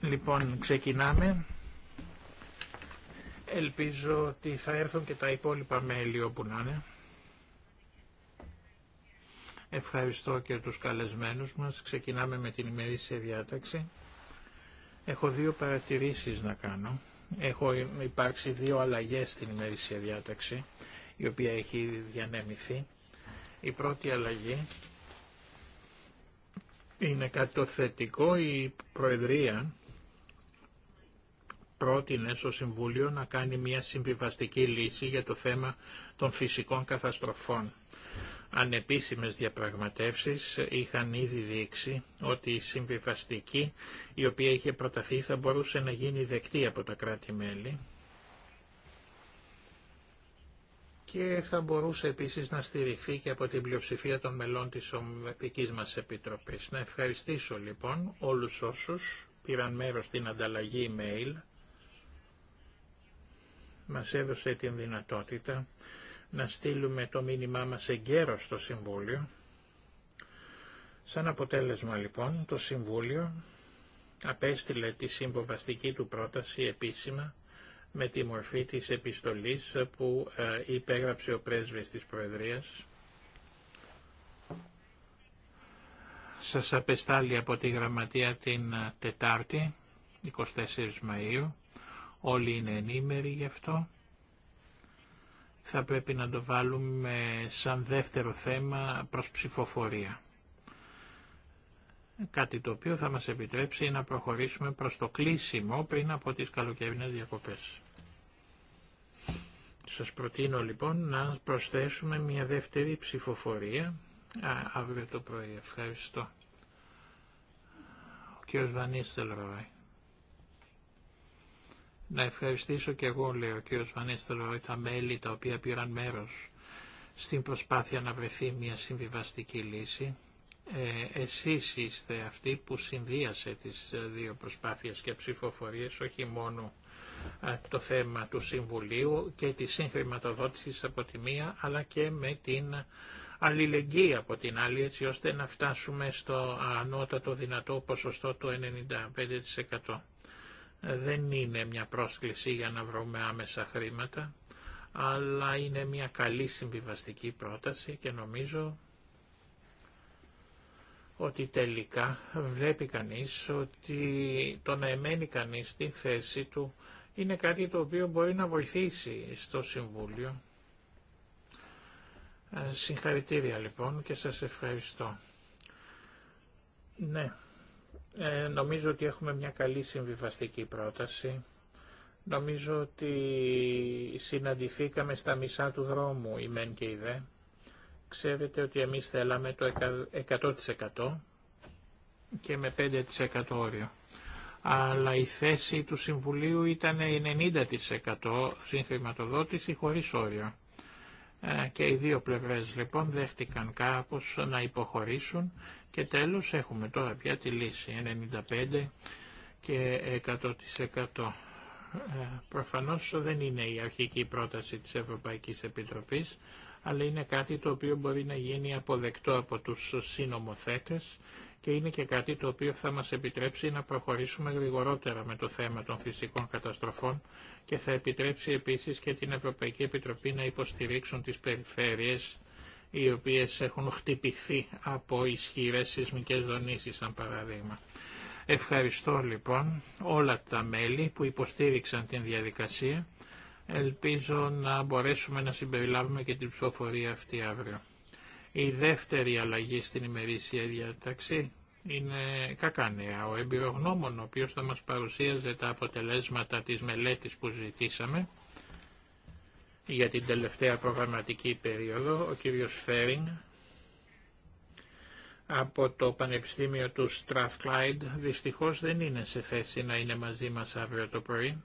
Λοιπόν, ξεκινάμε. Ελπίζω ότι θα έρθουν και τα υπόλοιπα μέλη όπου να είναι. Ευχαριστώ και τους καλεσμένους μας. Ξεκινάμε με την ημερήσια διάταξη. Έχω δύο παρατηρήσεις να κάνω. Έχω υπάρξει δύο αλλαγές στην ημερήσια διάταξη, η οποία έχει διανέμηθει. Η πρώτη αλλαγή είναι κάτι το θετικό η Προεδρία πρότεινε στο Συμβούλιο να κάνει μια συμβιβαστική λύση για το θέμα των φυσικών καταστροφών. Ανεπίσημες διαπραγματεύσεις είχαν ήδη δείξει ότι η συμβιβαστική η οποία είχε προταθεί θα μπορούσε να γίνει δεκτή από τα κράτη-μέλη και θα μπορούσε επίσης να στηριχθεί και από την πλειοψηφία των μελών της μας Επιτροπής. Να ευχαριστήσω λοιπόν όλους όσους πήραν μέρος στην ανταλλαγή email. Μας έδωσε την δυνατότητα να στείλουμε το μήνυμά μας εγκαίρως στο Συμβούλιο. Σαν αποτέλεσμα λοιπόν το Συμβούλιο απέστειλε τη συμβοβαστική του πρόταση επίσημα με τη μορφή της επιστολής που ε, υπέγραψε ο πρέσβης της Προεδρίας. Σας απεστάλλει από τη Γραμματεία την ε, Τετάρτη, 24 Μαΐου. Όλοι είναι ενήμεροι γι' αυτό. Θα πρέπει να το βάλουμε σαν δεύτερο θέμα προς ψηφοφορία. Κάτι το οποίο θα μας επιτρέψει να προχωρήσουμε προς το κλείσιμο πριν από τις καλοκαιρινές διακοπές. Σας προτείνω λοιπόν να προσθέσουμε μια δεύτερη ψηφοφορία Α, αύριο το πρωί. Ευχαριστώ. Ο κ. Βανίστελ Ροϊ. Να ευχαριστήσω και εγώ, λέει ο κ. Βανίστελ Ροϊ, τα μέλη τα οποία πήραν μέρος στην προσπάθεια να βρεθεί μια συμβιβαστική λύση. Ε, εσείς είστε αυτοί που συνδύασε τις ε, δύο προσπάθειες και ψηφοφορίες, όχι μόνο το θέμα του Συμβουλίου και τη συγχρηματοδότησης από τη μία, αλλά και με την αλληλεγγύη από την άλλη, έτσι ώστε να φτάσουμε στο ανώτατο δυνατό ποσοστό του 95%. Δεν είναι μια πρόσκληση για να βρούμε άμεσα χρήματα, αλλά είναι μια καλή συμβιβαστική πρόταση και νομίζω ότι τελικά βλέπει κανείς ότι το να εμένει κανείς στη θέση του είναι κάτι το οποίο μπορεί να βοηθήσει στο Συμβούλιο. Ε, συγχαρητήρια λοιπόν και σας ευχαριστώ. Ναι, ε, νομίζω ότι έχουμε μια καλή συμβιβαστική πρόταση. Νομίζω ότι συναντηθήκαμε στα μισά του δρόμου η μεν και η δε. Ξέρετε ότι εμείς θέλαμε το 100% και με 5% όριο αλλά η θέση του Συμβουλίου ήταν 90% συγχρηματοδότηση χωρίς όριο. Ε, και οι δύο πλευρές λοιπόν δέχτηκαν κάπως να υποχωρήσουν και τέλος έχουμε τώρα πια τη λύση 95% και 100%. Ε, προφανώς δεν είναι η αρχική πρόταση της Ευρωπαϊκής Επιτροπής, αλλά είναι κάτι το οποίο μπορεί να γίνει αποδεκτό από τους συνομοθέτες και είναι και κάτι το οποίο θα μας επιτρέψει να προχωρήσουμε γρηγορότερα με το θέμα των φυσικών καταστροφών και θα επιτρέψει επίσης και την Ευρωπαϊκή Επιτροπή να υποστηρίξουν τις περιφέρειες οι οποίες έχουν χτυπηθεί από ισχυρές σεισμικές δονήσεις, σαν παραδείγμα. Ευχαριστώ λοιπόν όλα τα μέλη που υποστήριξαν την διαδικασία Ελπίζω να μπορέσουμε να συμπεριλάβουμε και την ψηφοφορία αυτή αύριο. Η δεύτερη αλλαγή στην ημερήσια διάταξη είναι νέα. Ο εμπειρογνώμων, ο οποίος θα μας παρουσίαζε τα αποτελέσματα της μελέτης που ζητήσαμε για την τελευταία προγραμματική περίοδο, ο κύριος Φέριν, από το Πανεπιστήμιο του Στραφκλάιντ, δυστυχώς δεν είναι σε θέση να είναι μαζί μας αύριο το πρωί.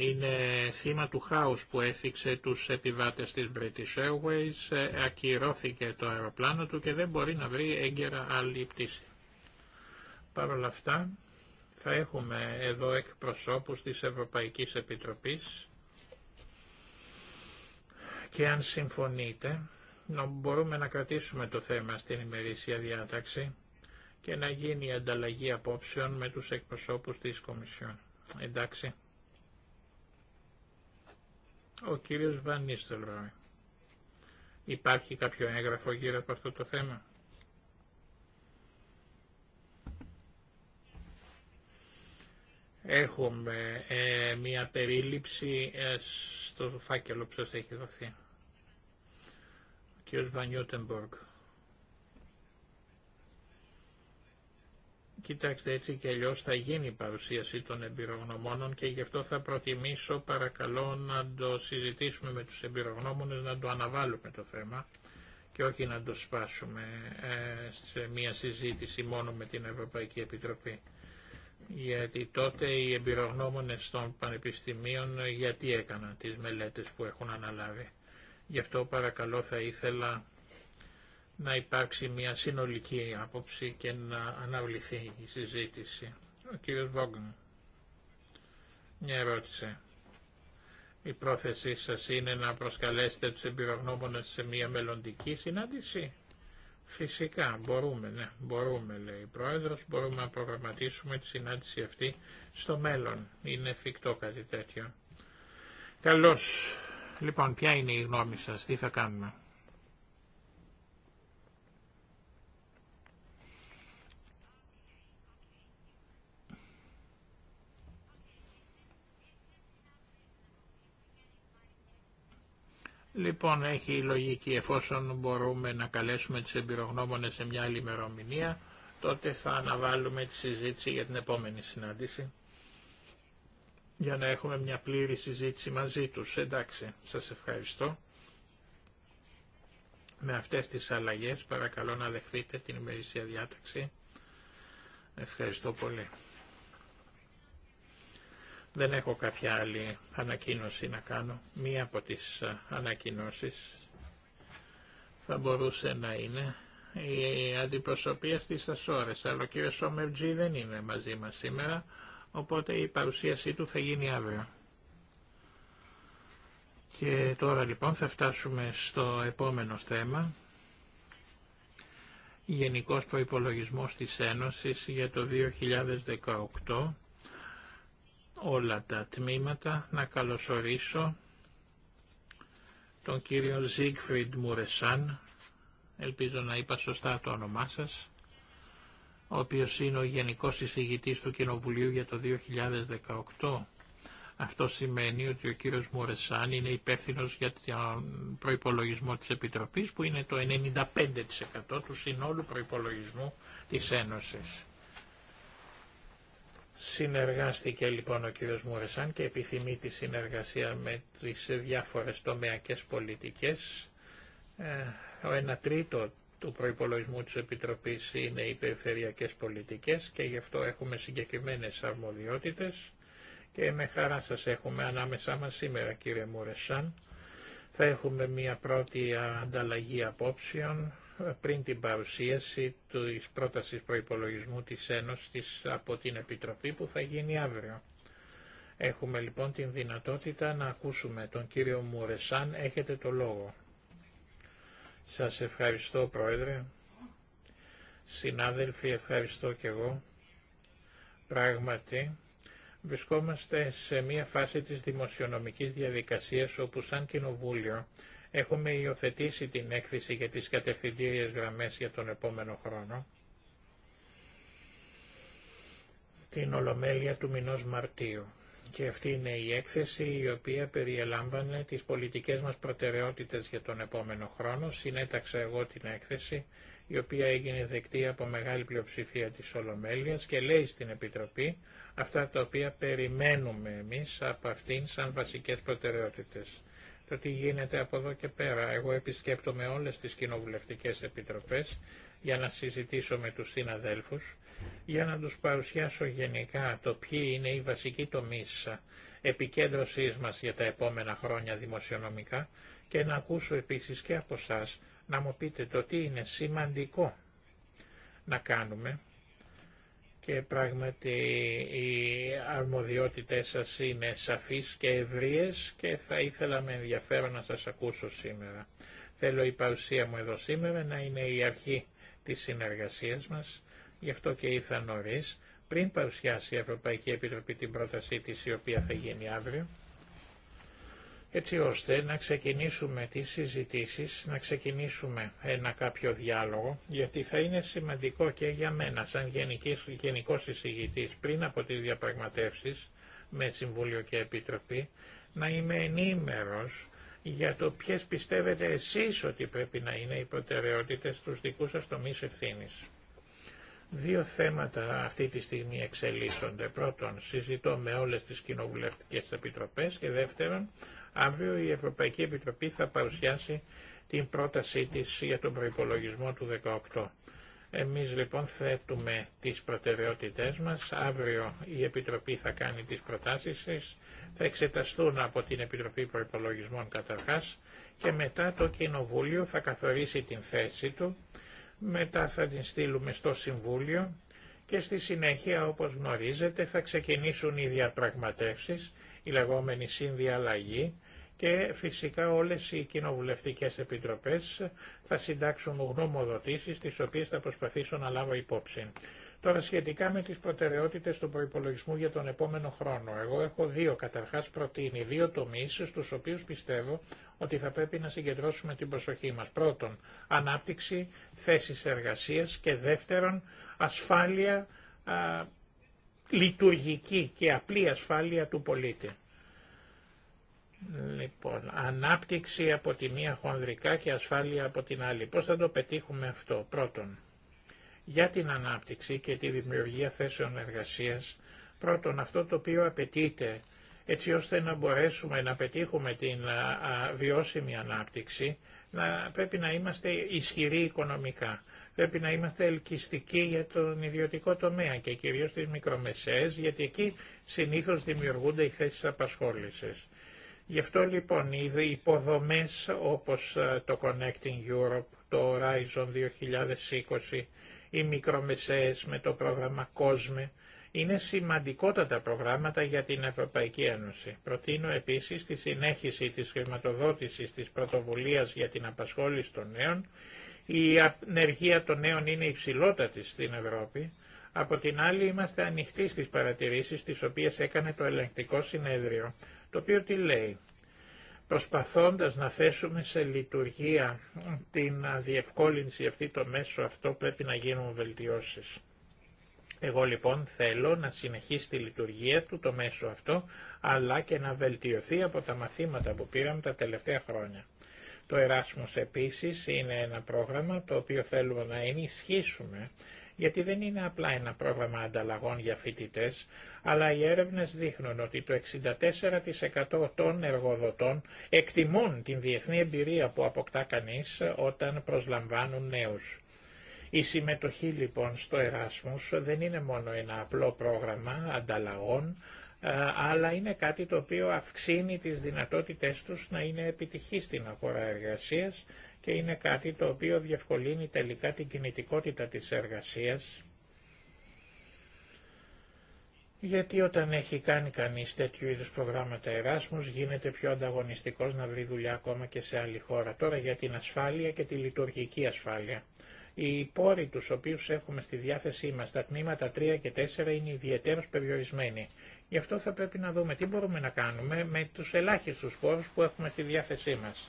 είναι θύμα του χάους που έφυξε τους επιβάτες της British Airways, ε, ακυρώθηκε το αεροπλάνο του και δεν μπορεί να βρει έγκαιρα άλλη πτήση. Παρ' όλα αυτά θα έχουμε εδώ εκπροσώπους της Ευρωπαϊκής Επιτροπής και αν συμφωνείτε μπορούμε να κρατήσουμε το θέμα στην ημερήσια διάταξη και να γίνει η ανταλλαγή απόψεων με τους εκπροσώπους της Κομισιόν. Εντάξει. Ο κύριος Βανίστελροι. Υπάρχει κάποιο έγγραφο γύρω από αυτό το θέμα. Έχουμε ε, μία περίληψη ε, στο φάκελο που σας έχει δοθεί. Ο κύριος Βανιούτεμποργκ. Κοιτάξτε έτσι και αλλιώ θα γίνει η παρουσίαση των εμπειρογνωμόνων και γι' αυτό θα προτιμήσω παρακαλώ να το συζητήσουμε με τους εμπειρογνώμονες, να το αναβάλουμε το θέμα και όχι να το σπάσουμε ε, σε μία συζήτηση μόνο με την Ευρωπαϊκή Επιτροπή. Γιατί τότε οι εμπειρογνώμονες των πανεπιστημίων ε, γιατί έκαναν τις μελέτες που έχουν αναλάβει. Γι' αυτό παρακαλώ θα ήθελα να υπάρξει μια συνολική άποψη και να αναβληθεί η συζήτηση. Ο κύριος Βόγγν, μια ερώτηση. Η πρόθεσή σας είναι να προσκαλέσετε τους εμπειρογνώμονες σε μια μελλοντική συνάντηση. Φυσικά, μπορούμε, ναι, μπορούμε, λέει η Πρόεδρος, μπορούμε να προγραμματίσουμε τη συνάντηση αυτή στο μέλλον. Είναι εφικτό κάτι τέτοιο. Καλώς. Λοιπόν, ποια είναι η γνώμη σας, τι θα κάνουμε. Λοιπόν, έχει η λογική, εφόσον μπορούμε να καλέσουμε τις εμπειρογνώμονες σε μια άλλη ημερομηνία, τότε θα αναβάλουμε τη συζήτηση για την επόμενη συνάντηση, για να έχουμε μια πλήρη συζήτηση μαζί τους. Εντάξει, σας ευχαριστώ. Με αυτές τις αλλαγές παρακαλώ να δεχθείτε την ημερησία διάταξη. Ευχαριστώ πολύ. Δεν έχω κάποια άλλη ανακοίνωση να κάνω. Μία από τις ε, ανακοινώσεις θα μπορούσε να είναι η αντιπροσωπεία στις Ασόρες, αλλά ο κύριος Σόμερτζή δεν είναι μαζί μας σήμερα, οπότε η παρουσίασή του θα γίνει αύριο. Και τώρα λοιπόν θα φτάσουμε στο επόμενο θέμα. Γενικός προϋπολογισμός της Ένωσης για το 2018 όλα τα τμήματα να καλωσορίσω τον κύριο Ζίγκφριντ Μουρεσάν, ελπίζω να είπα σωστά το όνομά σας, ο οποίος είναι ο Γενικός Εισηγητής του Κοινοβουλίου για το 2018. Αυτό σημαίνει ότι ο κύριος Μουρεσάν είναι υπεύθυνο για τον προϋπολογισμό της Επιτροπής που είναι το 95% του συνόλου προϋπολογισμού της Ένωσης. Συνεργάστηκε λοιπόν ο κύριος Μουρεσάν και επιθυμεί τη συνεργασία με τις διάφορες τομεακές πολιτικές. Ε, ο ένα τρίτο του προϋπολογισμού της Επιτροπής είναι οι περιφερειακές πολιτικές και γι' αυτό έχουμε συγκεκριμένες αρμοδιότητες και με χαρά σας έχουμε ανάμεσά μας σήμερα κύριε Μουρεσάν. Θα έχουμε μία πρώτη ανταλλαγή απόψεων πριν την παρουσίαση της πρότασης προϋπολογισμού της Ένωσης από την Επιτροπή που θα γίνει αύριο. Έχουμε λοιπόν την δυνατότητα να ακούσουμε τον κύριο Μουρεσάν. Έχετε το λόγο. Σας ευχαριστώ Πρόεδρε. Συνάδελφοι, ευχαριστώ και εγώ. Πράγματι, βρισκόμαστε σε μία φάση της δημοσιονομικής διαδικασίας όπου σαν κοινοβούλιο Έχουμε υιοθετήσει την έκθεση για τις κατευθυντήριες γραμμές για τον επόμενο χρόνο. Την Ολομέλεια του μηνός Μαρτίου. Και αυτή είναι η έκθεση η οποία περιελάμβανε τις πολιτικές μας προτεραιότητες για τον επόμενο χρόνο. Συνέταξα εγώ την έκθεση η οποία έγινε δεκτή από μεγάλη πλειοψηφία της Ολομέλειας και λέει στην Επιτροπή αυτά τα οποία περιμένουμε εμείς από αυτήν σαν βασικές προτεραιότητες το τι γίνεται από εδώ και πέρα. Εγώ επισκέπτομαι όλες τις κοινοβουλευτικές επιτροπές για να συζητήσω με τους συναδέλφους, για να τους παρουσιάσω γενικά το ποιοι είναι οι βασικοί τομείς επικέντρωσής μας για τα επόμενα χρόνια δημοσιονομικά και να ακούσω επίσης και από εσά να μου πείτε το τι είναι σημαντικό να κάνουμε και πράγματι οι αρμοδιότητές σας είναι σαφείς και ευρείες και θα ήθελα με ενδιαφέρον να σας ακούσω σήμερα. Θέλω η παρουσία μου εδώ σήμερα να είναι η αρχή της συνεργασίας μας, γι' αυτό και ήρθα νωρί, πριν παρουσιάσει η Ευρωπαϊκή Επιτροπή την πρότασή της η οποία θα γίνει αύριο έτσι ώστε να ξεκινήσουμε τις συζητήσεις, να ξεκινήσουμε ένα κάποιο διάλογο, γιατί θα είναι σημαντικό και για μένα σαν γενικής, γενικός εισηγητής πριν από τις διαπραγματεύσεις με Συμβούλιο και Επιτροπή, να είμαι ενήμερος για το ποιες πιστεύετε εσείς ότι πρέπει να είναι οι προτεραιότητες στους δικούς σας τομείς ευθύνης. Δύο θέματα αυτή τη στιγμή εξελίσσονται. Πρώτον, συζητώ με όλες τις κοινοβουλευτικές επιτροπές και δεύτερον, Αύριο η Ευρωπαϊκή Επιτροπή θα παρουσιάσει την πρότασή της για τον προϋπολογισμό του 2018. Εμείς λοιπόν θέτουμε τις προτεραιότητές μας. Αύριο η Επιτροπή θα κάνει τις προτάσεις της. Θα εξεταστούν από την Επιτροπή Προϋπολογισμών καταρχάς και μετά το Κοινοβούλιο θα καθορίσει την θέση του. Μετά θα την στείλουμε στο Συμβούλιο και στη συνέχεια, όπως γνωρίζετε, θα ξεκινήσουν οι διαπραγματεύσεις, η λεγόμενη συνδιαλλαγή, και φυσικά όλες οι κοινοβουλευτικές επιτροπές θα συντάξουν γνωμοδοτήσεις τις οποίες θα προσπαθήσω να λάβω υπόψη. Τώρα σχετικά με τις προτεραιότητες του προϋπολογισμού για τον επόμενο χρόνο. Εγώ έχω δύο καταρχάς προτείνει, δύο τομείς στους οποίους πιστεύω ότι θα πρέπει να συγκεντρώσουμε την προσοχή μας. Πρώτον, ανάπτυξη θέσης εργασίας και δεύτερον, ασφάλεια, λειτουργική και απλή ασφάλεια του πολίτη. Λοιπόν, ανάπτυξη από τη μία χονδρικά και ασφάλεια από την άλλη. Πώς θα το πετύχουμε αυτό. Πρώτον, για την ανάπτυξη και τη δημιουργία θέσεων εργασίας, πρώτον αυτό το οποίο απαιτείται έτσι ώστε να μπορέσουμε να πετύχουμε την βιώσιμη ανάπτυξη, να, πρέπει να είμαστε ισχυροί οικονομικά. Πρέπει να είμαστε ελκυστικοί για τον ιδιωτικό τομέα και κυρίως τις μικρομεσαίες, γιατί εκεί συνήθως δημιουργούνται οι θέσεις απασχόλησης. Γι' αυτό λοιπόν οι υποδομές όπως ε, το Connecting Europe, το Horizon 2020, οι μικρομεσαίες με το πρόγραμμα COSME, είναι σημαντικότατα προγράμματα για την Ευρωπαϊκή Ένωση. Προτείνω επίσης τη συνέχιση της χρηματοδότησης της πρωτοβουλίας για την απασχόληση των νέων. Η ανεργία των νέων είναι υψηλότατη στην Ευρώπη. Από την άλλη είμαστε ανοιχτοί στις παρατηρήσεις τις οποίες έκανε το ελεγκτικό συνέδριο, το οποίο τι λέει. Προσπαθώντας να θέσουμε σε λειτουργία την διευκόλυνση αυτή το μέσο αυτό πρέπει να γίνουν βελτιώσεις. Εγώ λοιπόν θέλω να συνεχίσει τη λειτουργία του το μέσο αυτό, αλλά και να βελτιωθεί από τα μαθήματα που πήραμε τα τελευταία χρόνια. Το Erasmus επίσης είναι ένα πρόγραμμα το οποίο θέλουμε να ενισχύσουμε γιατί δεν είναι απλά ένα πρόγραμμα ανταλλαγών για φοιτητέ, αλλά οι έρευνε δείχνουν ότι το 64% των εργοδοτών εκτιμούν την διεθνή εμπειρία που αποκτά κανείς όταν προσλαμβάνουν νέους. Η συμμετοχή λοιπόν στο Εράσμους δεν είναι μόνο ένα απλό πρόγραμμα ανταλλαγών, αλλά είναι κάτι το οποίο αυξήνει τις δυνατότητες τους να είναι επιτυχή στην αγορά εργασίας και είναι κάτι το οποίο διευκολύνει τελικά την κινητικότητα της εργασίας γιατί όταν έχει κάνει κανείς τέτοιου είδους προγράμματα Εράσμους γίνεται πιο ανταγωνιστικός να βρει δουλειά ακόμα και σε άλλη χώρα. Τώρα για την ασφάλεια και τη λειτουργική ασφάλεια. Οι πόροι τους οποίους έχουμε στη διάθεσή μας, τα τμήματα 3 και 4 είναι ιδιαίτερως περιορισμένοι. Γι' αυτό θα πρέπει να δούμε τι μπορούμε να κάνουμε με τους ελάχιστους πόρους που έχουμε στη διάθεσή μας.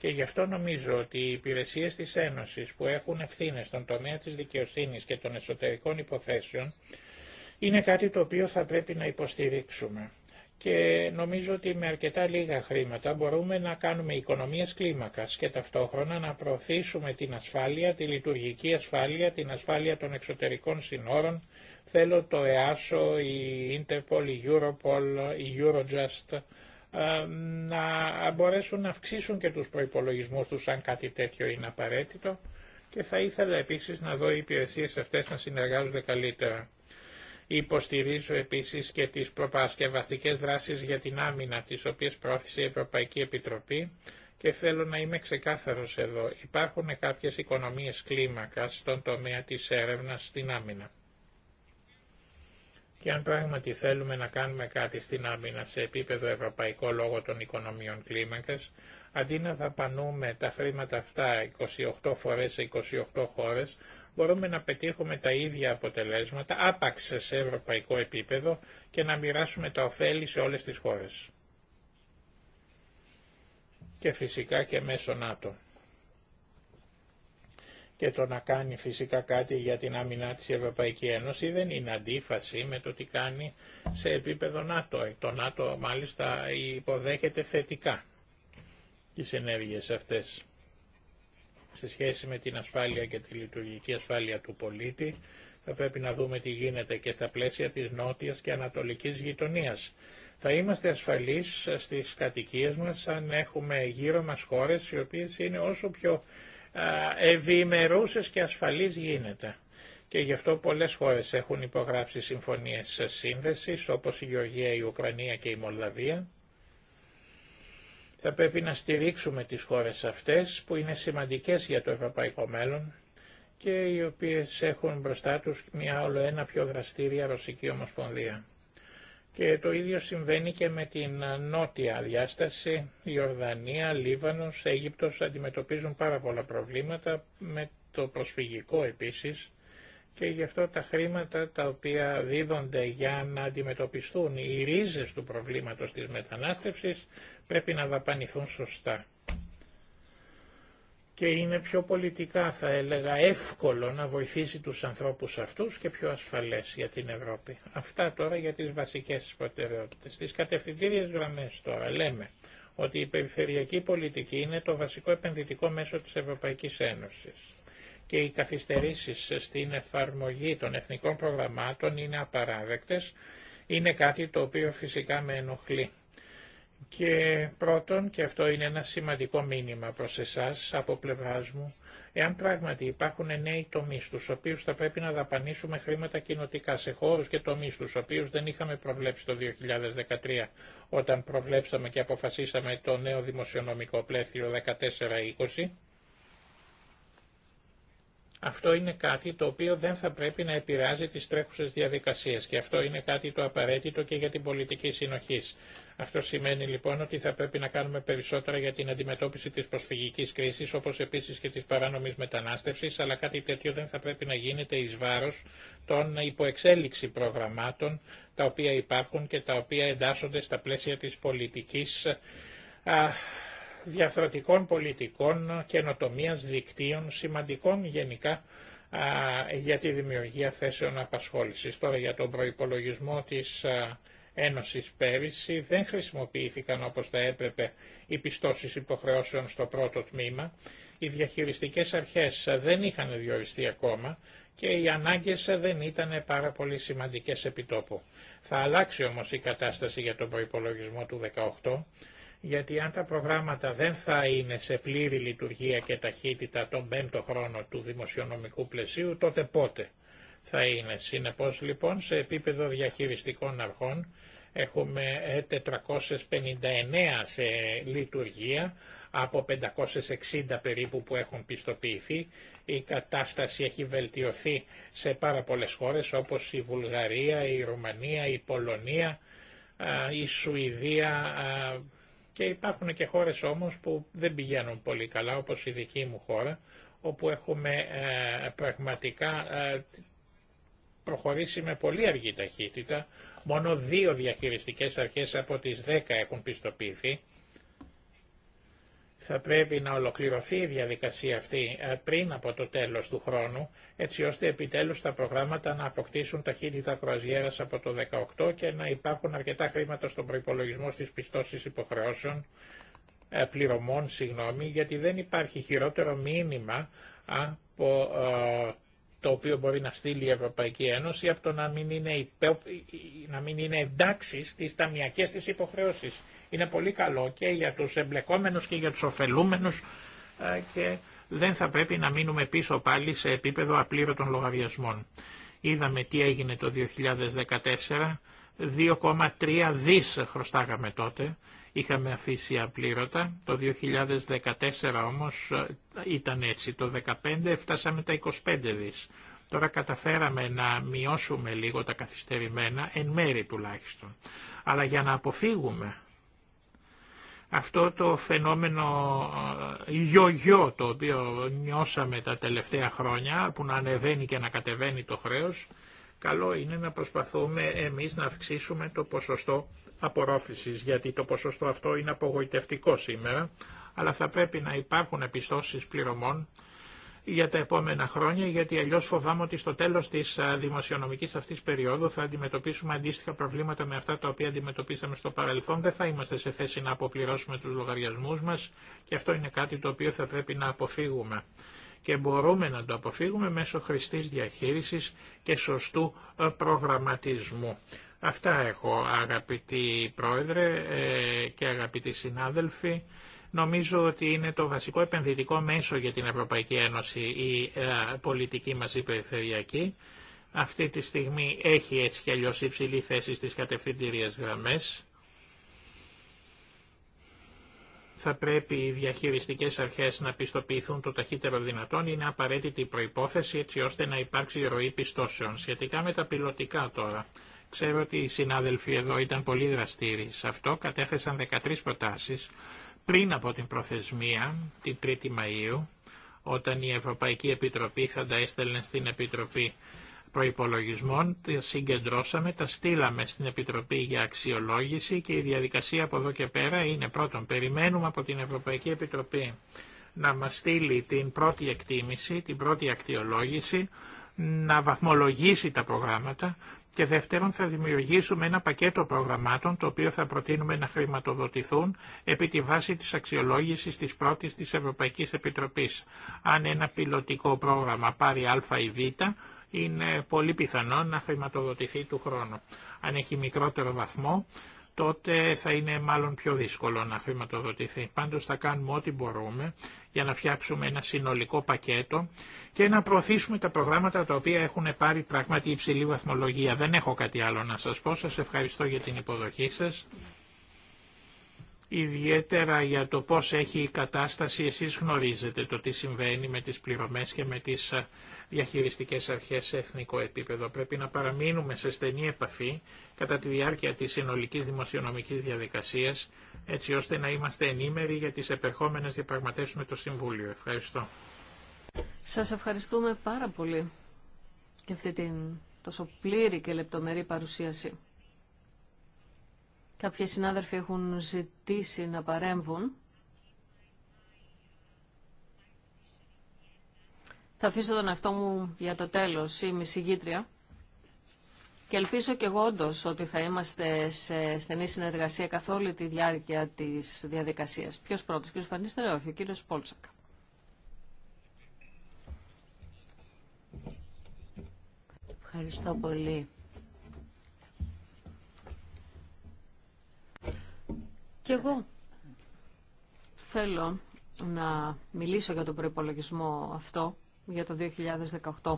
Και γι' αυτό νομίζω ότι οι υπηρεσίες της Ένωσης που έχουν ευθύνες στον τομέα της δικαιοσύνης και των εσωτερικών υποθέσεων είναι κάτι το οποίο θα πρέπει να υποστηρίξουμε. Και νομίζω ότι με αρκετά λίγα χρήματα μπορούμε να κάνουμε οικονομίες κλίμακας και ταυτόχρονα να προωθήσουμε την ασφάλεια, τη λειτουργική ασφάλεια, την ασφάλεια των εξωτερικών συνόρων. Θέλω το ΕΑΣΟ, η Interpol, η Europol, η Eurojust ε, να μπορέσουν να αυξήσουν και τους προϋπολογισμούς τους αν κάτι τέτοιο είναι απαραίτητο και θα ήθελα επίσης να δω οι υπηρεσίες αυτές να συνεργάζονται καλύτερα. Υποστηρίζω επίσης και τις προπαρασκευαστικές δράσεις για την άμυνα, τις οποίες πρόθεσε η Ευρωπαϊκή Επιτροπή και θέλω να είμαι ξεκάθαρος εδώ. Υπάρχουν κάποιες οικονομίες κλίμακας στον τομέα της έρευνας στην άμυνα. Και αν πράγματι θέλουμε να κάνουμε κάτι στην άμυνα σε επίπεδο ευρωπαϊκό λόγω των οικονομιών κλίμακας, αντί να δαπανούμε τα χρήματα αυτά 28 φορές σε 28 χώρες, μπορούμε να πετύχουμε τα ίδια αποτελέσματα άπαξ σε ευρωπαϊκό επίπεδο και να μοιράσουμε τα ωφέλη σε όλες τις χώρες. Και φυσικά και μέσω ΝΑΤΟ και το να κάνει φυσικά κάτι για την άμυνά της Ευρωπαϊκή Ένωση δεν είναι αντίφαση με το τι κάνει σε επίπεδο ΝΑΤΟ. Ε, το ΝΑΤΟ μάλιστα υποδέχεται θετικά τις ενέργειες αυτές σε σχέση με την ασφάλεια και τη λειτουργική ασφάλεια του πολίτη. Θα πρέπει να δούμε τι γίνεται και στα πλαίσια της νότιας και ανατολικής γειτονίας. Θα είμαστε ασφαλείς στις κατοικίες μας αν έχουμε γύρω μας χώρες οι οποίες είναι όσο πιο ευημερούσες και ασφαλής γίνεται. Και γι' αυτό πολλές χώρες έχουν υπογράψει συμφωνίες σύνδεση όπως η Γεωργία, η Ουκρανία και η Μολδαβία. Θα πρέπει να στηρίξουμε τις χώρες αυτές που είναι σημαντικές για το ευρωπαϊκό μέλλον και οι οποίες έχουν μπροστά τους μια όλο ένα πιο δραστήρια ρωσική ομοσπονδία. Και το ίδιο συμβαίνει και με την νότια διάσταση. Η Ορδανία, Λίβανος, Αίγυπτος αντιμετωπίζουν πάρα πολλά προβλήματα με το προσφυγικό επίσης και γι' αυτό τα χρήματα τα οποία δίδονται για να αντιμετωπιστούν οι ρίζες του προβλήματος της μετανάστευσης πρέπει να δαπανηθούν σωστά και είναι πιο πολιτικά θα έλεγα εύκολο να βοηθήσει τους ανθρώπους αυτούς και πιο ασφαλές για την Ευρώπη. Αυτά τώρα για τις βασικές προτεραιότητες. Στις κατευθυντήριες γραμμές τώρα λέμε ότι η περιφερειακή πολιτική είναι το βασικό επενδυτικό μέσο της Ευρωπαϊκής Ένωσης και οι καθυστερήσεις στην εφαρμογή των εθνικών προγραμμάτων είναι απαράδεκτες, είναι κάτι το οποίο φυσικά με ενοχλεί. Και πρώτον, και αυτό είναι ένα σημαντικό μήνυμα προς εσάς από πλευράς μου, εάν πράγματι υπάρχουν νέοι τομείς στους οποίους θα πρέπει να δαπανίσουμε χρήματα κοινοτικά σε χώρους και τομείς στους οποίους δεν είχαμε προβλέψει το 2013 όταν προβλέψαμε και αποφασίσαμε το νέο δημοσιονομικό πλαίσιο 14-20, αυτό είναι κάτι το οποίο δεν θα πρέπει να επηρεάζει τις τρέχουσες διαδικασίες και αυτό είναι κάτι το απαραίτητο και για την πολιτική συνοχή. Αυτό σημαίνει λοιπόν ότι θα πρέπει να κάνουμε περισσότερα για την αντιμετώπιση της προσφυγικής κρίσης όπως επίσης και της παράνομης μετανάστευσης αλλά κάτι τέτοιο δεν θα πρέπει να γίνεται εις βάρος των υποεξέλιξη προγραμμάτων τα οποία υπάρχουν και τα οποία εντάσσονται στα πλαίσια της πολιτικής διαφορετικών πολιτικών, καινοτομία δικτύων, σημαντικών γενικά για τη δημιουργία θέσεων απασχόλησης. Τώρα για τον προϋπολογισμό της Ένωσης πέρυσι δεν χρησιμοποιήθηκαν όπως θα έπρεπε οι πιστώσεις υποχρεώσεων στο πρώτο τμήμα, οι διαχειριστικές αρχές δεν είχαν διοριστεί ακόμα και οι ανάγκες δεν ήταν πάρα πολύ σημαντικές επιτόπου. Θα αλλάξει όμως η κατάσταση για τον προϋπολογισμό του 2018 γιατί αν τα προγράμματα δεν θα είναι σε πλήρη λειτουργία και ταχύτητα τον πέμπτο χρόνο του δημοσιονομικού πλαισίου, τότε πότε θα είναι. Συνεπώς λοιπόν σε επίπεδο διαχειριστικών αρχών έχουμε 459 ε, σε λειτουργία από 560 περίπου που έχουν πιστοποιηθεί. Η κατάσταση έχει βελτιωθεί σε πάρα πολλές χώρες όπως η Βουλγαρία, η Ρουμανία, η Πολωνία, η Σουηδία, και υπάρχουν και χώρες όμως που δεν πηγαίνουν πολύ καλά, όπως η δική μου χώρα, όπου έχουμε ε, πραγματικά ε, προχωρήσει με πολύ αργή ταχύτητα. Μόνο δύο διαχειριστικές αρχές από τις δέκα έχουν πιστοποιηθεί θα πρέπει να ολοκληρωθεί η διαδικασία αυτή ε, πριν από το τέλος του χρόνου, έτσι ώστε επιτέλους τα προγράμματα να αποκτήσουν ταχύτητα κρουαζιέρας από το 2018 και να υπάρχουν αρκετά χρήματα στον προϋπολογισμό στις πιστώσεις υποχρεώσεων, ε, πληρωμών, συγγνώμη, γιατί δεν υπάρχει χειρότερο μήνυμα από ε, το οποίο μπορεί να στείλει η Ευρωπαϊκή Ένωση από το να μην είναι, υπε... να μην είναι εντάξει στις ταμιακές της υποχρεώσεις. Είναι πολύ καλό και για τους εμπλεκόμενους και για τους ωφελούμενους ε, και δεν θα πρέπει να μείνουμε πίσω πάλι σε επίπεδο απλήρωτων λογαριασμών. Είδαμε τι έγινε το 2014 2,3 δις χρωστάγαμε τότε, είχαμε αφήσει απλήρωτα, το 2014 όμως ήταν έτσι, το 2015 έφτασαμε τα 25 δις. Τώρα καταφέραμε να μειώσουμε λίγο τα καθυστερημένα, εν μέρη τουλάχιστον. Αλλά για να αποφύγουμε αυτό το φαινόμενο ε, γιογιό το οποίο νιώσαμε τα τελευταία χρόνια, που να ανεβαίνει και να κατεβαίνει το χρέος, Καλό είναι να προσπαθούμε εμείς να αυξήσουμε το ποσοστό απορρόφησης, γιατί το ποσοστό αυτό είναι απογοητευτικό σήμερα, αλλά θα πρέπει να υπάρχουν επιστώσεις πληρωμών για τα επόμενα χρόνια, γιατί αλλιώς φοβάμαι ότι στο τέλος της δημοσιονομικής αυτής περίοδου θα αντιμετωπίσουμε αντίστοιχα προβλήματα με αυτά τα οποία αντιμετωπίσαμε στο παρελθόν. Δεν θα είμαστε σε θέση να αποπληρώσουμε τους λογαριασμούς μας και αυτό είναι κάτι το οποίο θα πρέπει να αποφύγουμε και μπορούμε να το αποφύγουμε μέσω χρηστής διαχείρισης και σωστού ε, προγραμματισμού. Αυτά έχω αγαπητοί πρόεδρε ε, και αγαπητοί συνάδελφοι. Νομίζω ότι είναι το βασικό επενδυτικό μέσο για την Ευρωπαϊκή Ένωση η ε, πολιτική μας υπεριφερειακή. Αυτή τη στιγμή έχει έτσι και αλλιώς υψηλή θέση στις κατευθυντήριες γραμμές θα πρέπει οι διαχειριστικές αρχές να πιστοποιηθούν το ταχύτερο δυνατόν είναι απαραίτητη προϋπόθεση έτσι ώστε να υπάρξει ροή πιστώσεων. Σχετικά με τα πιλωτικά τώρα. Ξέρω ότι οι συνάδελφοι εδώ ήταν πολύ δραστήριοι. Σε αυτό κατέθεσαν 13 προτάσεις πριν από την προθεσμία, την 3η Μαΐου, όταν η Ευρωπαϊκή Επιτροπή θα τα έστελνε στην Επιτροπή προϋπολογισμών, τα συγκεντρώσαμε, τα στείλαμε στην Επιτροπή για αξιολόγηση και η διαδικασία από εδώ και πέρα είναι πρώτον, περιμένουμε από την Ευρωπαϊκή Επιτροπή να μας στείλει την πρώτη εκτίμηση, την πρώτη αξιολόγηση, να βαθμολογήσει τα προγράμματα και δεύτερον θα δημιουργήσουμε ένα πακέτο προγραμμάτων το οποίο θα προτείνουμε να χρηματοδοτηθούν επί τη βάση της αξιολόγησης της πρώτης της Ευρωπαϊκής Επιτροπής. Αν ένα πιλωτικό πρόγραμμα πάρει α ή β, είναι πολύ πιθανό να χρηματοδοτηθεί του χρόνου. Αν έχει μικρότερο βαθμό, τότε θα είναι μάλλον πιο δύσκολο να χρηματοδοτηθεί. Πάντως θα κάνουμε ό,τι μπορούμε για να φτιάξουμε ένα συνολικό πακέτο και να προωθήσουμε τα προγράμματα τα οποία έχουν πάρει πράγματι υψηλή βαθμολογία. Δεν έχω κάτι άλλο να σας πω. Σας ευχαριστώ για την υποδοχή σας. Ιδιαίτερα για το πώς έχει η κατάσταση, εσείς γνωρίζετε το τι συμβαίνει με τις πληρωμές και με τις διαχειριστικές αρχές σε εθνικό επίπεδο. Πρέπει να παραμείνουμε σε στενή επαφή κατά τη διάρκεια της συνολικής δημοσιονομικής διαδικασίας, έτσι ώστε να είμαστε ενήμεροι για τις επερχόμενες διαπραγματεύσεις με το Συμβούλιο. Ευχαριστώ. Σας ευχαριστούμε πάρα πολύ για αυτή την τόσο πλήρη και λεπτομερή παρουσίαση. Κάποιοι συνάδελφοι έχουν ζητήσει να παρέμβουν. Θα αφήσω τον εαυτό μου για το τέλος. Είμαι συγγήτρια και ελπίζω και εγώ όντω ότι θα είμαστε σε στενή συνεργασία καθ' όλη τη διάρκεια της διαδικασίας. Ποιος πρώτος, κύριος Φανίστερα, όχι, ο κύριος Πόλτσακ. Ευχαριστώ πολύ. Και εγώ θέλω να μιλήσω για τον προϋπολογισμό αυτό για το 2018.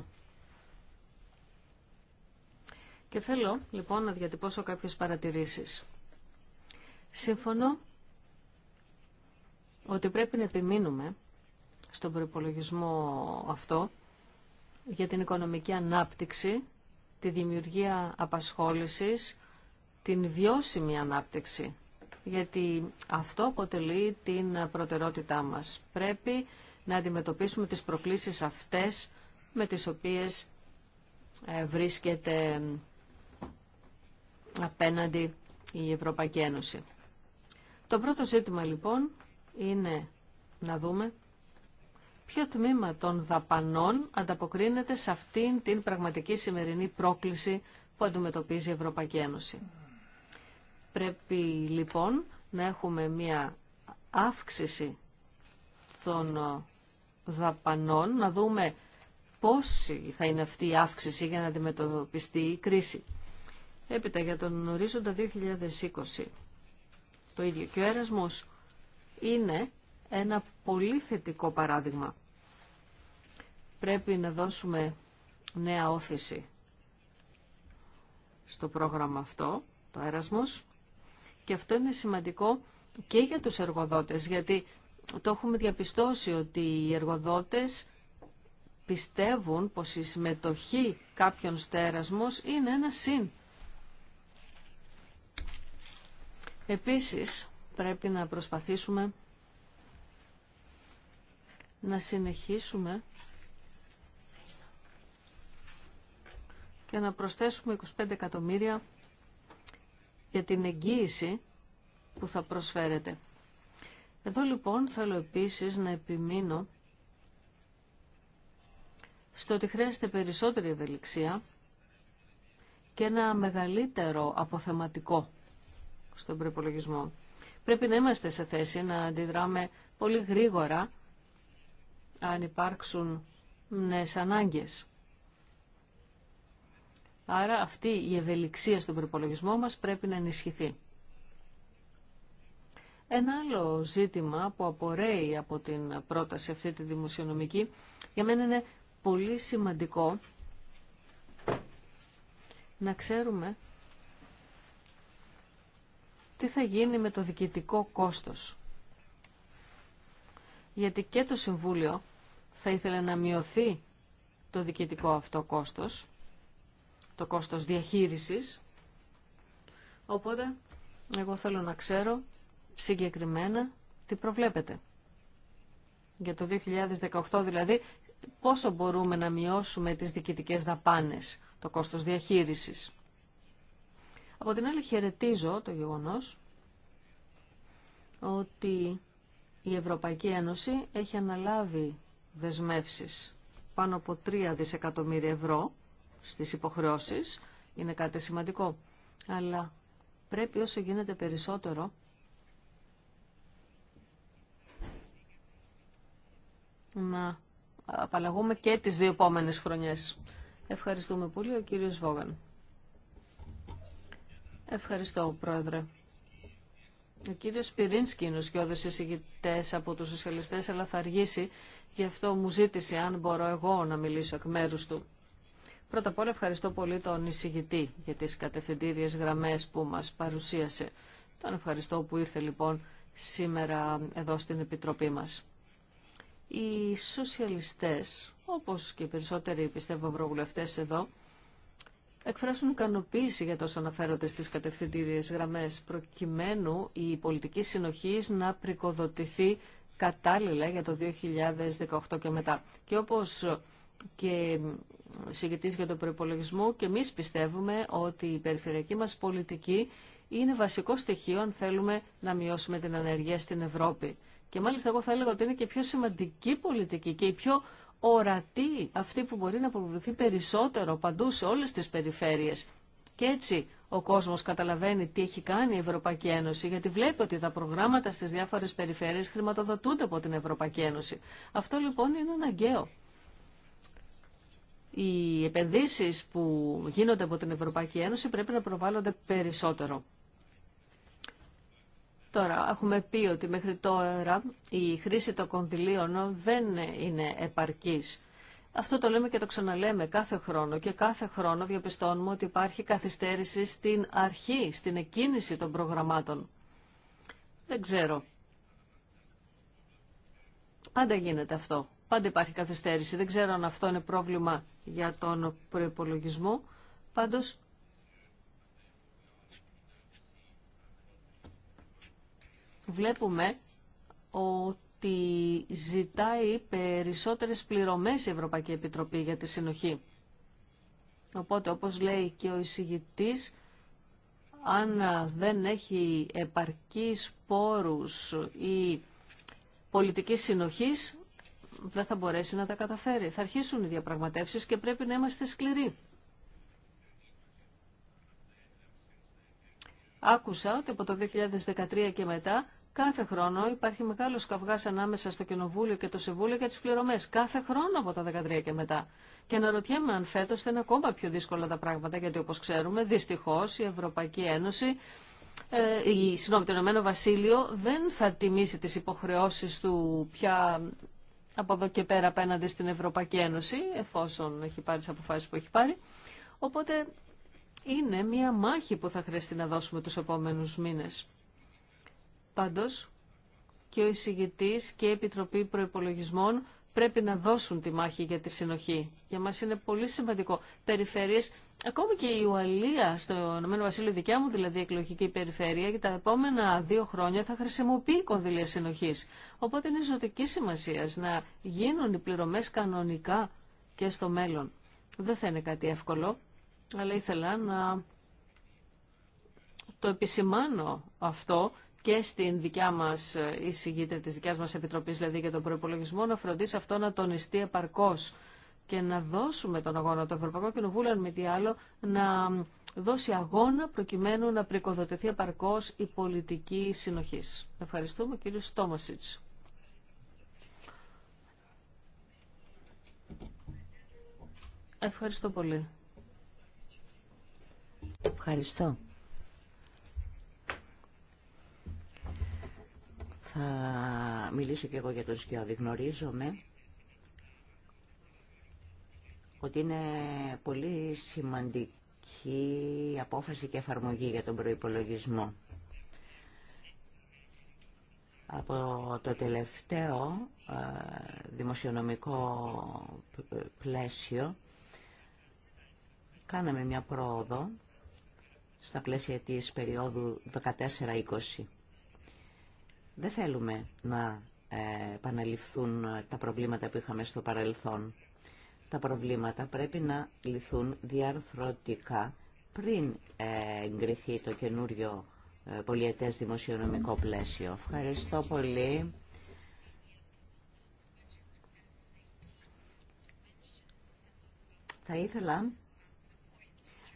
Και θέλω λοιπόν να διατυπώσω κάποιες παρατηρήσεις. Σύμφωνο ότι πρέπει να επιμείνουμε στον προπολογισμό αυτό για την οικονομική ανάπτυξη, τη δημιουργία απασχόλησης, την βιώσιμη ανάπτυξη, γιατί αυτό αποτελεί την προτερότητά μας. Πρέπει να αντιμετωπίσουμε τις προκλήσεις αυτές με τις οποίες ε, βρίσκεται απέναντι η Ευρωπαϊκή Ένωση. Το πρώτο ζήτημα λοιπόν είναι να δούμε ποιο τμήμα των δαπανών ανταποκρίνεται σε αυτήν την πραγματική σημερινή πρόκληση που αντιμετωπίζει η Ευρωπαϊκή Ένωση. Πρέπει λοιπόν να έχουμε μία αύξηση των δαπανών, να δούμε πόση θα είναι αυτή η αύξηση για να αντιμετωπιστεί η κρίση. Έπειτα για τον ορίζοντα 2020, το ίδιο και ο έρασμος είναι ένα πολύ θετικό παράδειγμα. Πρέπει να δώσουμε νέα όθηση στο πρόγραμμα αυτό, το έρασμος, και αυτό είναι σημαντικό και για τους εργοδότες, γιατί το έχουμε διαπιστώσει ότι οι εργοδότες πιστεύουν πως η συμμετοχή κάποιων στέρασμος είναι ένα συν. Επίσης, πρέπει να προσπαθήσουμε να συνεχίσουμε και να προσθέσουμε 25 εκατομμύρια για την εγγύηση που θα προσφέρεται. Εδώ λοιπόν θέλω επίσης να επιμείνω στο ότι χρειάζεται περισσότερη ευελιξία και ένα μεγαλύτερο αποθεματικό στον προπολογισμό. Πρέπει να είμαστε σε θέση να αντιδράμε πολύ γρήγορα αν υπάρξουν νέες ανάγκες. Άρα αυτή η ευελιξία στον προπολογισμό μας πρέπει να ενισχυθεί. Ένα άλλο ζήτημα που απορρέει από την πρόταση αυτή τη δημοσιονομική για μένα είναι πολύ σημαντικό να ξέρουμε τι θα γίνει με το διοικητικό κόστος. Γιατί και το Συμβούλιο θα ήθελε να μειωθεί το διοικητικό αυτό κόστος, το κόστος διαχείρισης. Οπότε, εγώ θέλω να ξέρω συγκεκριμένα τι προβλέπετε. Για το 2018 δηλαδή, πόσο μπορούμε να μειώσουμε τις διοικητικές δαπάνες, το κόστος διαχείρισης. Από την άλλη χαιρετίζω το γεγονός ότι η Ευρωπαϊκή Ένωση έχει αναλάβει δεσμεύσεις πάνω από 3 δισεκατομμύρια ευρώ στις υποχρεώσεις. Είναι κάτι σημαντικό. Αλλά πρέπει όσο γίνεται περισσότερο να απαλλαγούμε και τις δύο επόμενες χρονιές. Ευχαριστούμε πολύ, ο κύριος Βόγαν. Ευχαριστώ, Πρόεδρε. Ο κύριος Πυρίνσκι είναι ο σκιώδης εισηγητές από τους σοσιαλιστές, αλλά θα αργήσει, γι' αυτό μου ζήτησε αν μπορώ εγώ να μιλήσω εκ μέρους του. Πρώτα απ' όλα ευχαριστώ πολύ τον εισηγητή για τις κατευθυντήριες γραμμές που μας παρουσίασε. Τον ευχαριστώ που ήρθε λοιπόν σήμερα εδώ στην Επιτροπή μας οι σοσιαλιστές, όπως και οι περισσότεροι πιστεύω ευρωβουλευτές εδώ, εκφράσουν ικανοποίηση για τόσο αναφέρονται στις κατευθυντήριες γραμμές, προκειμένου η πολιτική συνοχής να πρικοδοτηθεί κατάλληλα για το 2018 και μετά. Και όπως και συγκεκριτής για τον προπολογισμό και εμείς πιστεύουμε ότι η περιφερειακή μας πολιτική είναι βασικό στοιχείο αν θέλουμε να μειώσουμε την ανεργία στην Ευρώπη. Και μάλιστα εγώ θα έλεγα ότι είναι και πιο σημαντική πολιτική και η πιο ορατή αυτή που μπορεί να προβληθεί περισσότερο παντού σε όλες τις περιφέρειες. Και έτσι ο κόσμος καταλαβαίνει τι έχει κάνει η Ευρωπαϊκή Ένωση, γιατί βλέπει ότι τα προγράμματα στις διάφορες περιφέρειες χρηματοδοτούνται από την Ευρωπαϊκή Ένωση. Αυτό λοιπόν είναι αναγκαίο. Οι επενδύσεις που γίνονται από την Ευρωπαϊκή Ένωση πρέπει να προβάλλονται περισσότερο. Τώρα, έχουμε πει ότι μέχρι τώρα η χρήση των κονδυλίων δεν είναι επαρκής. Αυτό το λέμε και το ξαναλέμε κάθε χρόνο και κάθε χρόνο διαπιστώνουμε ότι υπάρχει καθυστέρηση στην αρχή, στην εκκίνηση των προγραμμάτων. Δεν ξέρω. Πάντα γίνεται αυτό. Πάντα υπάρχει καθυστέρηση. Δεν ξέρω αν αυτό είναι πρόβλημα για τον προπολογισμό. Πάντως βλέπουμε ότι ζητάει περισσότερες πληρωμές η Ευρωπαϊκή Επιτροπή για τη συνοχή. Οπότε, όπως λέει και ο εισηγητής, αν δεν έχει επαρκείς πόρους ή πολιτική συνοχής, δεν θα μπορέσει να τα καταφέρει. Θα αρχίσουν οι διαπραγματεύσεις και πρέπει να είμαστε σκληροί. Άκουσα ότι από το 2013 και μετά Κάθε χρόνο υπάρχει μεγάλο καυγά ανάμεσα στο Κοινοβούλιο και το Συμβούλιο για τι πληρωμέ. Κάθε χρόνο από τα 13 και μετά. Και αναρωτιέμαι αν φέτο θα είναι ακόμα πιο δύσκολα τα πράγματα, γιατί όπω ξέρουμε, δυστυχώ η Ευρωπαϊκή Ένωση, ε, η, συγγνώμη, το Ηνωμένο Βασίλειο δεν θα τιμήσει τι υποχρεώσει του πια από εδώ και πέρα απέναντι στην Ευρωπαϊκή Ένωση, εφόσον έχει πάρει τι αποφάσει που έχει πάρει. Οπότε είναι μία μάχη που θα χρειαστεί να δώσουμε του επόμενου μήνε. Πάντως και ο εισηγητής και η Επιτροπή Προϋπολογισμών πρέπει να δώσουν τη μάχη για τη συνοχή. Για μας είναι πολύ σημαντικό. Περιφέρειες, ακόμη και η Ουαλία στο Ηνωμένο Βασίλειο δικιά μου, δηλαδή εκλογική περιφέρεια, για τα επόμενα δύο χρόνια θα χρησιμοποιεί κονδυλία συνοχής. Οπότε είναι ζωτική σημασία να γίνουν οι πληρωμές κανονικά και στο μέλλον. Δεν θα είναι κάτι εύκολο, αλλά ήθελα να το επισημάνω αυτό και στην δικιά μα εισηγήτρια τη δικιά μας επιτροπής, δηλαδή για τον προπολογισμό, να φροντίσει αυτό να τονιστεί επαρκώ και να δώσουμε τον αγώνα του Ευρωπαϊκό Κοινοβούλου, αν μη τι άλλο, να δώσει αγώνα προκειμένου να πρικοδοτηθεί επαρκώ η πολιτική συνοχή. Ευχαριστούμε κύριο Στόμασιτ. Ευχαριστώ πολύ. Ευχαριστώ. θα μιλήσω και εγώ για τον Σκιώδη. Γνωρίζομαι ότι είναι πολύ σημαντική απόφαση και εφαρμογή για τον προϋπολογισμό. Από το τελευταίο δημοσιονομικό πλαίσιο κάναμε μια πρόοδο στα πλαίσια της περίοδου 14-20. Δεν θέλουμε να ε, επαναληφθούν τα προβλήματα που είχαμε στο παρελθόν. Τα προβλήματα πρέπει να λυθούν διαρθρωτικά πριν ε, εγκριθεί το καινούριο ε, πολιετές δημοσιονομικό πλαίσιο. Ευχαριστώ πολύ. Θα ήθελα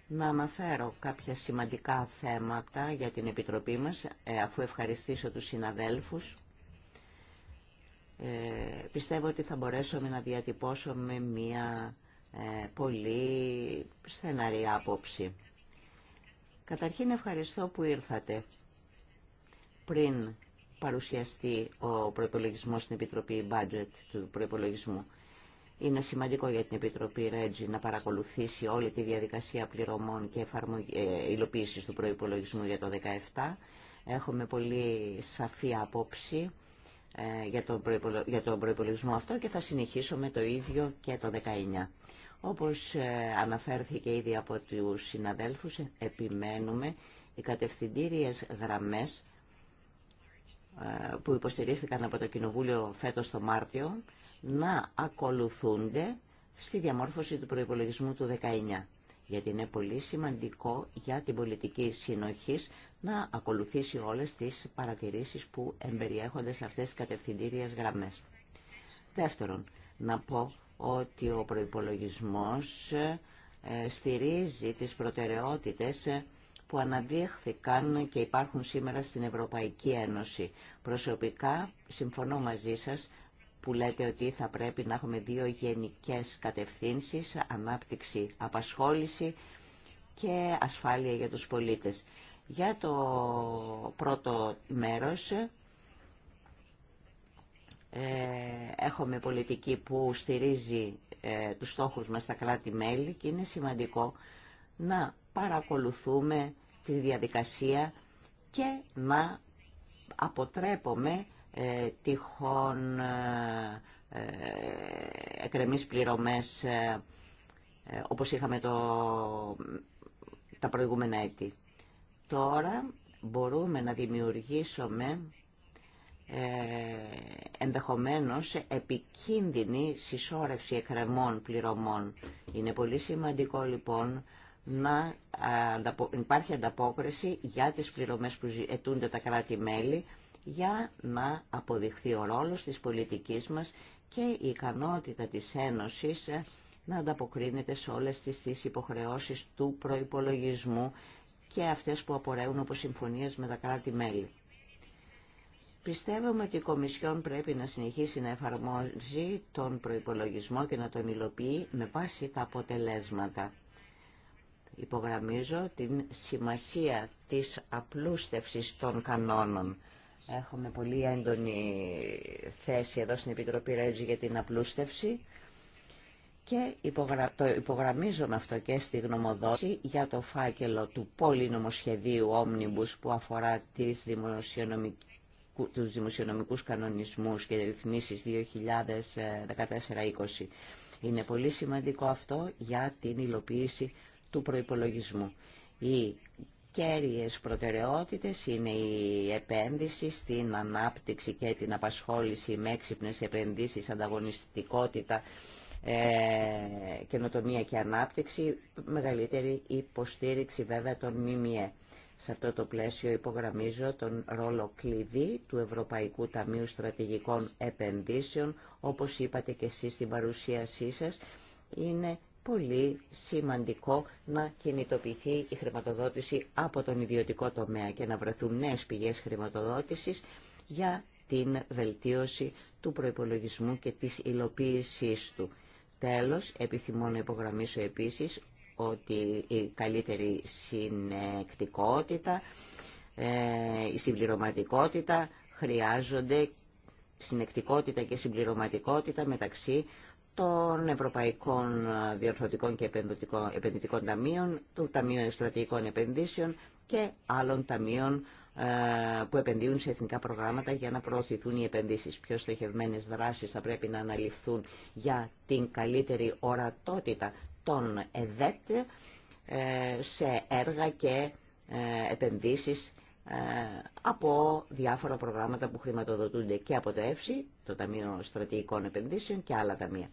να αναφέρω κάποια σημαντικά θέματα για την Επιτροπή μας, ε, αφού ευχαριστήσω τους συναδέλφους. Ε, πιστεύω ότι θα μπορέσουμε να διατυπώσουμε μία ε, πολύ στεναρή άποψη. Καταρχήν ευχαριστώ που ήρθατε πριν παρουσιαστεί ο προϋπολογισμός στην Επιτροπή Budget του προϋπολογισμού. Είναι σημαντικό για την Επιτροπή Ρέτζι να παρακολουθήσει όλη τη διαδικασία πληρωμών και ε, υλοποίησης του προϋπολογισμού για το 2017. Έχουμε πολύ σαφή άποψη ε, για τον προϋπολογισμό αυτό και θα συνεχίσουμε το ίδιο και το 2019. Όπως ε, αναφέρθηκε ήδη από τους συναδέλφους, επιμένουμε οι κατευθυντήριες γραμμές που υποστηρίχθηκαν από το Κοινοβούλιο φέτος το Μάρτιο να ακολουθούνται στη διαμόρφωση του προϋπολογισμού του 19 γιατί είναι πολύ σημαντικό για την πολιτική συνοχή να ακολουθήσει όλες τις παρατηρήσεις που εμπεριέχονται σε αυτές τις κατευθυντήριες γραμμές. Δεύτερον, να πω ότι ο προϋπολογισμός ε, στηρίζει τις προτεραιότητες ε, που αναδείχθηκαν και υπάρχουν σήμερα στην Ευρωπαϊκή Ένωση. Προσωπικά συμφωνώ μαζί σας που λέτε ότι θα πρέπει να έχουμε δύο γενικές κατευθύνσεις, ανάπτυξη, απασχόληση και ασφάλεια για τους πολίτες. Για το πρώτο μέρος ε, έχουμε πολιτική που στηρίζει ε, τους στόχους μας στα κράτη-μέλη και είναι σημαντικό να παρακολουθούμε τη διαδικασία και να αποτρέπουμε ε, τυχόν ε, ε, εκρεμείς πληρωμές όπως είχαμε το, τα προηγούμενα έτη. Τώρα μπορούμε να δημιουργήσουμε ε, ενδεχομένως επικίνδυνη συσσόρευση εκρεμών πληρωμών. Είναι πολύ σημαντικό λοιπόν να υπάρχει ανταπόκριση για τις πληρωμές που ζητούνται τα κράτη-μέλη για να αποδειχθεί ο ρόλος της πολιτικής μας και η ικανότητα της Ένωσης ε, να ανταποκρίνεται σε όλες τις, τις υποχρεώσεις του προϋπολογισμού και αυτές που απορρέουν από συμφωνίες με τα κράτη-μέλη. Πιστεύουμε ότι η Κομισιόν πρέπει να συνεχίσει να εφαρμόζει τον προϋπολογισμό και να τον υλοποιεί με βάση τα αποτελέσματα. Υπογραμμίζω την σημασία της απλούστευσης των κανόνων. Έχουμε πολύ έντονη θέση εδώ στην Επιτροπή Ρέτζη για την απλούστευση και υπογρα... το υπογραμμίζομαι αυτό και στη γνωμοδότηση για το φάκελο του πολυνομοσχεδίου Omnibus που αφορά τις δημοσιονομικού τους δημοσιονομικούς κανονισμούς και ρυθμίσεις 2014-2020. Είναι πολύ σημαντικό αυτό για την υλοποίηση του προϋπολογισμού. Η κέρυες προτεραιότητες είναι η επένδυση στην ανάπτυξη και την απασχόληση με έξυπνε επενδύσεις, ανταγωνιστικότητα, ε, καινοτομία και ανάπτυξη, μεγαλύτερη υποστήριξη βέβαια των ΜΜΕ. Σε αυτό το πλαίσιο υπογραμμίζω τον ρόλο κλειδί του Ευρωπαϊκού Ταμείου Στρατηγικών Επενδύσεων, όπως είπατε και εσείς στην παρουσίασή σας, είναι πολύ σημαντικό να κινητοποιηθεί η χρηματοδότηση από τον ιδιωτικό τομέα και να βρεθούν νέες πηγές χρηματοδότησης για την βελτίωση του προϋπολογισμού και της υλοποίησής του. Τέλος, επιθυμώ να υπογραμμίσω επίσης ότι η καλύτερη συνεκτικότητα, ε, η συμπληρωματικότητα χρειάζονται συνεκτικότητα και συμπληρωματικότητα μεταξύ των Ευρωπαϊκών Διορθωτικών και Επενδυτικών Ταμείων, του Ταμείου Στρατηγικών Επενδύσεων και άλλων ταμείων ε, που επενδύουν σε εθνικά προγράμματα για να προωθηθούν οι επενδύσεις. Πιο στοχευμένες δράσεις θα πρέπει να αναλυφθούν για την καλύτερη ορατότητα των ΕΔΕΤ ε, σε έργα και ε, επενδύσεις από διάφορα προγράμματα που χρηματοδοτούνται και από το ΕΦΣΥ, το Ταμείο Στρατηγικών Επενδύσεων και άλλα ταμεία.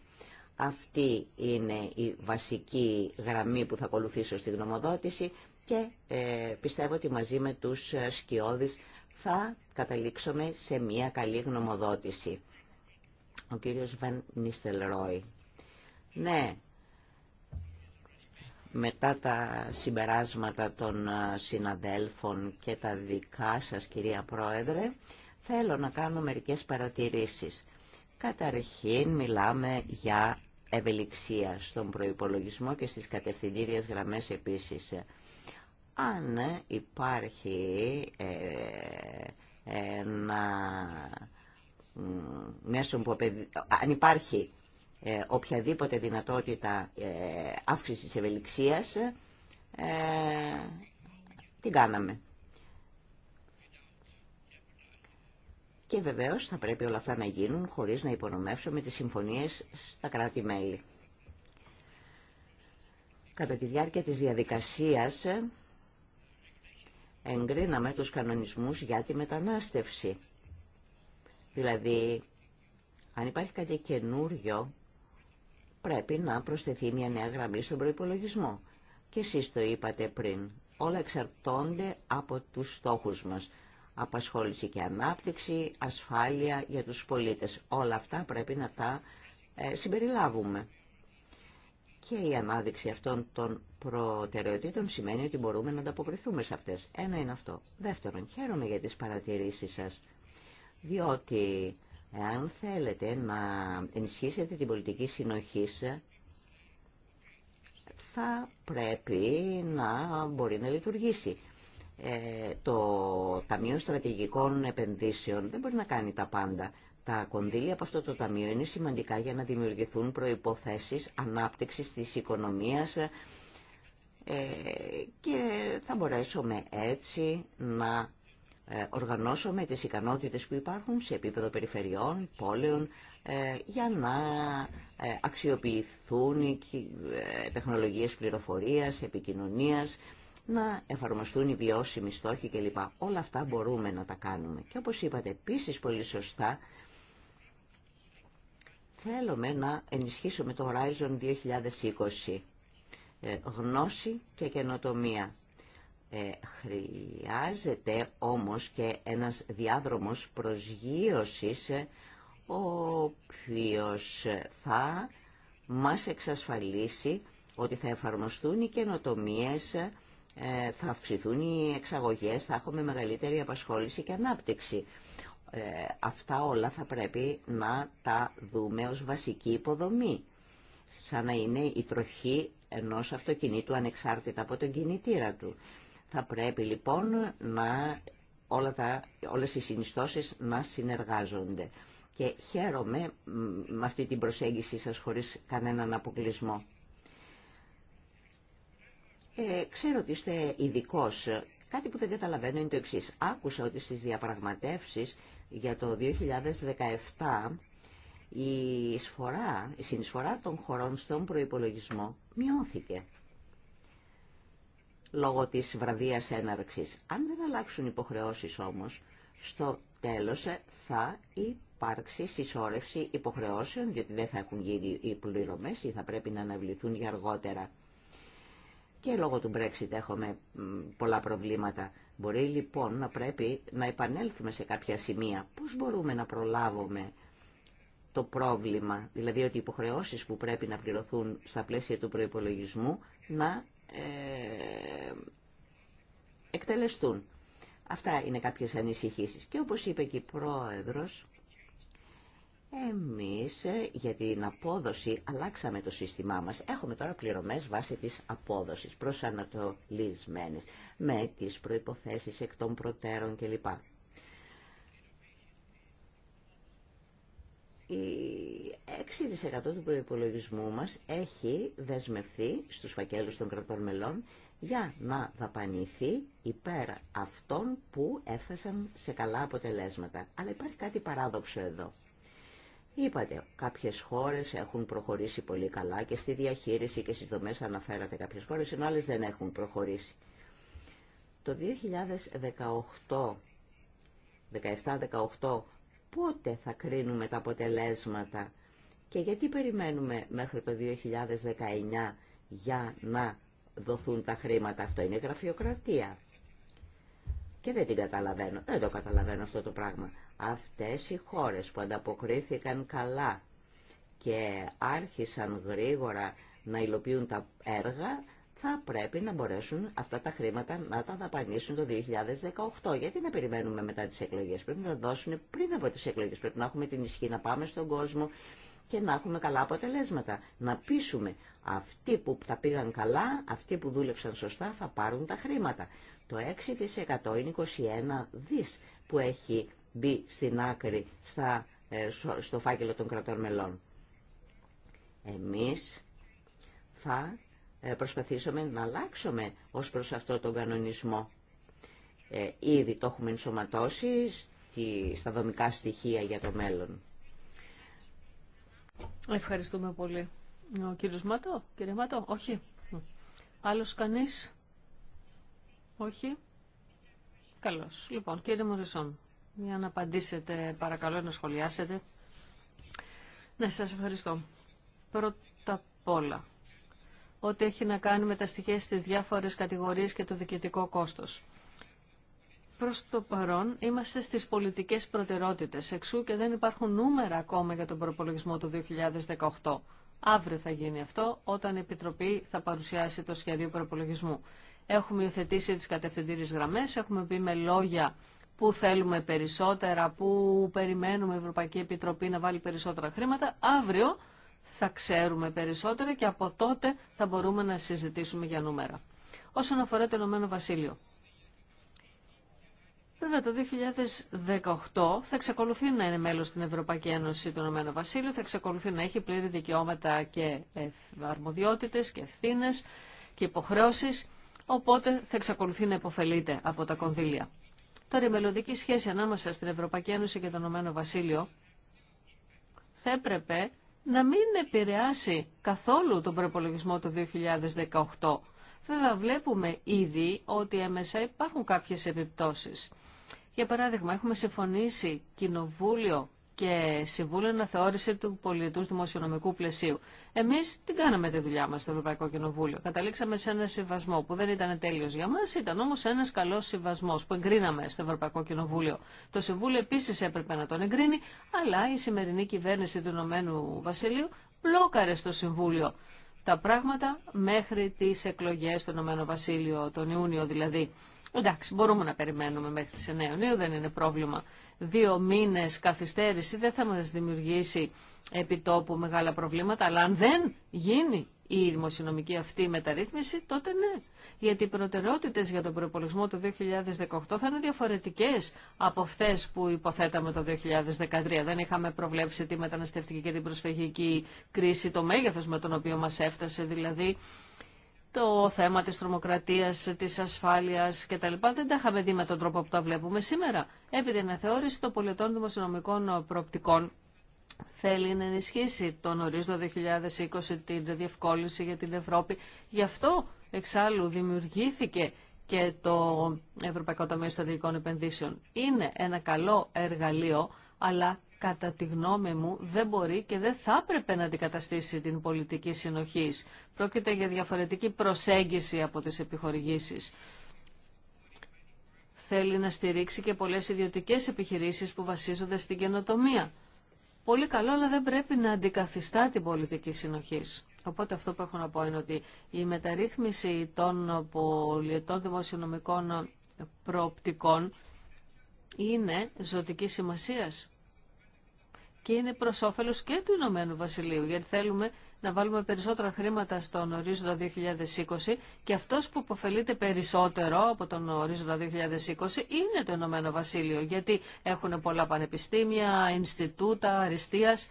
Αυτή είναι η βασική γραμμή που θα ακολουθήσω στη γνωμοδότηση και ε, πιστεύω ότι μαζί με τους σκιώδεις θα καταλήξουμε σε μια καλή γνωμοδότηση. Ο κύριος Βαν Νίστελρόι. Ναι, μετά τα συμπεράσματα των ε, συναδέλφων και τα δικά σας κυρία Πρόεδρε, θέλω να κάνω μερικές παρατηρήσεις. Καταρχήν μιλάμε για ευελιξία στον προϋπολογισμό και στις κατευθυντήριες γραμμές επίσης. Αν υπάρχει ε, ένα που αν υπάρχει ε, οποιαδήποτε δυνατότητα ε, αύξησης ευελιξίας, την κάναμε. Και βεβαίως θα πρέπει όλα αυτά να γίνουν χωρίς να υπονομεύσουμε τις συμφωνίες στα κράτη-μέλη. Κατά τη διάρκεια της διαδικασίας εγκρίναμε τους κανονισμούς για τη μετανάστευση. Δηλαδή, αν υπάρχει κάτι καινούριο, πρέπει να προσθεθεί μια νέα γραμμή στον προϋπολογισμό. Και εσείς το είπατε πριν. Όλα εξαρτώνται από τους στόχους μας απασχόληση και ανάπτυξη, ασφάλεια για τους πολίτες. Όλα αυτά πρέπει να τα ε, συμπεριλάβουμε. Και η ανάδειξη αυτών των προτεραιοτήτων σημαίνει ότι μπορούμε να ανταποκριθούμε σε αυτές. Ένα είναι αυτό. Δεύτερον, χαίρομαι για τις παρατηρήσεις σας, διότι αν θέλετε να ενισχύσετε την πολιτική συνοχή θα πρέπει να μπορεί να λειτουργήσει. Ε, το Ταμείο Στρατηγικών Επενδύσεων δεν μπορεί να κάνει τα πάντα. Τα κονδύλια από αυτό το ταμείο είναι σημαντικά για να δημιουργηθούν προϋποθέσεις ανάπτυξης της οικονομίας ε, και θα μπορέσουμε έτσι να ε, οργανώσουμε τις ικανότητες που υπάρχουν σε επίπεδο περιφερειών, πόλεων, για να αξιοποιηθούν οι τεχνολογίες πληροφορίας, επικοινωνίας, να εφαρμοστούν οι βιώσιμοι στόχοι κλπ. Όλα αυτά μπορούμε να τα κάνουμε. Και όπως είπατε επίση πολύ σωστά, θέλουμε να ενισχύσουμε το Horizon 2020. Ε, γνώση και καινοτομία. Ε, χρειάζεται όμως και ένας διάδρομος προσγείωσης ε, ο οποίος θα μας εξασφαλίσει ότι θα εφαρμοστούν οι καινοτομίες ε, ε, θα αυξηθούν οι εξαγωγές, θα έχουμε μεγαλύτερη απασχόληση και ανάπτυξη. Ε, αυτά όλα θα πρέπει να τα δούμε ως βασική υποδομή, σαν να είναι η τροχή ενός αυτοκινήτου ανεξάρτητα από τον κινητήρα του. Θα πρέπει λοιπόν να όλα τα, όλες οι συνιστώσεις να συνεργάζονται. Και χαίρομαι με αυτή την προσέγγιση σας χωρίς κανέναν αποκλεισμό. Ε, ξέρω ότι είστε ειδικό. Κάτι που δεν καταλαβαίνω είναι το εξή. Άκουσα ότι στις διαπραγματεύσεις για το 2017 η, σφορά, η συνεισφορά των χωρών στον προϋπολογισμό μειώθηκε λόγω της βραδίας έναρξης. Αν δεν αλλάξουν υποχρεώσεις όμως, στο τέλος ε, θα υπάρξει συσσόρευση υποχρεώσεων, διότι δεν θα έχουν γίνει οι πληρωμές ή θα πρέπει να αναβληθούν για αργότερα και λόγω του Brexit έχουμε πολλά προβλήματα. Μπορεί λοιπόν να πρέπει να επανέλθουμε σε κάποια σημεία. Πώς μπορούμε να προλάβουμε το πρόβλημα, δηλαδή ότι οι υποχρεώσεις που πρέπει να πληρωθούν στα πλαίσια του προϋπολογισμού να ε, εκτελεστούν. Αυτά είναι κάποιες ανησυχήσεις. Και όπως είπε και η Πρόεδρος, εμείς ε, για την απόδοση αλλάξαμε το σύστημά μας. Έχουμε τώρα πληρωμές βάσει της απόδοσης, προσανατολισμένης με τις προϋποθέσεις εκ των προτέρων κλπ. Η 6% του προϋπολογισμού μας έχει δεσμευθεί στους φακέλους των κρατών μελών για να δαπανηθεί υπέρ αυτών που έφτασαν σε καλά αποτελέσματα. Αλλά υπάρχει κάτι παράδοξο εδώ. Είπατε, κάποιες χώρες έχουν προχωρήσει πολύ καλά και στη διαχείριση και στις δομές αναφέρατε κάποιες χώρες, ενώ άλλες δεν έχουν προχωρήσει. Το 2018, 17-18, πότε θα κρίνουμε τα αποτελέσματα και γιατί περιμένουμε μέχρι το 2019 για να δοθούν τα χρήματα. Αυτό είναι γραφειοκρατία. Και δεν την καταλαβαίνω. Δεν το καταλαβαίνω αυτό το πράγμα. Αυτές οι χώρες που ανταποκρίθηκαν καλά και άρχισαν γρήγορα να υλοποιούν τα έργα, θα πρέπει να μπορέσουν αυτά τα χρήματα να τα δαπανίσουν το 2018. Γιατί να περιμένουμε μετά τις εκλογές. Πρέπει να δώσουν πριν από τις εκλογές. Πρέπει να έχουμε την ισχύ να πάμε στον κόσμο και να έχουμε καλά αποτελέσματα. Να πείσουμε αυτοί που τα πήγαν καλά, αυτοί που δούλεψαν σωστά θα πάρουν τα χρήματα. Το 6% είναι 21 δις που έχει μπει στην άκρη ε, στο φάκελο των κρατών μελών. Εμείς θα ε, προσπαθήσουμε να αλλάξουμε ως προς αυτό τον κανονισμό. Ε, ήδη το έχουμε ενσωματώσει στα δομικά στοιχεία για το μέλλον. Ευχαριστούμε πολύ. κύριος κύριε Μάτο, όχι. Άλλος κανείς, όχι. Καλώς. Λοιπόν, κύριε Μουρισόν για να απαντήσετε παρακαλώ να σχολιάσετε. Ναι, σας ευχαριστώ. Πρώτα απ' όλα, ό,τι έχει να κάνει με τα στοιχεία στις διάφορες κατηγορίες και το διοικητικό κόστος. Προς το παρόν είμαστε στις πολιτικές προτεραιότητες, εξού και δεν υπάρχουν νούμερα ακόμα για τον προπολογισμό του 2018. Αύριο θα γίνει αυτό, όταν η Επιτροπή θα παρουσιάσει το σχέδιο προπολογισμού. Έχουμε υιοθετήσει τις κατευθυντήριες γραμμές, έχουμε πει με λόγια που θέλουμε περισσότερα, που περιμένουμε η Ευρωπαϊκή Επιτροπή να βάλει περισσότερα χρήματα, αύριο θα ξέρουμε περισσότερα και από τότε θα μπορούμε να συζητήσουμε για νούμερα. Όσον αφορά το Ηνωμένο Βασίλειο. Βέβαια το 2018 θα εξακολουθεί να είναι μέλος στην Ευρωπαϊκή Ένωση του Ηνωμένου Βασίλειου, θα εξακολουθεί να έχει πλήρη δικαιώματα και αρμοδιότητες και ευθύνε και υποχρεώσεις, οπότε θα εξακολουθεί να υποφελείται από τα κονδύλια. Τώρα η μελλοντική σχέση ανάμεσα στην Ευρωπαϊκή Ένωση και το Ηνωμένο Βασίλειο θα έπρεπε να μην επηρεάσει καθόλου τον προπολογισμό του 2018. Βέβαια βλέπουμε ήδη ότι έμεσα υπάρχουν κάποιες επιπτώσεις. Για παράδειγμα, έχουμε συμφωνήσει Κοινοβούλιο και Συμβούλιο θεώρηση του πολιτού δημοσιονομικού πλαισίου. Εμεί την κάναμε τη δουλειά μα στο Ευρωπαϊκό Κοινοβούλιο. Καταλήξαμε σε ένα συμβασμό που δεν ήταν τέλειο για μα, ήταν όμω ένα καλό συμβασμό που εγκρίναμε στο Ευρωπαϊκό Κοινοβούλιο. Το Συμβούλιο επίση έπρεπε να τον εγκρίνει, αλλά η σημερινή κυβέρνηση του Ηνωμένου Βασιλείου μπλόκαρε στο Συμβούλιο τα πράγματα μέχρι τι εκλογέ του Ηνωμένου Βασίλειο, τον Ιούνιο δηλαδή. Εντάξει, μπορούμε να περιμένουμε μέχρι τις 9 Ιουνίου, δεν είναι πρόβλημα. Δύο μήνες καθυστέρηση δεν θα μας δημιουργήσει επί τόπου μεγάλα προβλήματα, αλλά αν δεν γίνει η δημοσιονομική αυτή μεταρρύθμιση, τότε ναι. Γιατί οι προτεραιότητες για τον προπολογισμό του 2018 θα είναι διαφορετικές από αυτές που υποθέταμε το 2013. Δεν είχαμε προβλέψει τη μεταναστευτική και την προσφυγική κρίση, το μέγεθος με τον οποίο μας έφτασε, δηλαδή το θέμα της τρομοκρατίας, της ασφάλειας λοιπά Δεν τα είχαμε δει με τον τρόπο που τα βλέπουμε σήμερα. Έπειτα η αναθεώρηση των πολιτών δημοσιονομικών προοπτικών θέλει να ενισχύσει τον ορίζοντα 2020 την διευκόλυνση για την Ευρώπη. Γι' αυτό εξάλλου δημιουργήθηκε και το Ευρωπαϊκό Ταμείο Στρατηγικών Επενδύσεων. Είναι ένα καλό εργαλείο, αλλά κατά τη γνώμη μου, δεν μπορεί και δεν θα έπρεπε να αντικαταστήσει την πολιτική συνοχή. Πρόκειται για διαφορετική προσέγγιση από τις επιχορηγήσεις. Θέλει να στηρίξει και πολλές ιδιωτικές επιχειρήσεις που βασίζονται στην καινοτομία. Πολύ καλό, αλλά δεν πρέπει να αντικαθιστά την πολιτική συνοχής. Οπότε αυτό που έχω να πω είναι ότι η μεταρρύθμιση των πολιετών δημοσιονομικών προοπτικών είναι ζωτική σημασίας και είναι προ όφελο και του Ηνωμένου Βασιλείου, γιατί θέλουμε να βάλουμε περισσότερα χρήματα στον ορίζοντα 2020 και αυτός που υποφελείται περισσότερο από τον ορίζοντα 2020 είναι το Ηνωμένο Βασίλειο, γιατί έχουν πολλά πανεπιστήμια, Ινστιτούτα, αριστείας,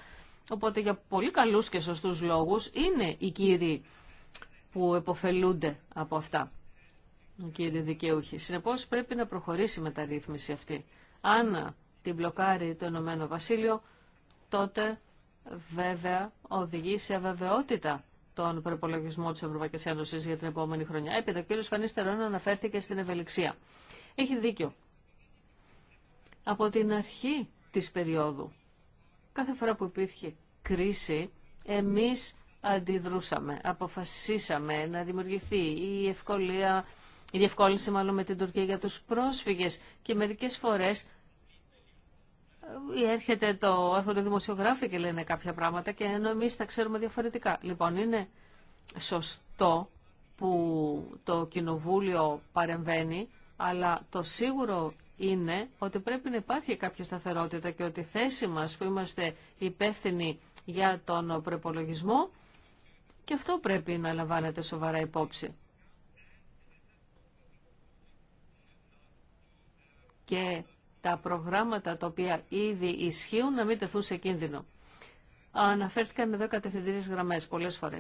οπότε για πολύ καλούς και σωστούς λόγους είναι οι κύριοι που υποφελούνται από αυτά, οι κύριοι δικαιούχοι. Συνεπώς πρέπει να προχωρήσει η μεταρρύθμιση αυτή. Αν την μπλοκάρει το Ηνωμένο Βασίλειο, τότε βέβαια οδηγεί σε αβεβαιότητα τον προπολογισμό τη Ευρωπαϊκή για την επόμενη χρονιά. Έπειτα, ο κ. Φανίστερον αναφέρθηκε στην ευελιξία. Έχει δίκιο. Από την αρχή της περίοδου, κάθε φορά που υπήρχε κρίση, εμείς αντιδρούσαμε, αποφασίσαμε να δημιουργηθεί η ευκολία, η διευκόλυνση μάλλον με την Τουρκία για τους πρόσφυγες και μερικές φορές έρχεται το, έρχονται δημοσιογράφοι και λένε κάποια πράγματα και ενώ εμεί τα ξέρουμε διαφορετικά. Λοιπόν, είναι σωστό που το κοινοβούλιο παρεμβαίνει, αλλά το σίγουρο είναι ότι πρέπει να υπάρχει κάποια σταθερότητα και ότι η θέση μας που είμαστε υπεύθυνοι για τον προπολογισμό και αυτό πρέπει να λαμβάνεται σοβαρά υπόψη τα προγράμματα τα οποία ήδη ισχύουν να μην τεθούν σε κίνδυνο. Αναφέρθηκαν εδώ κατευθυντήριε γραμμέ πολλέ φορέ.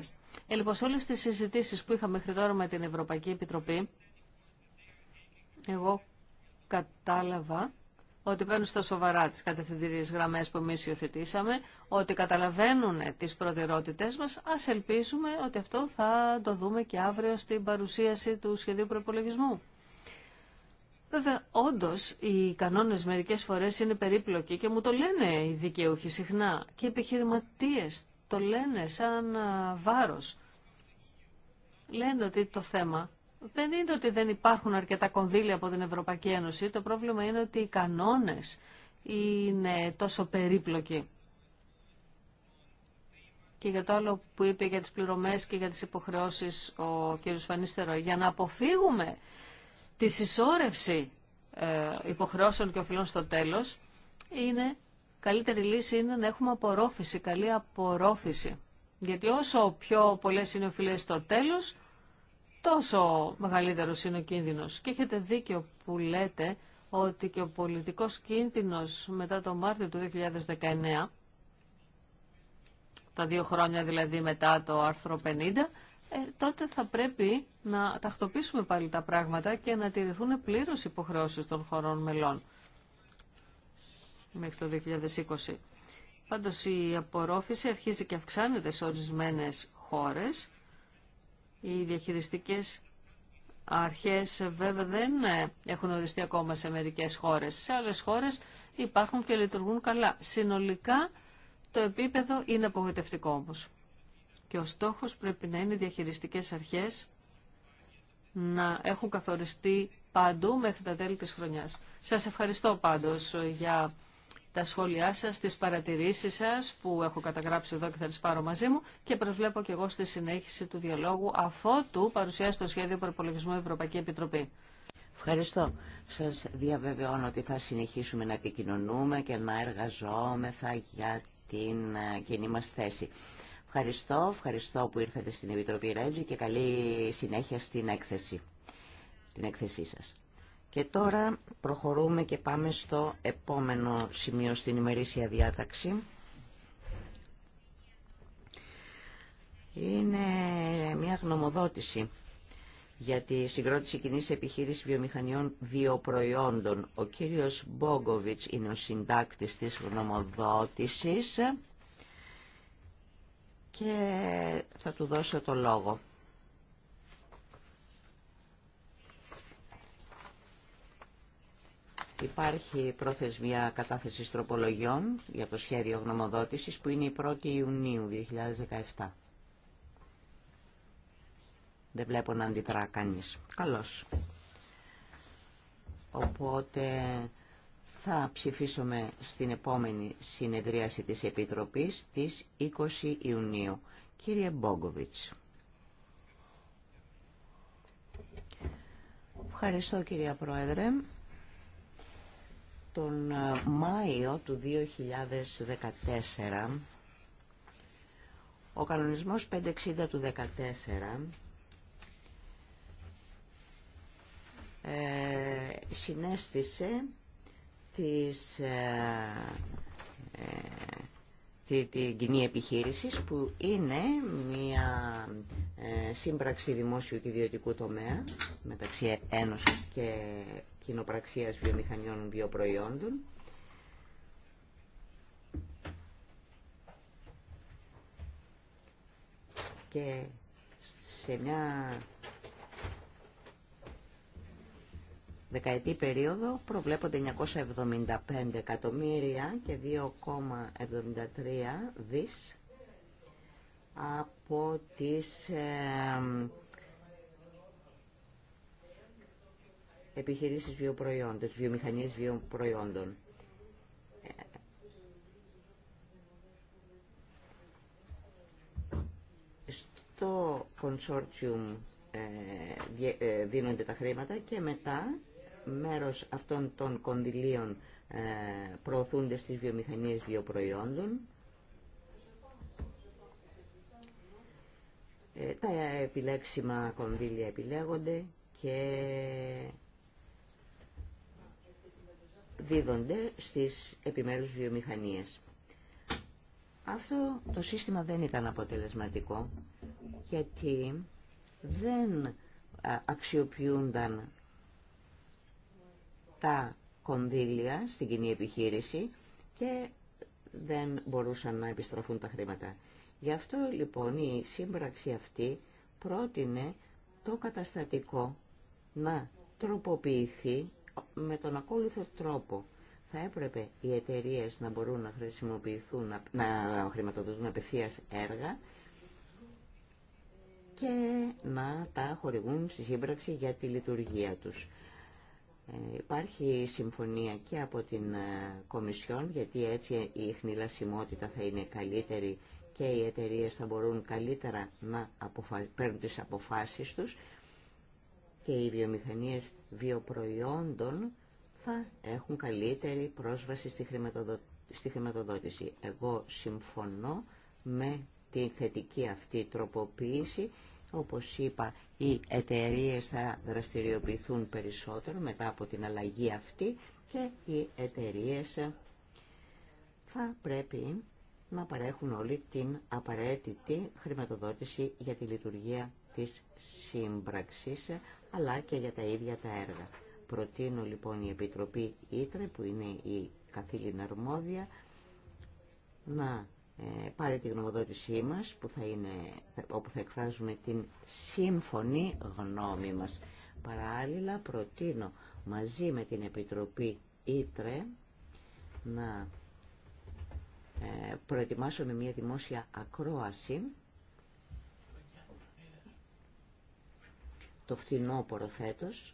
Ε, λοιπόν, όλε τι συζητήσει που είχαμε μέχρι τώρα με την Ευρωπαϊκή Επιτροπή, εγώ κατάλαβα ότι παίρνουν στα σοβαρά τι κατευθυντήριε γραμμέ που εμεί υιοθετήσαμε, ότι καταλαβαίνουν τι προτεραιότητές μα, α ελπίσουμε ότι αυτό θα το δούμε και αύριο στην παρουσίαση του σχεδίου προπολογισμού. Βέβαια, όντω οι κανόνε μερικέ φορέ είναι περίπλοκοι και μου το λένε οι δικαιούχοι συχνά και οι επιχειρηματίε το λένε σαν βάρο. Λένε ότι το θέμα δεν είναι ότι δεν υπάρχουν αρκετά κονδύλια από την Ευρωπαϊκή Ένωση. Το πρόβλημα είναι ότι οι κανόνε είναι τόσο περίπλοκοι. Και για το άλλο που είπε για τις πληρωμές και για τις υποχρεώσεις ο κ. Φανίστερο, για να αποφύγουμε τη συσσόρευση ε, υποχρεώσεων και οφειλών στο τέλος, είναι καλύτερη λύση είναι να έχουμε απορρόφηση, καλή απορρόφηση. Γιατί όσο πιο πολλές είναι οφειλές στο τέλος, τόσο μεγαλύτερος είναι ο κίνδυνος. Και έχετε δίκιο που λέτε ότι και ο πολιτικός κίνδυνος μετά το Μάρτιο του 2019, τα δύο χρόνια δηλαδή μετά το άρθρο 50, ε, τότε θα πρέπει να τακτοποιήσουμε πάλι τα πράγματα και να τηρηθούν πλήρως υποχρεώσεις των χωρών μελών μέχρι το 2020. Πάντως η απορρόφηση αρχίζει και αυξάνεται σε ορισμένες χώρες. Οι διαχειριστικές αρχές βέβαια δεν ε, έχουν οριστεί ακόμα σε μερικές χώρες. Σε άλλες χώρες υπάρχουν και λειτουργούν καλά. Συνολικά το επίπεδο είναι απογοητευτικό όμως. Και ο στόχος πρέπει να είναι διαχειριστικές αρχές να έχουν καθοριστεί παντού μέχρι τα τέλη της χρονιάς. Σας ευχαριστώ πάντως για τα σχόλιά σας, τις παρατηρήσεις σας που έχω καταγράψει εδώ και θα τις πάρω μαζί μου και προσβλέπω και εγώ στη συνέχιση του διαλόγου αφότου παρουσιάσει το σχέδιο προπολογισμού Ευρωπαϊκή Επιτροπή. Ευχαριστώ. Σας διαβεβαιώνω ότι θα συνεχίσουμε να επικοινωνούμε και να εργαζόμεθα για την ε, κοινή μας θέση. Ευχαριστώ, ευχαριστώ που ήρθατε στην Επιτροπή Ρέντζη και καλή συνέχεια στην έκθεση, την έκθεσή σας. Και τώρα προχωρούμε και πάμε στο επόμενο σημείο στην ημερήσια διάταξη. Είναι μια γνωμοδότηση για τη συγκρότηση κοινή επιχείρηση βιομηχανιών βιοπροϊόντων. Ο κύριος Μπόγκοβιτς είναι ο συντάκτης της γνωμοδότησης και θα του δώσω το λόγο. Υπάρχει προθεσμία κατάθεσης τροπολογιών για το σχέδιο γνωμοδότησης που είναι η 1η Ιουνίου 2017. Δεν βλέπω να αντιδρά κανείς. Καλώς. Οπότε θα ψηφίσουμε στην επόμενη συνεδρίαση της Επιτροπής της 20 Ιουνίου. Κύριε Μπόγκοβιτς. Ευχαριστώ κυρία Πρόεδρε. Τον ε, Μάιο του 2014, ο κανονισμός 560 του 2014 ε, συνέστησε της, ε, ε, τη την κοινή επιχείρηση που είναι μια ε, σύμπραξη δημόσιου και ιδιωτικού τομέα μεταξύ Ένωσης και Κοινοπραξίας Βιομηχανιών Βιοπροϊόντων και σε μια δεκαετή περίοδο προβλέπονται 975 εκατομμύρια και 2,73 δις από τις επιχειρήσεις βιοπροϊόντων, βιομηχανίες βιοπροϊόντων. Στο consortium ε, ε, δίνονται τα χρήματα και μετά μέρος αυτών των κονδυλίων ε, προωθούνται στις βιομηχανίες βιοπροϊόντων. Ε, τα επιλέξιμα κονδύλια επιλέγονται και δίδονται στις επιμέρους βιομηχανίες. Αυτό το σύστημα δεν ήταν αποτελεσματικό γιατί δεν ε, αξιοποιούνταν τα κονδύλια στην κοινή επιχείρηση και δεν μπορούσαν να επιστροφούν τα χρήματα. Γι' αυτό λοιπόν η σύμπραξη αυτή πρότεινε το καταστατικό να τροποποιηθεί με τον ακόλουθο τρόπο. Θα έπρεπε οι εταιρείε να μπορούν να χρησιμοποιηθούν, να, χρηματοδοτούν απευθεία έργα και να τα χορηγούν στη σύμπραξη για τη λειτουργία τους. Ε, υπάρχει συμφωνία και από την ε, Κομισιόν, γιατί έτσι η χνηλασιμότητα θα είναι καλύτερη και οι εταιρείε θα μπορούν καλύτερα να παίρνουν τις αποφάσεις τους και οι βιομηχανίες βιοπροϊόντων θα έχουν καλύτερη πρόσβαση στη, στη χρηματοδότηση. Εγώ συμφωνώ με την θετική αυτή τροποποίηση όπως είπα, οι εταιρείε θα δραστηριοποιηθούν περισσότερο μετά από την αλλαγή αυτή και οι εταιρείε θα πρέπει να παρέχουν όλη την απαραίτητη χρηματοδότηση για τη λειτουργία της σύμπραξης, αλλά και για τα ίδια τα έργα. Προτείνω λοιπόν η Επιτροπή Ήτρε, που είναι η καθήλυνα αρμόδια, να ε, πάρει τη γνωμοδότησή μας που θα είναι, όπου θα εκφράζουμε την σύμφωνη γνώμη μας. Παράλληλα προτείνω μαζί με την Επιτροπή Ήτρε να ε, προετοιμάσουμε μια δημόσια ακρόαση το φθινόπωρο φέτος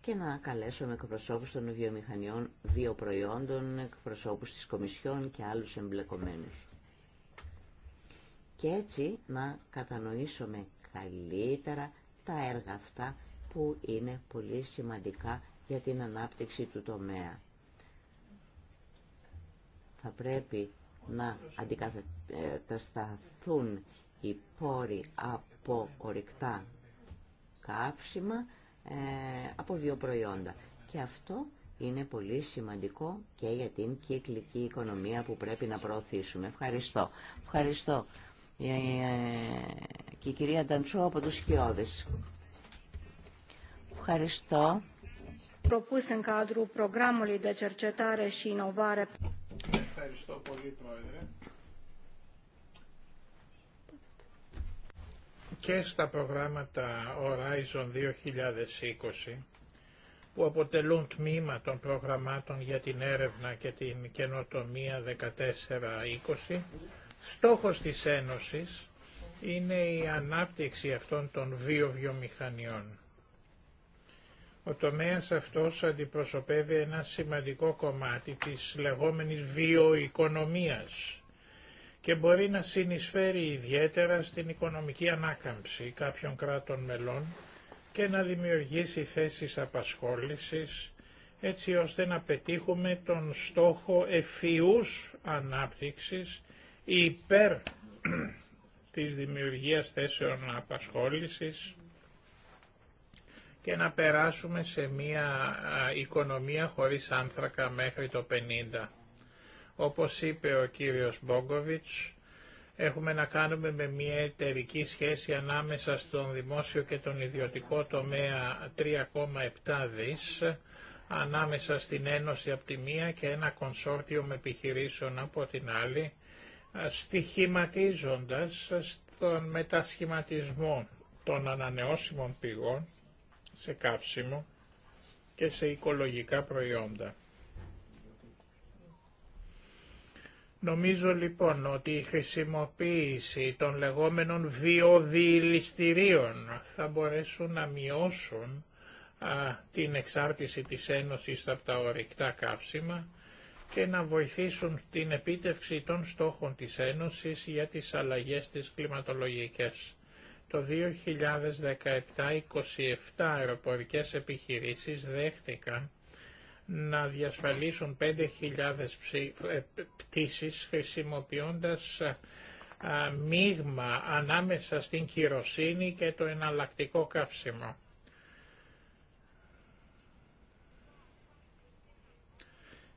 και να καλέσουμε εκπροσώπους των βιομηχανιών βιοπροϊόντων, εκπροσώπους της Κομισιόν και άλλους εμπλεκομένους και έτσι να κατανοήσουμε καλύτερα τα έργα αυτά που είναι πολύ σημαντικά για την ανάπτυξη του τομέα. Θα πρέπει να αντικατασταθούν οι πόροι από ορυκτά καύσιμα ε, από βιοπροϊόντα. Και αυτό είναι πολύ σημαντικό και για την κυκλική οικονομία που πρέπει να προωθήσουμε. Ευχαριστώ. Ευχαριστώ ε, και η κυρία Νταντσού από τους Σκιώδης. Ευχαριστώ. Προπούς εν κάδρου Ευχαριστώ πολύ, Πρόεδρε. Και στα προγράμματα Horizon 2020 που αποτελούν τμήμα των προγραμμάτων για την έρευνα και την καινοτομία 14-20 Στόχος της Ένωσης είναι η ανάπτυξη αυτών των βιοβιομηχανιών. Ο τομέας αυτός αντιπροσωπεύει ένα σημαντικό κομμάτι της λεγόμενης βιοοικονομίας και μπορεί να συνεισφέρει ιδιαίτερα στην οικονομική ανάκαμψη κάποιων κράτων μελών και να δημιουργήσει θέσεις απασχόλησης έτσι ώστε να πετύχουμε τον στόχο ευφυούς ανάπτυξης υπέρ της δημιουργίας θέσεων απασχόλησης και να περάσουμε σε μια οικονομία χωρίς άνθρακα μέχρι το 50. Όπως είπε ο κύριος Μπόγκοβιτς, έχουμε να κάνουμε με μια εταιρική σχέση ανάμεσα στον δημόσιο και τον ιδιωτικό τομέα 3,7 δις, ανάμεσα στην Ένωση από τη μία και ένα κονσόρτιο με επιχειρήσεων από την άλλη, στοιχηματίζοντας στον μετασχηματισμό των ανανεώσιμων πηγών σε καύσιμο και σε οικολογικά προϊόντα. Νομίζω λοιπόν ότι η χρησιμοποίηση των λεγόμενων βιοδιηληστηρίων θα μπορέσουν να μειώσουν α, την εξάρτηση της Ένωσης από τα ορυκτά καύσιμα και να βοηθήσουν την επίτευξη των στόχων της Ένωσης για τις αλλαγές της κλιματολογικές. Το 2017 27 αεροπορικές επιχειρήσεις δέχτηκαν να διασφαλίσουν 5.000 ε, πτήσεις χρησιμοποιώντας ε, ε, μείγμα ανάμεσα στην κυροσύνη και το εναλλακτικό καύσιμο.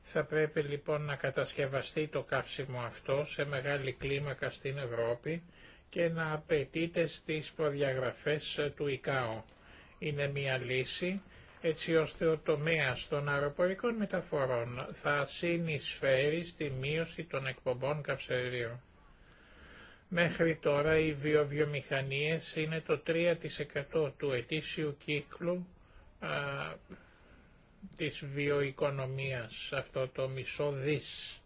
Θα πρέπει λοιπόν να κατασκευαστεί το καύσιμο αυτό σε μεγάλη κλίμακα στην Ευρώπη και να απαιτείται στις προδιαγραφές του ΙΚΑΟ. Είναι μια λύση έτσι ώστε ο τομέας των αεροπορικών μεταφορών θα συνεισφέρει στη μείωση των εκπομπών καυσερίων. Μέχρι τώρα οι βιοβιομηχανίες είναι το 3% του ετήσιου κύκλου της βιοοικονομίας, αυτό το μισό δις.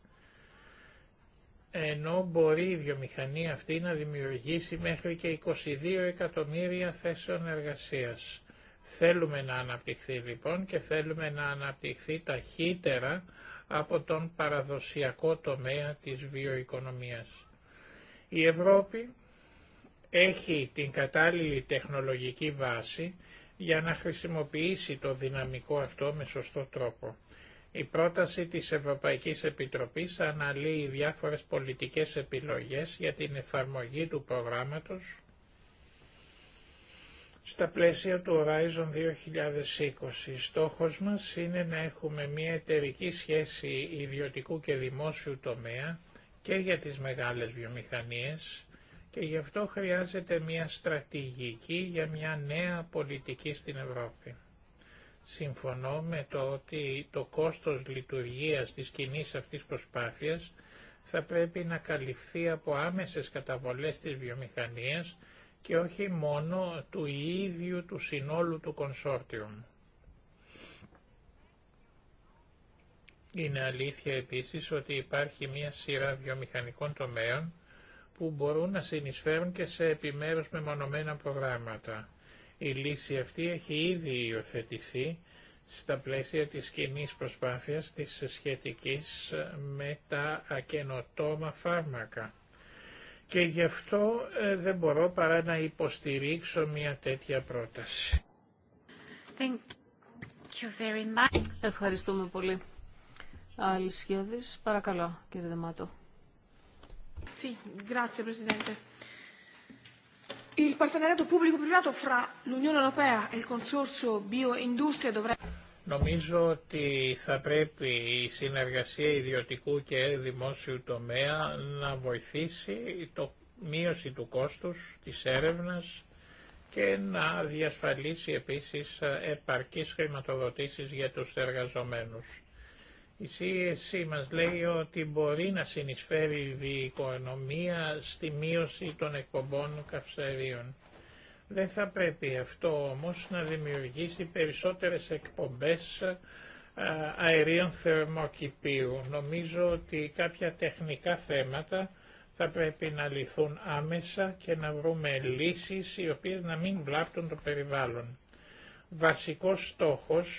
Ενώ μπορεί η βιομηχανία αυτή να δημιουργήσει μέχρι και 22 εκατομμύρια θέσεων εργασίας. Θέλουμε να αναπτυχθεί λοιπόν και θέλουμε να αναπτυχθεί ταχύτερα από τον παραδοσιακό τομέα της βιοοικονομίας. Η Ευρώπη έχει την κατάλληλη τεχνολογική βάση για να χρησιμοποιήσει το δυναμικό αυτό με σωστό τρόπο. Η πρόταση της Ευρωπαϊκής Επιτροπής αναλύει διάφορες πολιτικές επιλογές για την εφαρμογή του προγράμματος στα πλαίσια του Horizon 2020. Στόχος μας είναι να έχουμε μια εταιρική σχέση ιδιωτικού και δημόσιου τομέα και για τις μεγάλες βιομηχανίες και γι' αυτό χρειάζεται μια στρατηγική για μια νέα πολιτική στην Ευρώπη. Συμφωνώ με το ότι το κόστος λειτουργίας της κοινή αυτής προσπάθειας θα πρέπει να καλυφθεί από άμεσες καταβολές της βιομηχανίας και όχι μόνο του ίδιου του συνόλου του κονσόρτιου. Είναι αλήθεια επίσης ότι υπάρχει μια σειρά βιομηχανικών τομέων που μπορούν να συνεισφέρουν και σε επιμέρους μεμονωμένα προγράμματα. Η λύση αυτή έχει ήδη υιοθετηθεί στα πλαίσια της κοινή προσπάθειας της σχετικής με τα ακενοτόμα φάρμακα. Και γι' αυτό ε, δεν μπορώ παρά να υποστηρίξω μια τέτοια πρόταση. Thank you very much. Ευχαριστούμε πολύ. Άλλη παρακαλώ κύριε Δεμάτο. Il partenariato pubblico-privato fra e Νομίζω ότι θα πρέπει η συνεργασία ιδιωτικού και δημόσιου τομέα να βοηθήσει το μείωση του κόστους της έρευνας και να διασφαλίσει επίσης επαρκείς χρηματοδοτήσεις για τους εργαζομένους. Η CSC μας λέει ότι μπορεί να συνεισφέρει η οικονομία στη μείωση των εκπομπών καυσαερίων. Δεν θα πρέπει αυτό όμως να δημιουργήσει περισσότερες εκπομπές αερίων θερμοκηπίου. Νομίζω ότι κάποια τεχνικά θέματα θα πρέπει να λυθούν άμεσα και να βρούμε λύσεις οι οποίες να μην βλάπτουν το περιβάλλον. Βασικός στόχος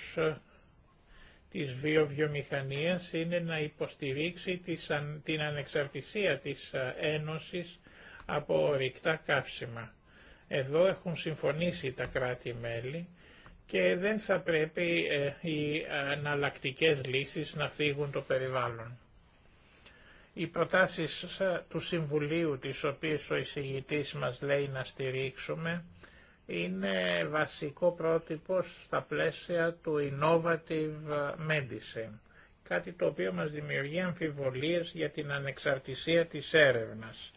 της βιοβιομηχανίας είναι να υποστηρίξει την ανεξαρτησία της Ένωσης από ορυκτά καύσιμα. Εδώ έχουν συμφωνήσει τα κράτη-μέλη και δεν θα πρέπει ε, οι αναλλακτικέ λύσεις να φύγουν το περιβάλλον. Οι προτάσεις του Συμβουλίου, τις οποίες ο εισηγητής μας λέει να στηρίξουμε, είναι βασικό πρότυπο στα πλαίσια του Innovative Medicine, κάτι το οποίο μας δημιουργεί αμφιβολίες για την ανεξαρτησία της έρευνας.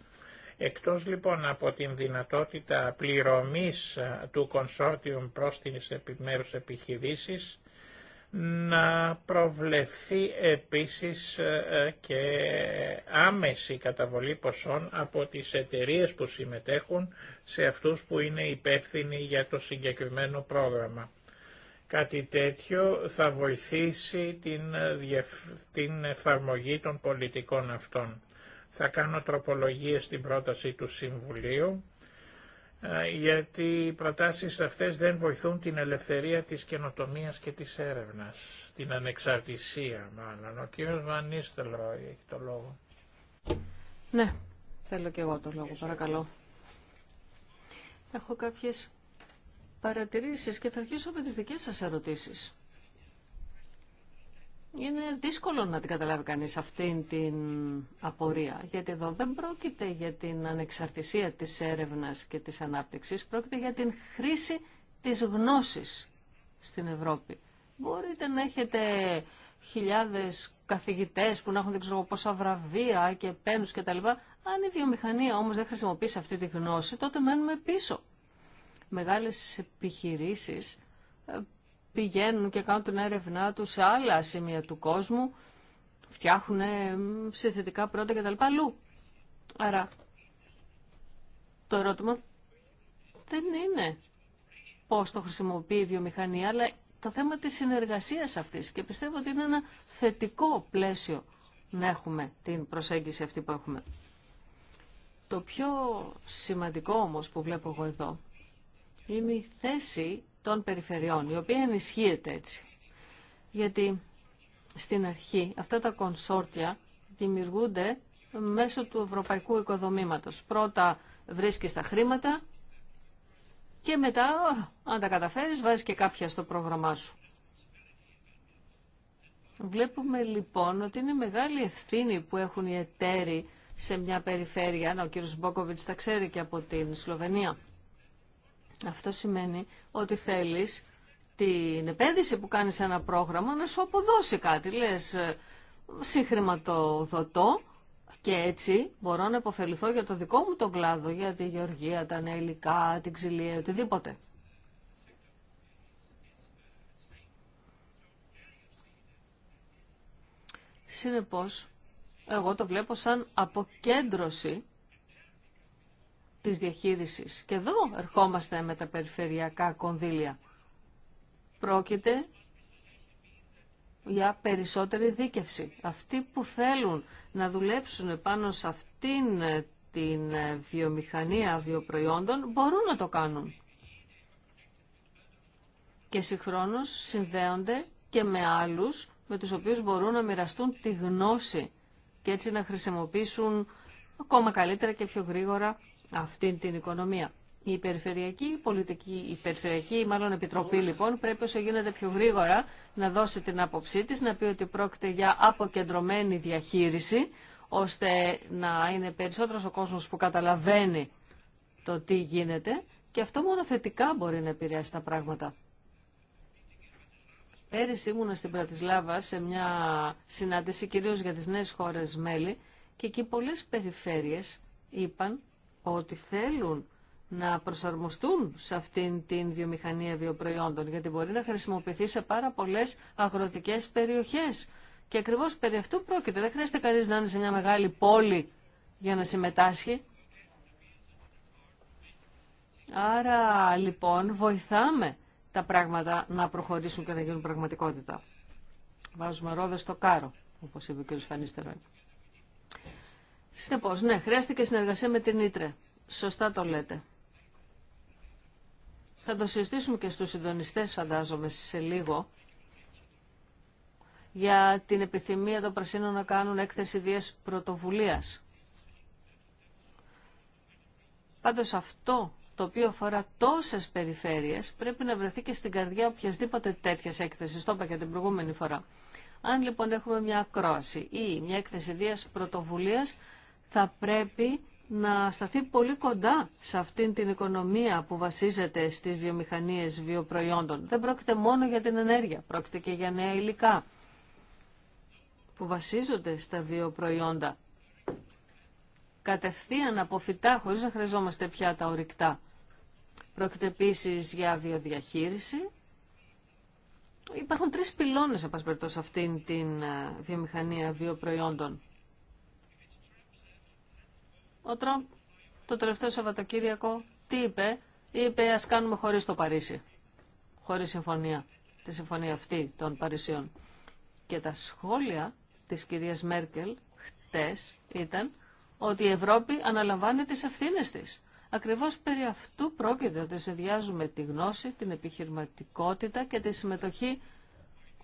Εκτός λοιπόν από την δυνατότητα πληρωμής του Consortium προς τις επιμέρους επιχειρήσεις, να προβλεφθεί επίσης ε, ε, και άμεση καταβολή ποσών από τις εταιρείες που συμμετέχουν σε αυτούς που είναι υπεύθυνοι για το συγκεκριμένο πρόγραμμα. Κάτι τέτοιο θα βοηθήσει την, την εφαρμογή των πολιτικών αυτών. Θα κάνω τροπολογίες στην πρόταση του Συμβουλίου γιατί οι προτάσεις αυτές δεν βοηθούν την ελευθερία της καινοτομίας και της έρευνας, την ανεξαρτησία μάλλον. Ο κύριος Βανίστελο έχει το λόγο. Ναι, θέλω και εγώ το λόγο, παρακαλώ. Έχω κάποιες παρατηρήσεις και θα αρχίσω με τις δικές σας ερωτήσεις. Είναι δύσκολο να την καταλάβει κανείς αυτήν την απορία, γιατί εδώ δεν πρόκειται για την ανεξαρτησία της έρευνας και της ανάπτυξης, πρόκειται για την χρήση της γνώσης στην Ευρώπη. Μπορείτε να έχετε χιλιάδες καθηγητές που να έχουν δεν ξέρω πόσα βραβεία και πένους κτλ. Αν η βιομηχανία όμως δεν χρησιμοποιήσει αυτή τη γνώση, τότε μένουμε πίσω. Μεγάλες επιχειρήσεις ε, πηγαίνουν και κάνουν την έρευνά τους σε άλλα σημεία του κόσμου, φτιάχνουν ε, συνθετικά πρώτα λοιπά Αλλού. Άρα το ερώτημα δεν είναι πώς το χρησιμοποιεί η βιομηχανία, αλλά το θέμα της συνεργασίας αυτής και πιστεύω ότι είναι ένα θετικό πλαίσιο να έχουμε την προσέγγιση αυτή που έχουμε. Το πιο σημαντικό όμως που βλέπω εγώ εδώ είναι η θέση των περιφερειών, η οποία ενισχύεται έτσι. Γιατί στην αρχή αυτά τα κονσόρτια δημιουργούνται μέσω του ευρωπαϊκού οικοδομήματος. Πρώτα βρίσκεις τα χρήματα και μετά, αν τα καταφέρεις, βάζεις και κάποια στο πρόγραμμά σου. Βλέπουμε λοιπόν ότι είναι μεγάλη ευθύνη που έχουν οι εταίροι σε μια περιφέρεια, να ο κύριος Μπόκοβιτς τα ξέρει και από την Σλοβενία, αυτό σημαίνει ότι θέλεις την επένδυση που κάνεις σε ένα πρόγραμμα να σου αποδώσει κάτι. Λες, ε, συγχρηματοδοτώ και έτσι μπορώ να υποφεληθώ για το δικό μου τον κλάδο, για τη γεωργία, τα νέα υλικά, την ξυλία, οτιδήποτε. Συνεπώς, εγώ το βλέπω σαν αποκέντρωση της διαχείρισης. Και εδώ ερχόμαστε με τα περιφερειακά κονδύλια. Πρόκειται για περισσότερη δίκευση. Αυτοί που θέλουν να δουλέψουν πάνω σε αυτήν την βιομηχανία βιοπροϊόντων μπορούν να το κάνουν. Και συγχρόνως συνδέονται και με άλλους με τους οποίους μπορούν να μοιραστούν τη γνώση και έτσι να χρησιμοποιήσουν ακόμα καλύτερα και πιο γρήγορα αυτήν την οικονομία. Η περιφερειακή πολιτική, η περιφερειακή μάλλον επιτροπή λοιπόν πρέπει όσο γίνεται πιο γρήγορα να δώσει την άποψή της, να πει ότι πρόκειται για αποκεντρωμένη διαχείριση, ώστε να είναι περισσότερος ο κόσμος που καταλαβαίνει το τι γίνεται και αυτό μόνο θετικά μπορεί να επηρεάσει τα πράγματα. Πέρυσι ήμουν στην Πρατισλάβα σε μια συνάντηση κυρίως για τις νέες χώρες μέλη και εκεί πολλές περιφέρειες είπαν ότι θέλουν να προσαρμοστούν σε αυτήν την βιομηχανία βιοπροϊόντων, γιατί μπορεί να χρησιμοποιηθεί σε πάρα πολλές αγροτικέ περιοχές. Και ακριβώς περί αυτού πρόκειται. Δεν χρειάζεται κανεί να είναι σε μια μεγάλη πόλη για να συμμετάσχει. Άρα λοιπόν βοηθάμε τα πράγματα να προχωρήσουν και να γίνουν πραγματικότητα. Βάζουμε ρόδες στο κάρο, όπως είπε ο κ. Φανίστερο. Συνεπώς, ναι, χρειάστηκε συνεργασία με την Ήτρε. Σωστά το λέτε. Θα το συζητήσουμε και στους συντονιστέ φαντάζομαι, σε λίγο, για την επιθυμία των Πρασίνων να κάνουν έκθεση διές πρωτοβουλίας. Πάντως αυτό το οποίο αφορά τόσες περιφέρειες πρέπει να βρεθεί και στην καρδιά οποιασδήποτε τέτοιας έκθεσης. Το είπα και την προηγούμενη φορά. Αν λοιπόν έχουμε μια ακρόαση ή μια έκθεση βία πρωτοβουλίας, θα πρέπει να σταθεί πολύ κοντά σε αυτήν την οικονομία που βασίζεται στις βιομηχανίες βιοπροϊόντων. Δεν πρόκειται μόνο για την ενέργεια, πρόκειται και για νέα υλικά που βασίζονται στα βιοπροϊόντα. Κατευθείαν από φυτά, χωρίς να χρειαζόμαστε πια τα ορυκτά. Πρόκειται επίσης για βιοδιαχείριση. Υπάρχουν τρεις πυλώνες, σε αυτήν την ε, βιομηχανία βιοπροϊόντων. Ο Τραμπ το τελευταίο Σαββατοκύριακο τι είπε, είπε ας κάνουμε χωρίς το Παρίσι, χωρίς συμφωνία, τη συμφωνία αυτή των Παρισιών. Και τα σχόλια της κυρίας Μέρκελ χτες ήταν ότι η Ευρώπη αναλαμβάνει τις ευθύνες της. Ακριβώς περί αυτού πρόκειται ότι συνδυάζουμε τη γνώση, την επιχειρηματικότητα και τη συμμετοχή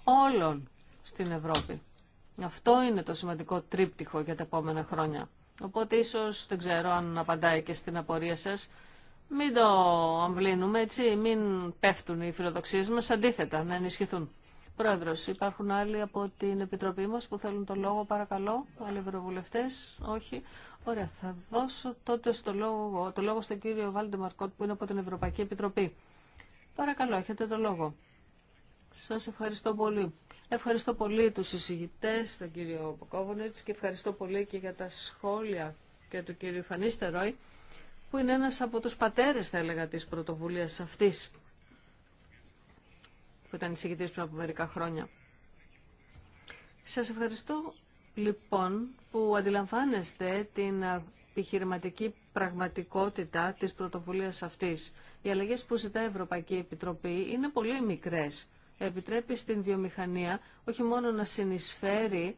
όλων στην Ευρώπη. Αυτό είναι το σημαντικό τρίπτυχο για τα επόμενα χρόνια. Οπότε ίσως δεν ξέρω αν απαντάει και στην απορία σας. Μην το αμβλύνουμε έτσι, μην πέφτουν οι φιλοδοξίες μας, αντίθετα να ενισχυθούν. Πρόεδρος, υπάρχουν άλλοι από την Επιτροπή μας που θέλουν το λόγο, παρακαλώ, άλλοι ευρωβουλευτές, όχι. Ωραία, θα δώσω τότε στο λόγο, το λόγο στον κύριο Βάλντε Μαρκότ που είναι από την Ευρωπαϊκή Επιτροπή. Παρακαλώ, έχετε το λόγο. Σας ευχαριστώ πολύ. Ευχαριστώ πολύ τους συζητητέ τον κύριο Ποκόβονετς και ευχαριστώ πολύ και για τα σχόλια και του κύριου Φανίστερόι που είναι ένας από τους πατέρες, θα έλεγα, της πρωτοβουλίας αυτής που ήταν εισηγητής πριν από μερικά χρόνια. Σας ευχαριστώ λοιπόν που αντιλαμβάνεστε την επιχειρηματική πραγματικότητα της πρωτοβουλίας αυτής. Οι αλλαγές που ζητά η Ευρωπαϊκή Επιτροπή είναι πολύ μικρές επιτρέπει στην βιομηχανία όχι μόνο να συνεισφέρει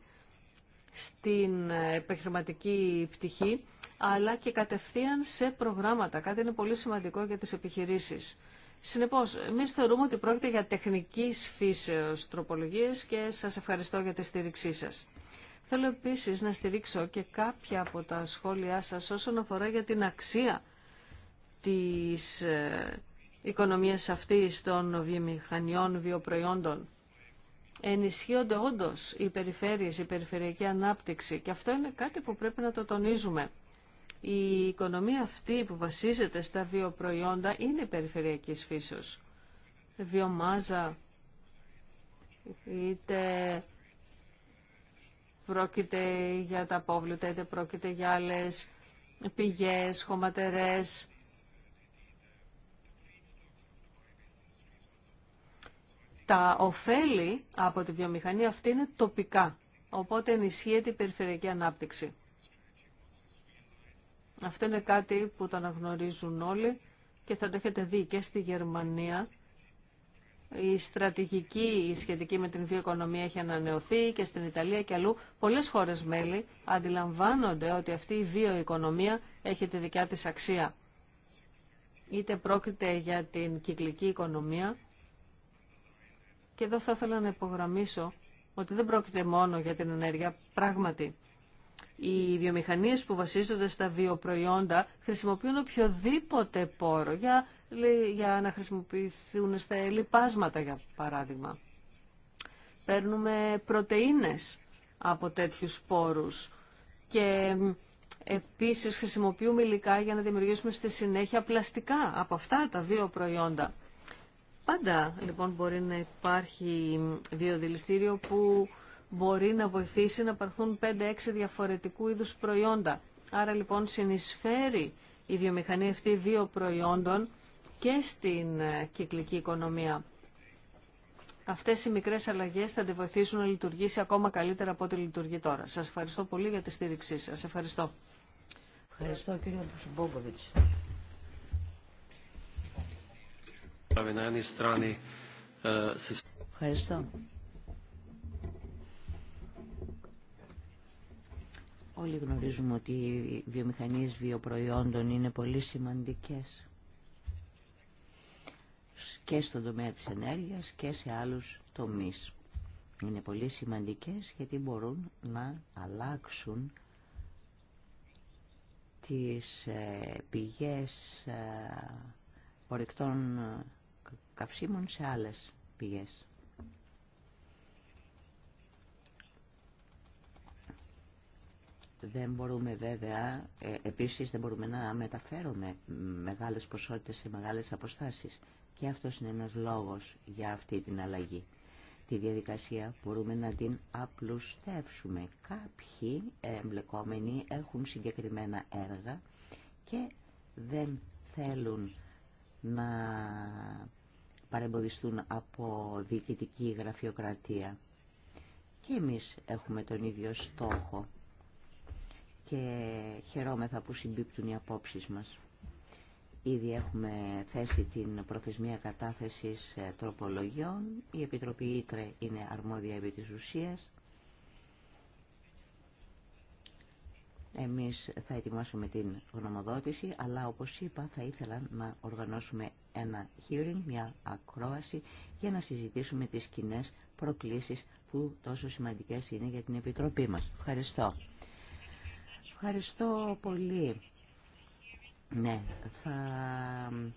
στην επιχειρηματική πτυχή, αλλά και κατευθείαν σε προγράμματα. Κάτι είναι πολύ σημαντικό για τις επιχειρήσεις. Συνεπώς, εμείς θεωρούμε ότι πρόκειται για τεχνικής φύσεως τροπολογίες και σας ευχαριστώ για τη στήριξή σας. Θέλω επίσης να στηρίξω και κάποια από τα σχόλιά σας όσον αφορά για την αξία της ε, οικονομίας αυτή των βιομηχανιών βιοπροϊόντων. Ενισχύονται όντω οι περιφέρειες, η περιφερειακή ανάπτυξη και αυτό είναι κάτι που πρέπει να το τονίζουμε. Η οικονομία αυτή που βασίζεται στα βιοπροϊόντα είναι περιφερειακής φύσεως. Βιομάζα, είτε πρόκειται για τα απόβλητα, είτε πρόκειται για άλλες πηγές, χωματερές, Τα ωφέλη από τη βιομηχανία αυτή είναι τοπικά, οπότε ενισχύεται η περιφερειακή ανάπτυξη. Αυτό είναι κάτι που το αναγνωρίζουν όλοι και θα το έχετε δει και στη Γερμανία. Η στρατηγική η σχετική με την βιοοικονομία έχει ανανεωθεί και στην Ιταλία και αλλού. Πολλές χώρες μέλη αντιλαμβάνονται ότι αυτή η βιοοικονομία έχει τη δικιά της αξία. Είτε πρόκειται για την κυκλική οικονομία, και εδώ θα ήθελα να υπογραμμίσω ότι δεν πρόκειται μόνο για την ενέργεια. Πράγματι, οι βιομηχανίες που βασίζονται στα βιοπροϊόντα χρησιμοποιούν οποιοδήποτε πόρο για, για να χρησιμοποιηθούν στα λιπάσματα, για παράδειγμα. Παίρνουμε πρωτεΐνες από τέτοιους πόρους και επίσης χρησιμοποιούμε υλικά για να δημιουργήσουμε στη συνέχεια πλαστικά από αυτά τα δύο προϊόντα. Πάντα λοιπόν μπορεί να υπάρχει βιοδηληστήριο που μπορεί να βοηθήσει να παρθούν 5-6 διαφορετικού είδους προϊόντα. Άρα λοιπόν συνεισφέρει η βιομηχανία αυτή δύο προϊόντων και στην ε, κυκλική οικονομία. Αυτές οι μικρές αλλαγές θα τη βοηθήσουν να λειτουργήσει ακόμα καλύτερα από ό,τι λειτουργεί τώρα. Σας ευχαριστώ πολύ για τη στήριξή σας. Ευχαριστώ. Ευχαριστώ κύριε E, Ευχαριστώ. Όλοι γνωρίζουμε ότι οι βιομηχανίες βιοπροϊόντων είναι πολύ σημαντικές και στον τομέα της ενέργειας και σε άλλους τομείς. Είναι πολύ σημαντικές γιατί μπορούν να αλλάξουν τις ε, πηγές ε, ορεικτών καυσίμων σε άλλες πηγές. Δεν μπορούμε βέβαια, ε, επίσης δεν μπορούμε να μεταφέρουμε μεγάλες ποσότητες σε μεγάλες αποστάσεις. Και αυτός είναι ένας λόγος για αυτή την αλλαγή. Τη διαδικασία μπορούμε να την απλουστεύσουμε. Κάποιοι εμπλεκόμενοι έχουν συγκεκριμένα έργα και δεν θέλουν να παρεμποδιστούν από διοικητική γραφειοκρατία. Και εμείς έχουμε τον ίδιο στόχο και χαιρόμεθα που συμπίπτουν οι απόψεις μας. Ήδη έχουμε θέσει την προθεσμία κατάθεσης ε, τροπολογιών. Η Επιτροπή Ήτρε είναι αρμόδια επί της ουσίας. Εμείς θα ετοιμάσουμε την γνωμοδότηση, αλλά όπως είπα θα ήθελα να οργανώσουμε ένα hearing, μια ακρόαση για να συζητήσουμε τις κοινέ προκλήσεις που τόσο σημαντικές είναι για την Επιτροπή μας. Ευχαριστώ. Ευχαριστώ πολύ. Ναι, θα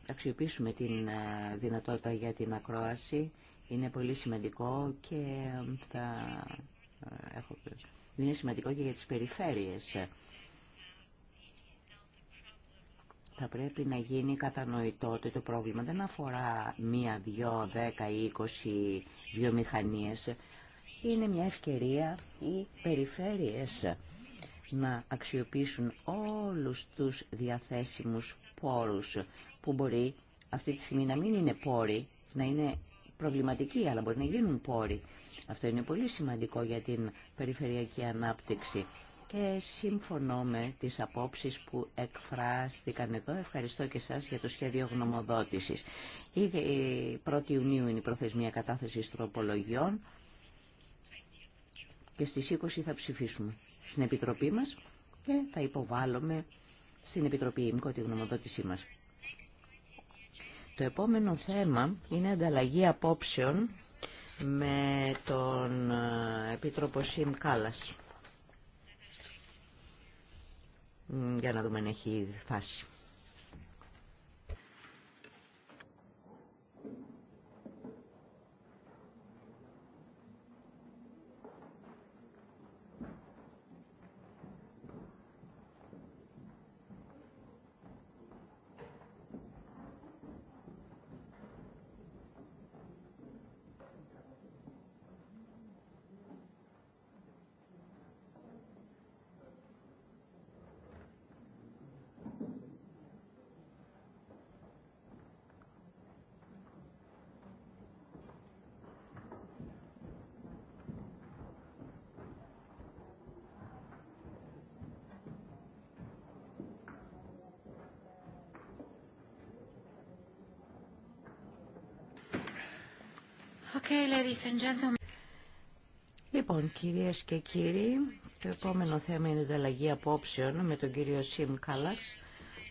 αξιοποιήσουμε την ε, δυνατότητα για την ακρόαση. Είναι πολύ σημαντικό και ε, θα... Ε, είναι σημαντικό και για τις περιφέρειες θα πρέπει να γίνει κατανοητό ότι το πρόβλημα δεν αφορά μία, δύο, δέκα ή είκοσι βιομηχανίες. Είναι μια ευκαιρία οι περιφέρειες να αξιοποιήσουν όλους τους διαθέσιμους πόρους που μπορεί αυτή τη στιγμή να μην είναι πόροι, να είναι προβληματικοί, αλλά μπορεί να γίνουν πόροι. Αυτό είναι πολύ σημαντικό για την περιφερειακή ανάπτυξη και συμφωνώ με τις απόψεις που εκφράστηκαν εδώ. Ευχαριστώ και σας για το σχέδιο γνωμοδότησης. Ήδη 1η Ιουνίου είναι η προθεσμία κατάθεση τροπολογιών και στις 20 θα ψηφίσουμε στην Επιτροπή μας και θα υποβάλλουμε στην Επιτροπή ΙΜΚΟ τη γνωμοδότησή μας. Το επόμενο θέμα είναι ανταλλαγή απόψεων με τον ε, Επίτροπο ΣΥΜ Κάλλας για να δούμε αν έχει φτάσει. Λοιπόν, κυρίες και κύριοι, το επόμενο θέμα είναι η ανταλλαγή απόψεων με τον κύριο Σιμ Κάλλα,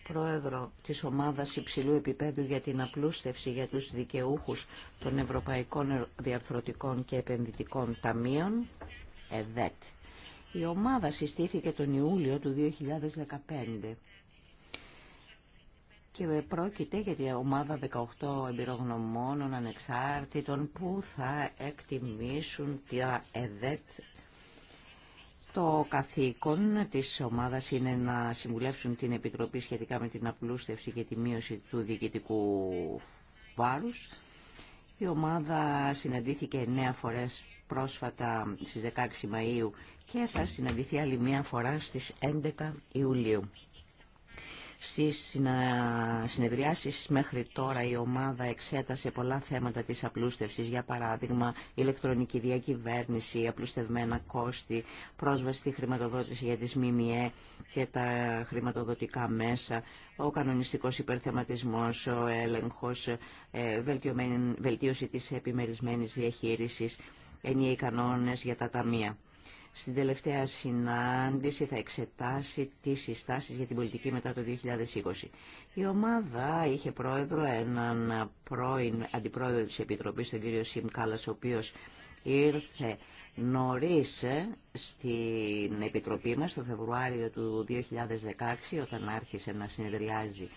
πρόεδρο της ομάδας υψηλού επίπεδου για την απλούστευση για τους δικαιούχου των Ευρωπαϊκών Διαρθρωτικών και Επενδυτικών Ταμείων, ΕΔΕΤ. Η ομάδα συστήθηκε τον Ιούλιο του 2015 και πρόκειται για την ομάδα 18 εμπειρογνωμόνων ανεξάρτητων που θα εκτιμήσουν τα ΕΔΕΤ. Το καθήκον της ομάδας είναι να συμβουλεύσουν την Επιτροπή σχετικά με την απλούστευση και τη μείωση του διοικητικού βάρους. Η ομάδα συναντήθηκε 9 φορές πρόσφατα στις 16 Μαΐου και θα συναντηθεί άλλη μία φορά στις 11 Ιουλίου. Στις συνεδριάσεις μέχρι τώρα η ομάδα εξέτασε πολλά θέματα της απλούστευσης, για παράδειγμα ηλεκτρονική διακυβέρνηση, απλουστευμένα κόστη, πρόσβαση στη χρηματοδότηση για τις ΜΜΕ και τα χρηματοδοτικά μέσα, ο κανονιστικός υπερθεματισμός, ο έλεγχος, ε, βελτίωση της επιμερισμένης διαχείρισης, ενιαίοι κανόνες για τα ταμεία. Στην τελευταία συνάντηση θα εξετάσει τις συστάσεις για την πολιτική μετά το 2020. Η ομάδα είχε πρόεδρο έναν πρώην αντιπρόεδρο της Επιτροπής, τον κύριο Σιμ Κάλλας, ο οποίος ήρθε νωρίς ε, στην Επιτροπή μας το Φεβρουάριο του 2016 όταν άρχισε να συνεδριάζει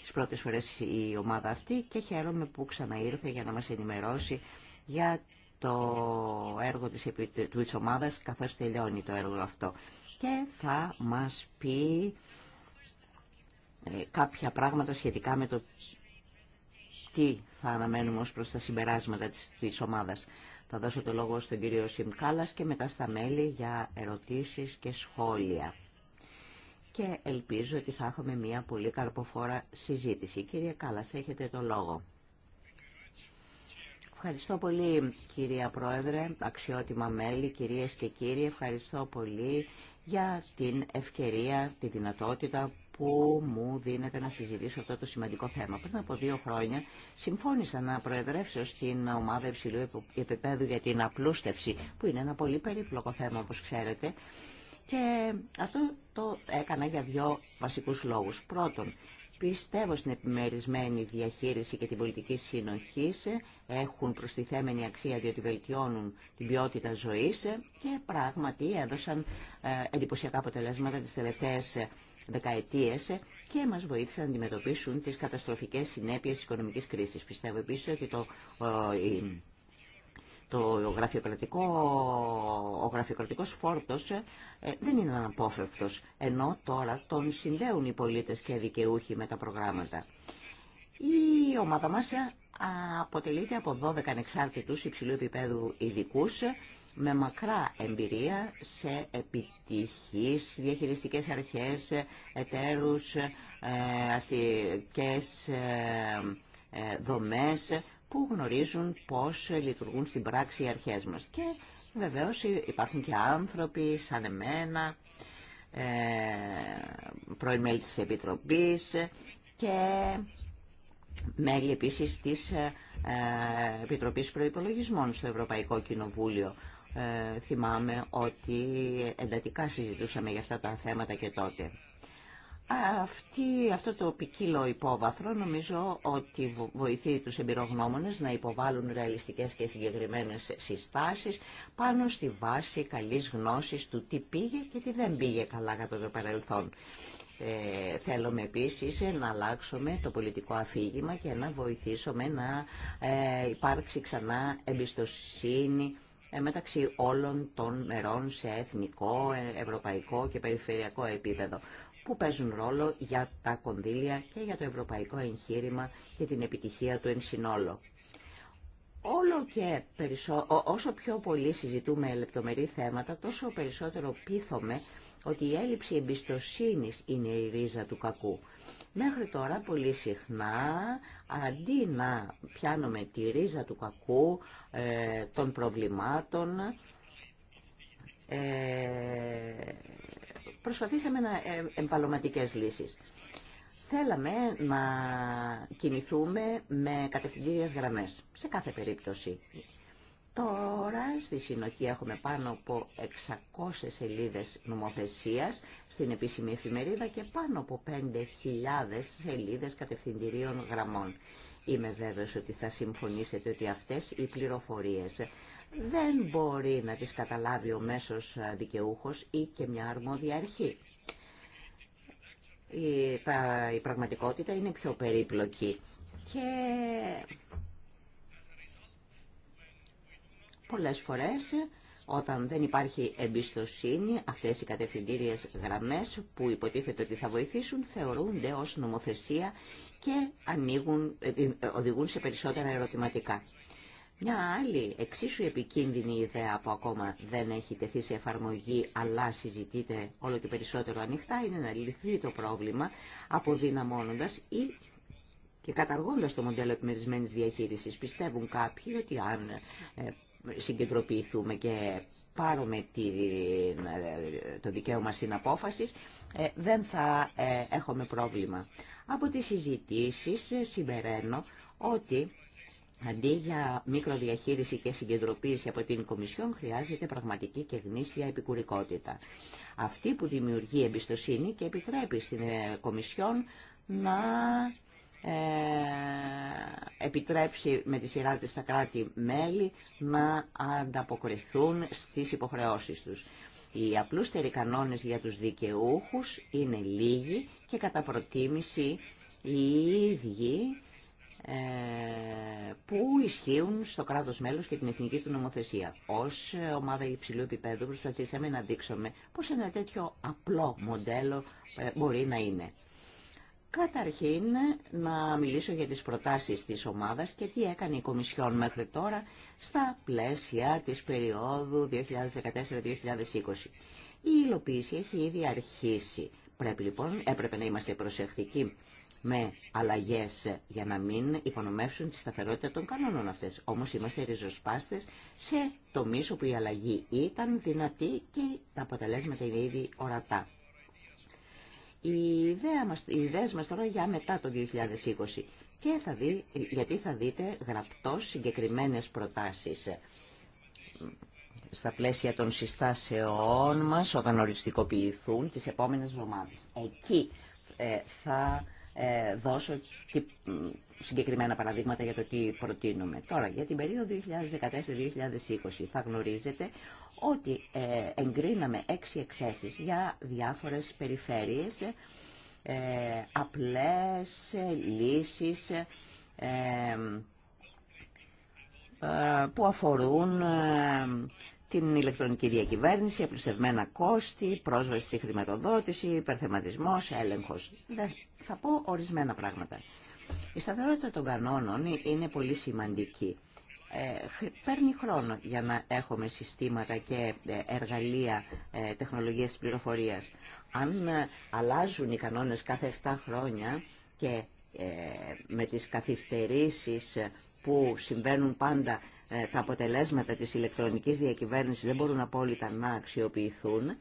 τις πρώτες φορές η ομάδα αυτή και χαίρομαι που ξαναήρθε για να μας ενημερώσει για το έργο της, του της ομάδας καθώς τελειώνει το έργο αυτό. Και θα μας πει ε, κάποια πράγματα σχετικά με το τι θα αναμένουμε ως προς τα συμπεράσματα της, της ομάδας. Θα δώσω το λόγο στον κύριο Σιμκάλας και μετά στα μέλη για ερωτήσεις και σχόλια. Και ελπίζω ότι θα έχουμε μια πολύ καρποφόρα συζήτηση. Κύριε Κάλλας, έχετε το λόγο. Ευχαριστώ πολύ κυρία Πρόεδρε, αξιότιμα μέλη, κυρίες και κύριοι. Ευχαριστώ πολύ για την ευκαιρία, τη δυνατότητα που μου δίνεται να συζητήσω αυτό το σημαντικό θέμα. Πριν από δύο χρόνια συμφώνησα να προεδρεύσω στην ομάδα υψηλού επίπεδου για την απλούστευση, που είναι ένα πολύ περίπλοκο θέμα όπως ξέρετε. Και αυτό το έκανα για δύο βασικούς λόγους. Πρώτον, πιστεύω στην επιμερισμένη διαχείριση και την πολιτική συνοχή έχουν προστιθέμενη αξία διότι βελτιώνουν την ποιότητα ζωής και πράγματι έδωσαν ε, εντυπωσιακά αποτελέσματα τις τελευταίες ε, δεκαετίες και μας βοήθησαν να αντιμετωπίσουν τις καταστροφικές συνέπειες της οικονομικής κρίσης. Πιστεύω επίσης ότι το, το γραφειοκρατικό, ο γραφειοκρατικός φόρτος ε, δεν είναι αναπόφευκτος, ενώ τώρα τον συνδέουν οι πολίτες και οι δικαιούχοι με τα προγράμματα. Η ομάδα μας αποτελείται από 12 ανεξάρτητους υψηλού επίπεδου ειδικού με μακρά εμπειρία σε επιτυχείς διαχειριστικές αρχές, εταίρους, ε, αστικές ε, ε, δομές που γνωρίζουν πώς λειτουργούν στην πράξη οι αρχές μας. Και βεβαίως υπάρχουν και άνθρωποι σαν εμένα, πρώην μέλη της Επιτροπής και μέλη επίσης της ε, ε, Επιτροπής Προϋπολογισμών στο Ευρωπαϊκό Κοινοβούλιο. θυμάμε θυμάμαι ότι εντατικά συζητούσαμε για αυτά τα θέματα και τότε. Αυτή, αυτό το ποικίλο υπόβαθρο νομίζω ότι βοηθεί τους εμπειρογνώμονες να υποβάλουν ρεαλιστικές και συγκεκριμένες συστάσεις πάνω στη βάση καλής γνώσης του τι πήγε και τι δεν πήγε καλά κατά το παρελθόν. Ε, θέλουμε επίσης να αλλάξουμε το πολιτικό αφήγημα και να βοηθήσουμε να ε, υπάρξει ξανά εμπιστοσύνη ε, μεταξύ όλων των μερών σε εθνικό, ε, ευρωπαϊκό και περιφερειακό επίπεδο που παίζουν ρόλο για τα κονδύλια και για το ευρωπαϊκό εγχείρημα και την επιτυχία του εν συνόλο. Όλο και όσο πιο πολύ συζητούμε λεπτομερή θέματα, τόσο περισσότερο πείθομαι ότι η έλλειψη εμπιστοσύνης είναι η ρίζα του κακού. Μέχρι τώρα πολύ συχνά, αντί να πιάνουμε τη ρίζα του κακού, ε, των προβλημάτων, ε, προσπαθήσαμε να ε, λύσεις. Θέλαμε να κινηθούμε με κατευθυντήριες γραμμές, σε κάθε περίπτωση. Τώρα στη συνοχή έχουμε πάνω από 600 σελίδες νομοθεσίας στην επίσημη εφημερίδα και πάνω από 5.000 σελίδες κατευθυντηρίων γραμμών. Είμαι βέβαιος ότι θα συμφωνήσετε ότι αυτές οι πληροφορίες δεν μπορεί να τις καταλάβει ο μέσος δικαιούχος ή και μια αρμόδια αρχή η, η πραγματικότητα είναι πιο περίπλοκη και πολλές φορές όταν δεν υπάρχει εμπιστοσύνη, αυτές οι κατευθυντήριες γραμμές που υποτίθεται ότι θα βοηθήσουν θεωρούνται ως νομοθεσία και ανοίγουν, ε, ε, οδηγούν σε περισσότερα ερωτηματικά. Μια άλλη εξίσου επικίνδυνη ιδέα που ακόμα δεν έχει τεθεί σε εφαρμογή αλλά συζητείται όλο και περισσότερο ανοιχτά είναι να λυθεί το πρόβλημα αποδυναμώνοντας ή και καταργώντας το μοντέλο επιμερισμένης διαχείρισης. Πιστεύουν κάποιοι ότι αν ε, συγκεντροποιηθούμε και πάρουμε ε, το δικαίωμα συναπόφασης, ε, δεν θα έχουμε πρόβλημα. Από τις συζητήσεις συμπεραίνω ότι Αντί για μικροδιαχείριση και συγκεντροποίηση από την Κομισιόν, χρειάζεται πραγματική και γνήσια επικουρικότητα. Αυτή που δημιουργεί εμπιστοσύνη και επιτρέπει στην ε, Κομισιόν να ε, επιτρέψει με τη σειρά της τα κράτη-μέλη να ανταποκριθούν στις υποχρεώσεις τους. Οι απλούστεροι κανόνες για τους δικαιούχους είναι λίγοι και κατά προτίμηση οι ίδιοι ε, που ισχύουν στο κράτος μέλος και την εθνική του νομοθεσία. Ως ομάδα υψηλού επίπεδου προσπαθήσαμε να δείξουμε πώς ένα τέτοιο απλό μοντέλο ε, μπορεί να είναι. Καταρχήν να μιλήσω για τις προτάσεις της ομάδας και τι έκανε η Κομισιόν μέχρι τώρα στα πλαίσια της περίοδου 2014-2020. Η υλοποίηση έχει ήδη αρχίσει. Πρέπει λοιπόν, έπρεπε να είμαστε προσεκτικοί με αλλαγές για να μην υπονομεύσουν τη σταθερότητα των κανόνων αυτές. Όμως είμαστε ριζοσπάστες σε τομείς όπου η αλλαγή ήταν δυνατή και τα αποτελέσματα είναι ήδη ορατά. μας, οι ιδέες μας τώρα για μετά το 2020 και θα γιατί θα δείτε γραπτός συγκεκριμένες προτάσεις στα πλαίσια των συστάσεών μας όταν οριστικοποιηθούν τις επόμενες εβδομάδες. Εκεί ε, θα ε, δώσω και συγκεκριμένα παραδείγματα για το τι προτείνουμε. Τώρα, για την περίοδο 2014-2020 θα γνωρίζετε ότι ε, εγκρίναμε έξι εκθέσεις για διάφορες περιφέρειες, ε, απλές λύσεις που αφορούν την ηλεκτρονική διακυβέρνηση, απλουστευμένα κόστη, πρόσβαση στη χρηματοδότηση, υπερθεματισμός, έλεγχος θα πω ορισμένα πράγματα. Η σταθερότητα των κανόνων είναι πολύ σημαντική. Ε, παίρνει χρόνο για να έχουμε συστήματα και ε, εργαλεία ε, τεχνολογίας της πληροφορίας. Αν ε, αλλάζουν οι κανόνες κάθε 7 χρόνια και με τις καθυστερήσεις που συμβαίνουν πάντα τα αποτελέσματα της ηλεκτρονικής διακυβέρνησης δεν μπορούν απόλυτα να αξιοποιηθούν,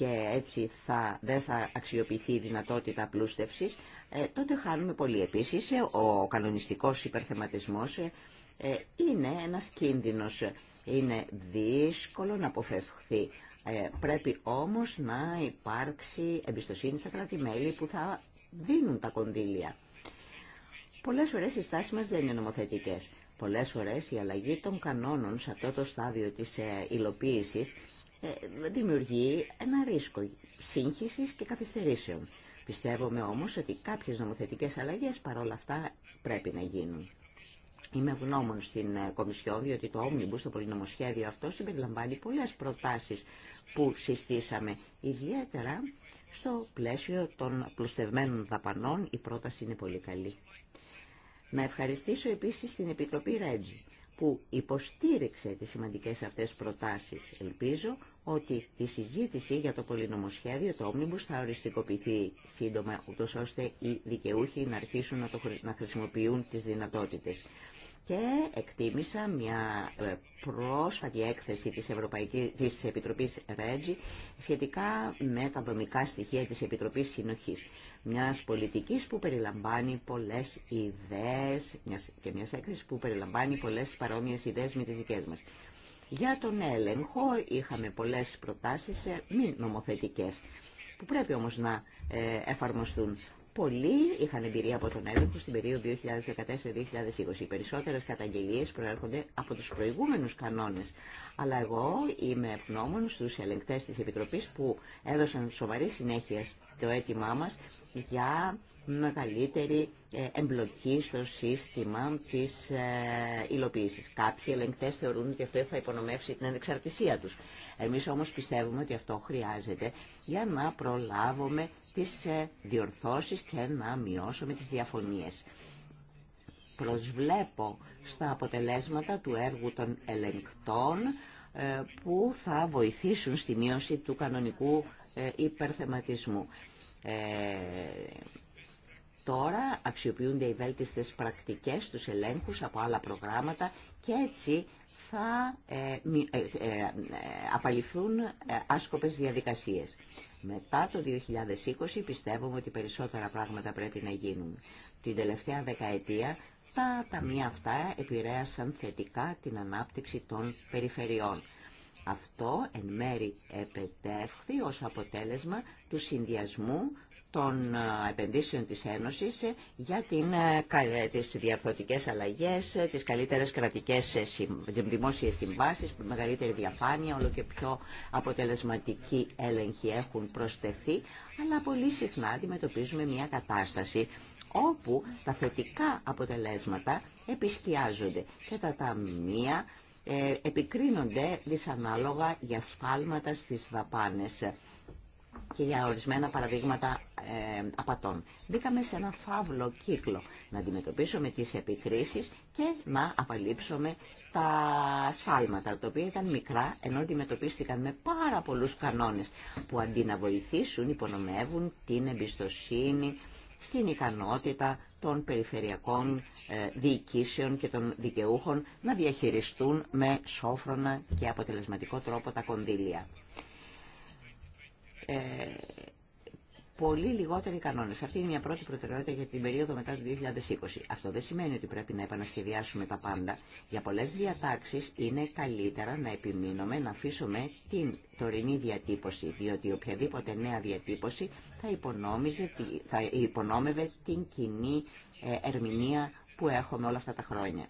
και έτσι θα, δεν θα αξιοποιηθεί η δυνατότητα πλούστευσης... ε, τότε χάνουμε πολύ. Επίσης, ε, ο κανονιστικός υπερθεματισμός ε, ε, είναι ένας κίνδυνος. Είναι δύσκολο να αποφευχθεί. Ε, πρέπει όμως να υπάρξει εμπιστοσύνη στα κρατη που θα δίνουν τα κονδύλια. Πολλές φορές οι στάσεις μας δεν είναι νομοθετικές. Πολλές φορές η αλλαγή των κανόνων σε αυτό το στάδιο της υλοποίησης ε, δημιουργεί ένα ρίσκο σύγχυση και καθυστερήσεων. Πιστεύουμε όμως ότι κάποιες νομοθετικές αλλαγές παρόλα αυτά πρέπει να γίνουν. Είμαι ευγνώμων στην ε, Κομισιόν, διότι το Omnibus, το πολυνομοσχέδιο αυτό, συμπεριλαμβάνει πολλές προτάσεις που συστήσαμε. Ιδιαίτερα στο πλαίσιο των πλουστευμένων δαπανών η πρόταση είναι πολύ καλή. Να ευχαριστήσω επίσης την Επιτροπή Ρέτζι που υποστήριξε τις σημαντικές αυτές προτάσεις. Ελπίζω ότι η συζήτηση για το πολυνομοσχέδιο, το Omnibus, θα οριστικοποιηθεί σύντομα, ούτως ώστε οι δικαιούχοι να αρχίσουν να, να χρησιμοποιούν τις δυνατότητες και εκτίμησα μια ε, πρόσφατη έκθεση της, Ευρωπαϊκής, της Επιτροπής Ρέτζη σχετικά με τα δομικά στοιχεία της Επιτροπής Συνοχής. Μιας πολιτικής που περιλαμβάνει πολλές ιδέες και μιας έκθεσης που περιλαμβάνει πολλές παρόμοιες ιδέες με τις δικές μας. Για τον έλεγχο είχαμε πολλές προτάσεις ε, μη νομοθετικές που πρέπει όμως να ε, εφαρμοστούν. Πολλοί είχαν εμπειρία από τον έλεγχο στην περίοδο 2014-2020. Οι περισσότερε καταγγελίες προέρχονται από τους προηγούμενους κανόνες. Αλλά εγώ είμαι ευγνώμων στου ελεγκτές της Επιτροπής που έδωσαν σοβαρή συνέχεια το αίτημά μας για μεγαλύτερη ε, εμπλοκή στο σύστημα της ε, υλοποίησης. Κάποιοι ελεγκτές θεωρούν ότι αυτό θα υπονομεύσει την ανεξαρτησία τους. Εμείς όμως πιστεύουμε ότι αυτό χρειάζεται για να προλάβουμε τις ε, διορθώσεις και να μειώσουμε τις διαφωνίες. Προσβλέπω στα αποτελέσματα του έργου των ελεγκτών που θα βοηθήσουν στη μείωση του κανονικού υπερθεματισμού. Ε, τώρα αξιοποιούνται οι βέλτιστες πρακτικές τους ελέγχους από άλλα προγράμματα και έτσι θα ε, ε, απαλληφθούν άσκοπες διαδικασίες. Μετά το 2020 πιστεύουμε ότι περισσότερα πράγματα πρέπει να γίνουν. Την τελευταία δεκαετία τα ταμεία αυτά επηρέασαν θετικά την ανάπτυξη των περιφερειών. Αυτό εν μέρη επετεύχθη ως αποτέλεσμα του συνδυασμού των ε, επενδύσεων της Ένωσης ε, για την, ε, τις διαρθρωτικές αλλαγές, τις καλύτερες κρατικές δημόσιες συμβάσεις, μεγαλύτερη διαφάνεια, όλο και πιο αποτελεσματικοί έλεγχοι έχουν προστεθεί. αλλά πολύ συχνά αντιμετωπίζουμε μια κατάσταση όπου τα θετικά αποτελέσματα επισκιάζονται και τα ταμεία ε, επικρίνονται δυσανάλογα για σφάλματα στις δαπάνες και για ορισμένα παραδείγματα ε, απατών. Μπήκαμε σε ένα φαύλο κύκλο να αντιμετωπίσουμε τις επικρίσεις και να απαλείψουμε τα σφάλματα, τα οποία ήταν μικρά, ενώ αντιμετωπίστηκαν με πάρα πολλούς κανόνες, που αντί να βοηθήσουν, υπονομεύουν την εμπιστοσύνη στην ικανότητα των περιφερειακών ε, διοικήσεων και των δικαιούχων να διαχειριστούν με σόφρονα και αποτελεσματικό τρόπο τα κονδύλια. Ε, πολύ λιγότεροι κανόνε. Αυτή είναι μια πρώτη προτεραιότητα για την περίοδο μετά το 2020. Αυτό δεν σημαίνει ότι πρέπει να επανασχεδιάσουμε τα πάντα. Για πολλέ διατάξει είναι καλύτερα να επιμείνουμε, να αφήσουμε την τωρινή διατύπωση, διότι οποιαδήποτε νέα διατύπωση θα, θα υπονόμευε την κοινή ε, ερμηνεία που έχουμε όλα αυτά τα χρόνια.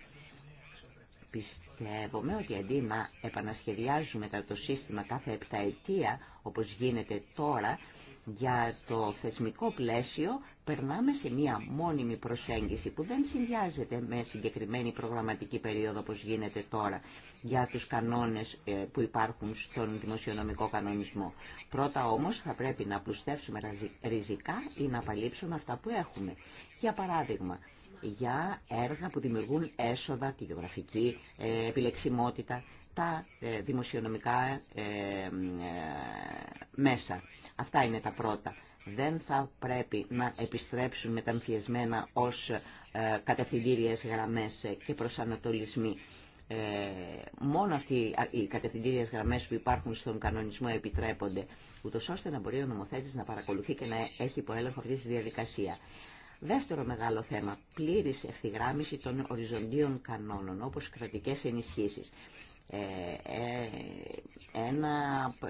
Πιστεύουμε ότι αντί να επανασχεδιάζουμε το σύστημα κάθε ετία... όπως γίνεται τώρα, για το θεσμικό πλαίσιο περνάμε σε μία μόνιμη προσέγγιση που δεν συνδυάζεται με συγκεκριμένη προγραμματική περίοδο όπως γίνεται τώρα για τους κανόνες ε, που υπάρχουν στον δημοσιονομικό κανονισμό. Πρώτα όμως θα πρέπει να πλουστεύσουμε ριζικά ή να απαλείψουμε αυτά που έχουμε. Για παράδειγμα, για έργα που δημιουργούν έσοδα, τη γεωγραφική ε, επιλεξιμότητα, τα ε, δημοσιονομικά ε, ε, μέσα. Αυτά είναι τα πρώτα. Δεν θα πρέπει να επιστρέψουν μεταμφιεσμένα ως κατευθυντήριες γραμμές και προσανατολισμοί. Μόνο αυτοί οι κατευθυντήριες γραμμές που υπάρχουν στον κανονισμό επιτρέπονται, ούτως ώστε να μπορεί ο νομοθέτης να παρακολουθεί και να έχει υποέλεγχο αυτή τη διαδικασία. Δεύτερο μεγάλο θέμα, πλήρης ευθυγράμμιση των οριζοντίων κανόνων, όπως κρατικές ενισχύσεις. Ε, ε, ένα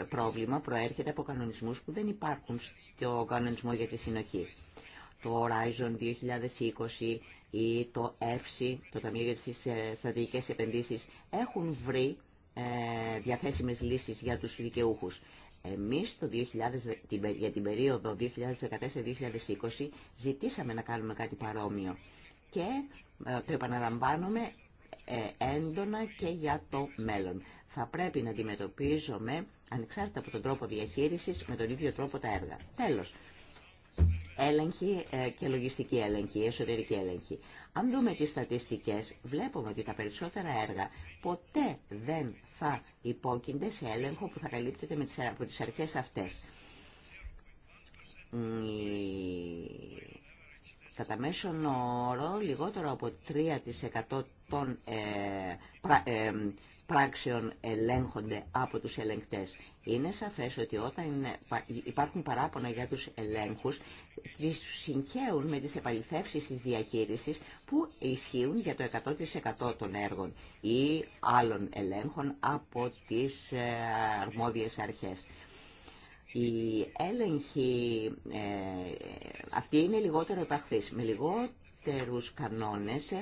πρόβλημα προέρχεται από κανονισμούς που δεν υπάρχουν στο κανονισμό για τη συνοχή. Το Horizon 2020 ή το EFSI, το Ταμείο για τις ε, Στρατηγικές Επενδύσεις, έχουν βρει διαθέσιμες λύσεις για τους δικαιούχους. Εμείς το 2000, για την περίοδο 2014-2020 ζητήσαμε να κάνουμε κάτι παρόμοιο και το επαναλαμβάνουμε ε, έντονα και για το μέλλον. Θα πρέπει να αντιμετωπίζουμε, ανεξάρτητα από τον τρόπο διαχείρισης, με τον ίδιο τρόπο τα έργα. Τέλος, έλεγχη ε, και λογιστική έλεγχη, εσωτερική έλεγχη. Αν δούμε τις στατιστικές, βλέπουμε ότι τα περισσότερα έργα ποτέ δεν θα υπόκεινται σε έλεγχο που θα καλύπτεται με τις, από τις αρχές αυτές. Κατά μέσον όρο, λιγότερο από 3% των ε, ε, πράξεων ελέγχονται από τους ελεγκτές. Είναι σαφές ότι όταν υπάρχουν παράπονα για τους ελέγχους, τις συγχαίουν με τις επαληθεύσεις της διαχείρισης που ισχύουν για το 100% των έργων ή άλλων ελέγχων από τις ε, αρμόδιες αρχές. Η έλεγχη ε, αυτή είναι λιγότερο επαχθής, με λιγότερους κανόνες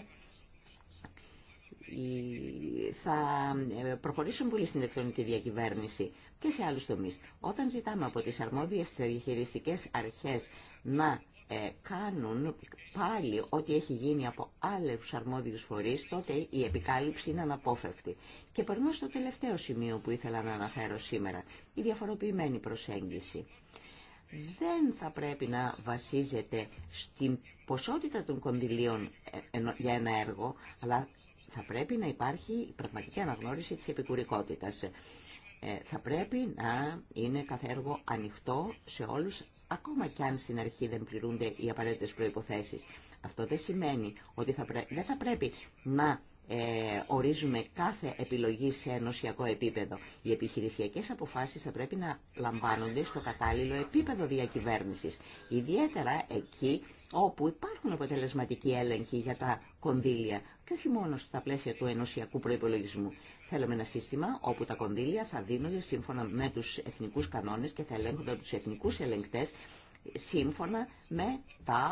θα ε, προχωρήσουν πολύ στην ηλεκτρονική διακυβέρνηση και σε άλλους τομείς. Όταν ζητάμε από τις αρμόδιες διαχειριστικές αρχές να ε, κάνουν πάλι ό,τι έχει γίνει από άλλους αρμόδιους φορείς, τότε η επικάλυψη είναι αναπόφευκτη. Και περνώ στο τελευταίο σημείο που ήθελα να αναφέρω σήμερα, η διαφοροποιημένη προσέγγιση. Δεν θα πρέπει να βασίζεται στην ποσότητα των κονδυλίων ε, για ένα έργο, αλλά θα πρέπει να υπάρχει η πραγματική αναγνώριση της επικουρικότητας. Ε, θα πρέπει να είναι κάθε έργο ανοιχτό σε όλους, ακόμα κι αν στην αρχή δεν πληρούνται οι απαραίτητες προϋποθέσεις. Αυτό δεν σημαίνει ότι θα δεν θα πρέπει να ε, ορίζουμε κάθε επιλογή σε ενωσιακό επίπεδο. Οι επιχειρησιακές αποφάσεις θα πρέπει να λαμβάνονται στο κατάλληλο επίπεδο διακυβέρνησης, ιδιαίτερα εκεί όπου υπάρχουν αποτελεσματικοί έλεγχοι για τα κονδύλια και όχι μόνο στα πλαίσια του ενωσιακού προϋπολογισμού. Θέλουμε ένα σύστημα όπου τα κονδύλια θα δίνονται σύμφωνα με τους εθνικούς κανόνες και θα ελέγχονται από τους εθνικούς ελεγκτές σύμφωνα με τα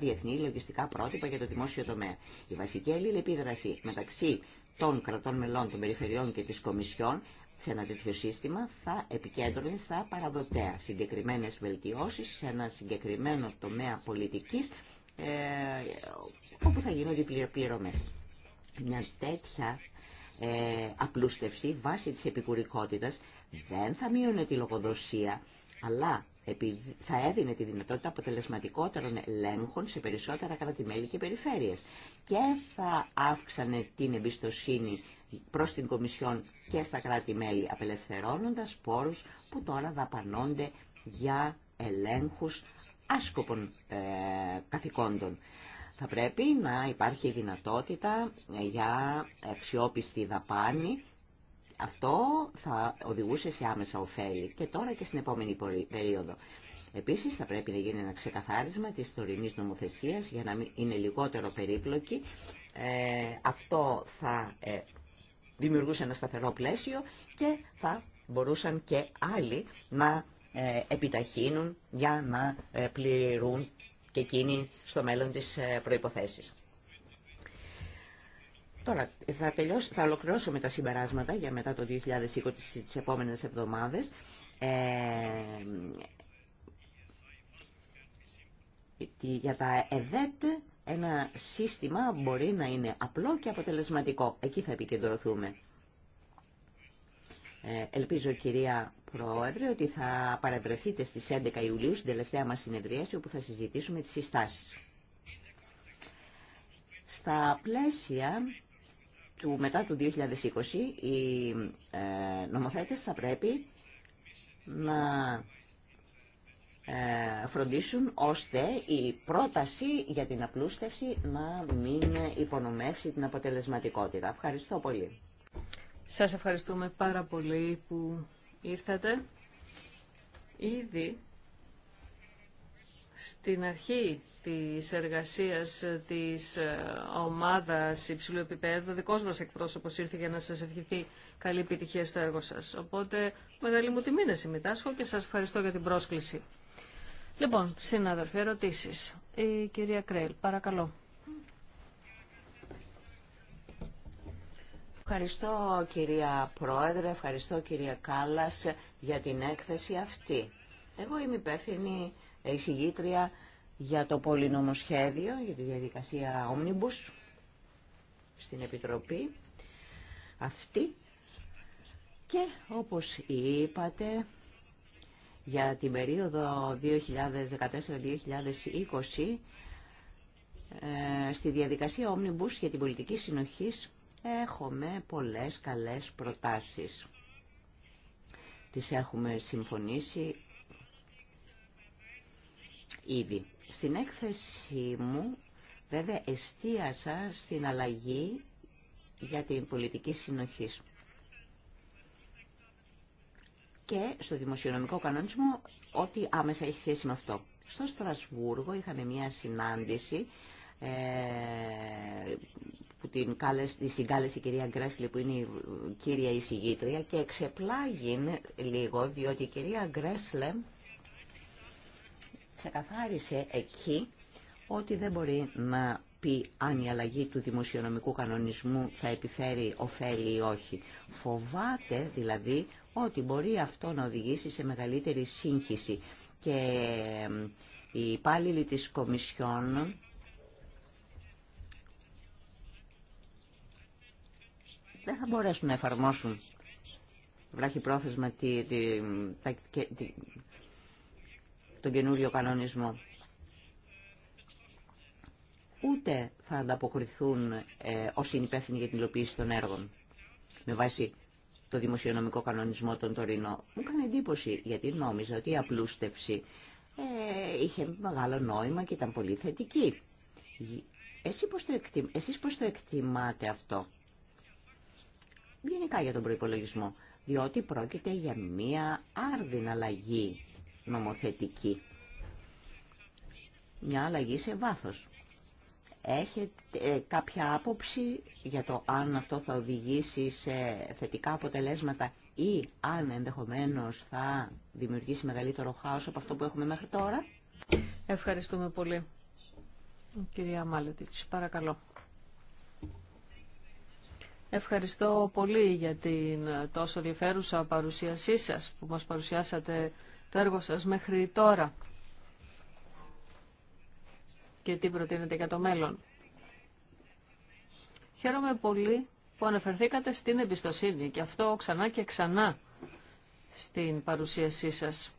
διεθνή λογιστικά πρότυπα για το δημόσιο τομέα. Η βασική αλληλεπίδραση μεταξύ των κρατών μελών, των περιφερειών και της Κομισιόν σε ένα τέτοιο σύστημα θα επικέντρωνε στα παραδοτέα συγκεκριμένες βελτιώσεις σε ένα συγκεκριμένο τομέα πολιτικής ε, όπου θα γίνονται πληρωμές. Μια τέτοια ε, απλούστευση βάσει της επικουρικότητας δεν θα μείωνε τη λογοδοσία αλλά θα έδινε τη δυνατότητα αποτελεσματικότερων ελέγχων σε περισσότερα κράτη-μέλη και περιφέρειες και θα αύξανε την εμπιστοσύνη προς την Κομισιόν και στα κράτη-μέλη απελευθερώνοντας πόρους που τώρα δαπανώνται για ελέγχους άσκοπων ε, καθηκόντων. Θα πρέπει να υπάρχει δυνατότητα ε, για αξιόπιστη δαπάνη αυτό θα οδηγούσε σε άμεσα ωφέλη και τώρα και στην επόμενη περίοδο. Επίσης θα πρέπει να γίνει ένα ξεκαθάρισμα της τωρινή νομοθεσίας για να είναι λιγότερο περίπλοκη. Ε, αυτό θα ε, δημιουργούσε ένα σταθερό πλαίσιο και θα μπορούσαν και άλλοι να ε, επιταχύνουν για να πληρούν και εκείνοι στο μέλλον τις προϋποθέσεις θα, τελειώσω, θα ολοκληρώσω με τα συμπεράσματα για μετά το 2020 τις επόμενες εβδομάδες. Ε, για τα ΕΔΕΤ ένα σύστημα μπορεί να είναι απλό και αποτελεσματικό. Εκεί θα επικεντρωθούμε. Ε, ελπίζω κυρία Πρόεδρε ότι θα παρευρεθείτε στις 11 Ιουλίου στην τελευταία μας συνεδρίαση όπου θα συζητήσουμε τις συστάσεις. Στα πλαίσια του μετά του 2020 οι ε, νομοθέτες θα πρέπει να ε, φροντίσουν ώστε η πρόταση για την απλούστευση να μην υπονομεύσει την αποτελεσματικότητα. Ευχαριστώ πολύ. Σας ευχαριστούμε πάρα πολύ που ήρθατε. Ήδη στην αρχή της εργασίας της ε, ομάδας υψηλού επίπεδου, δικός μας εκπρόσωπος ήρθε για να σας ευχηθεί καλή επιτυχία στο έργο σας. Οπότε, μεγάλη μου τιμή να συμμετάσχω και σας ευχαριστώ για την πρόσκληση. Λοιπόν, συνάδελφοι, ερωτήσεις. Η κυρία Κρέλ, παρακαλώ. Ευχαριστώ κυρία Πρόεδρε, ευχαριστώ κυρία Κάλλας για την έκθεση αυτή. Εγώ είμαι υπεύθυνη εισηγήτρια για το πολυνομοσχέδιο, για τη διαδικασία Omnibus στην Επιτροπή αυτή και όπως είπατε για την περίοδο 2014-2020 ε, στη διαδικασία Omnibus για την πολιτική συνοχής έχουμε πολλές καλές προτάσεις. Τις έχουμε συμφωνήσει ήδη. Στην έκθεση μου βέβαια εστίασα στην αλλαγή για την πολιτική συνοχή. Και στο δημοσιονομικό κανονισμό ό,τι άμεσα έχει σχέση με αυτό. Στο Στρασβούργο είχαμε μια συνάντηση ε, που την, κάλεσε, τη συγκάλεσε η κυρία Γκρέσλε που είναι η κύρια εισηγήτρια και εξεπλάγει λίγο διότι η κυρία Γκρέσλε ξεκαθάρισε εκεί ότι δεν μπορεί να πει αν η αλλαγή του δημοσιονομικού κανονισμού θα επιφέρει ωφέλη ή όχι. Φοβάται δηλαδή ότι μπορεί αυτό να οδηγήσει σε μεγαλύτερη σύγχυση και οι υπάλληλοι της Κομισιόν δεν θα μπορέσουν να εφαρμόσουν βράχει πρόθεσμα τη, τη, τον καινούριο κανονισμό. Ούτε θα ανταποκριθούν ε, όσοι είναι υπεύθυνοι για την υλοποίηση των έργων με βάση το δημοσιονομικό κανονισμό των τωρινών Μου έκανε εντύπωση γιατί νόμιζα ότι η απλούστευση ε, είχε μεγάλο νόημα και ήταν πολύ θετική. Εσύ πώς το Εσείς πώς το εκτιμάτε αυτό. Γενικά για τον προϋπολογισμό. Διότι πρόκειται για μία άρδιν αλλαγή νομοθετική. Μια αλλαγή σε βάθος. Έχετε ε, κάποια άποψη για το αν αυτό θα οδηγήσει σε θετικά αποτελέσματα ή αν ενδεχομένως θα δημιουργήσει μεγαλύτερο χάος από αυτό που έχουμε μέχρι τώρα. Ευχαριστούμε πολύ. Κυρία Μάλετιτς, παρακαλώ. Ευχαριστώ πολύ για την τόσο ενδιαφέρουσα παρουσίασή σας που μας παρουσιάσατε το έργο σας μέχρι τώρα και τι προτείνετε για το μέλλον. Χαίρομαι πολύ που αναφερθήκατε στην εμπιστοσύνη και αυτό ξανά και ξανά στην παρουσίασή σας.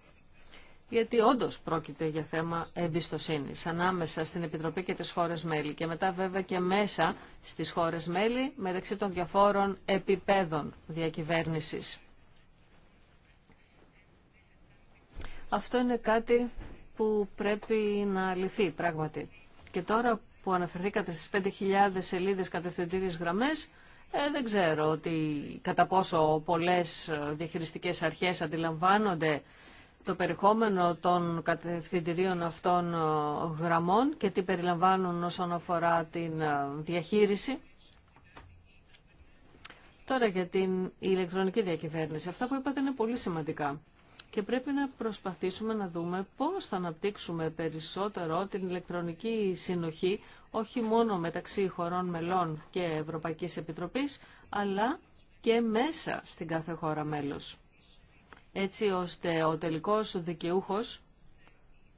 Γιατί όντω πρόκειται για θέμα εμπιστοσύνη ανάμεσα στην Επιτροπή και τι χώρε μέλη και μετά βέβαια και μέσα στι χώρε μέλη μεταξύ των διαφόρων επιπέδων διακυβέρνηση. Αυτό είναι κάτι που πρέπει να λυθεί πράγματι. Και τώρα που αναφερθήκατε στις 5.000 σελίδες κατευθυντήριες γραμμές, ε, δεν ξέρω ότι κατά πόσο πολλές ε, διαχειριστικές αρχές αντιλαμβάνονται το περιεχόμενο των κατευθυντηρίων αυτών ε, γραμμών και τι περιλαμβάνουν όσον αφορά την διαχείριση. Τώρα για την ηλεκτρονική διακυβέρνηση. Αυτά που είπατε είναι πολύ σημαντικά και πρέπει να προσπαθήσουμε να δούμε πώς θα αναπτύξουμε περισσότερο την ηλεκτρονική συνοχή όχι μόνο μεταξύ χωρών μελών και Ευρωπαϊκής Επιτροπής αλλά και μέσα στην κάθε χώρα μέλος. Έτσι ώστε ο τελικός δικαιούχος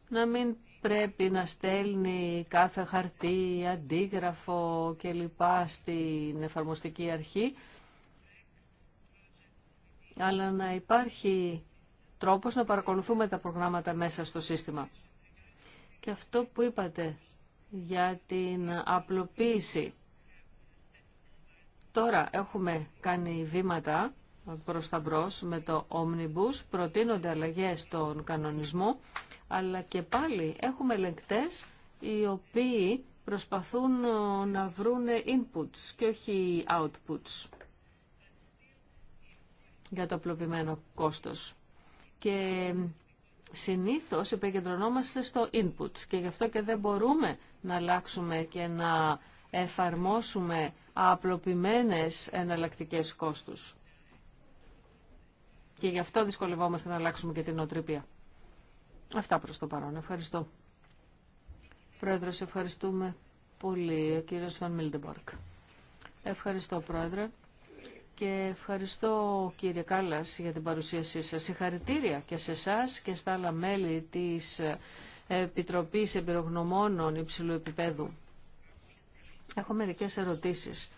να μην πρέπει να στέλνει κάθε χαρτί, αντίγραφο κλπ. στην εφαρμοστική αρχή αλλά να υπάρχει τρόπος να παρακολουθούμε τα προγράμματα μέσα στο σύστημα. Και αυτό που είπατε για την απλοποίηση. Τώρα έχουμε κάνει βήματα προς τα μπρος με το Omnibus, προτείνονται αλλαγές στον κανονισμό, αλλά και πάλι έχουμε ελεγκτές οι οποίοι προσπαθούν να βρουν inputs και όχι outputs για το απλοποιημένο κόστος και συνήθως επικεντρωνόμαστε στο input και γι' αυτό και δεν μπορούμε να αλλάξουμε και να εφαρμόσουμε απλοποιημένες εναλλακτικές κόστους. Και γι' αυτό δυσκολευόμαστε να αλλάξουμε και την οτρυπία. Αυτά προς το παρόν. Ευχαριστώ. Πρόεδρε, ευχαριστούμε πολύ. Ο κύριος Φαν Μίλντεμπορκ. Ευχαριστώ, Πρόεδρε και ευχαριστώ κύριε Κάλλας για την παρουσίασή σας. Συγχαρητήρια και σε εσά και στα άλλα μέλη της Επιτροπής Εμπειρογνωμόνων Υψηλού Επιπέδου. Έχω μερικές ερωτήσεις,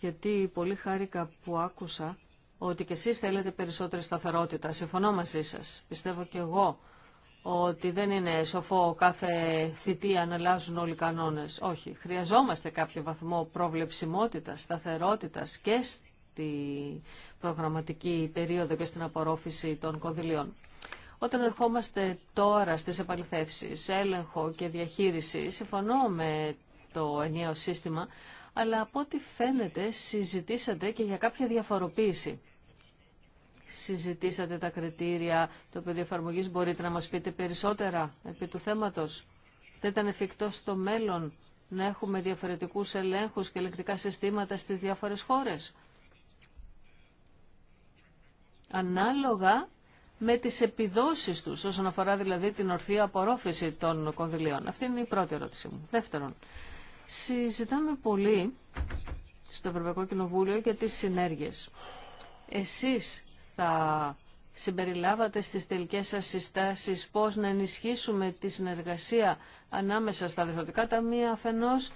γιατί πολύ χάρηκα που άκουσα ότι και εσείς θέλετε περισσότερη σταθερότητα. Συμφωνώ μαζί σας. Πιστεύω και εγώ ότι δεν είναι σοφό κάθε θητεία να αλλάζουν όλοι οι κανόνες. Όχι. Χρειαζόμαστε κάποιο βαθμό προβλεψιμότητας, σταθερότητας και τη προγραμματική περίοδο και στην απορρόφηση των κονδυλίων. Όταν ερχόμαστε τώρα στις επαληθεύσεις, έλεγχο και διαχείριση, συμφωνώ με το ενιαίο σύστημα, αλλά από ό,τι φαίνεται συζητήσατε και για κάποια διαφοροποίηση. Συζητήσατε τα κριτήρια, το πεδίο εφαρμογή μπορείτε να μας πείτε περισσότερα επί του θέματος. Θα ήταν εφικτό στο μέλλον να έχουμε διαφορετικούς ελέγχους και ελεκτικά συστήματα στις διάφορες χώρες ανάλογα με τις επιδόσεις τους, όσον αφορά δηλαδή την ορθή απορρόφηση των κονδυλίων. Αυτή είναι η πρώτη ερώτηση μου. Δεύτερον, συζητάμε πολύ στο Ευρωπαϊκό Κοινοβούλιο για τις συνέργειες. Εσείς θα συμπεριλάβατε στις τελικές σας συστάσεις πώς να ενισχύσουμε τη συνεργασία ανάμεσα στα διευθυντικά ταμεία αφενός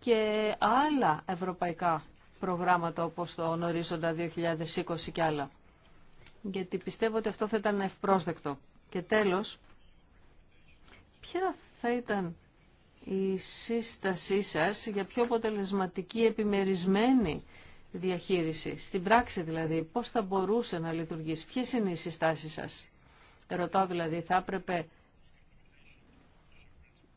και άλλα ευρωπαϊκά προγράμματα όπως το Horizon 2020 και άλλα γιατί πιστεύω ότι αυτό θα ήταν ευπρόσδεκτο. Και τέλος, ποια θα ήταν η σύστασή σας για πιο αποτελεσματική επιμερισμένη διαχείριση, στην πράξη δηλαδή, πώς θα μπορούσε να λειτουργήσει, ποιες είναι οι συστάσεις σας. Ρωτάω δηλαδή, θα έπρεπε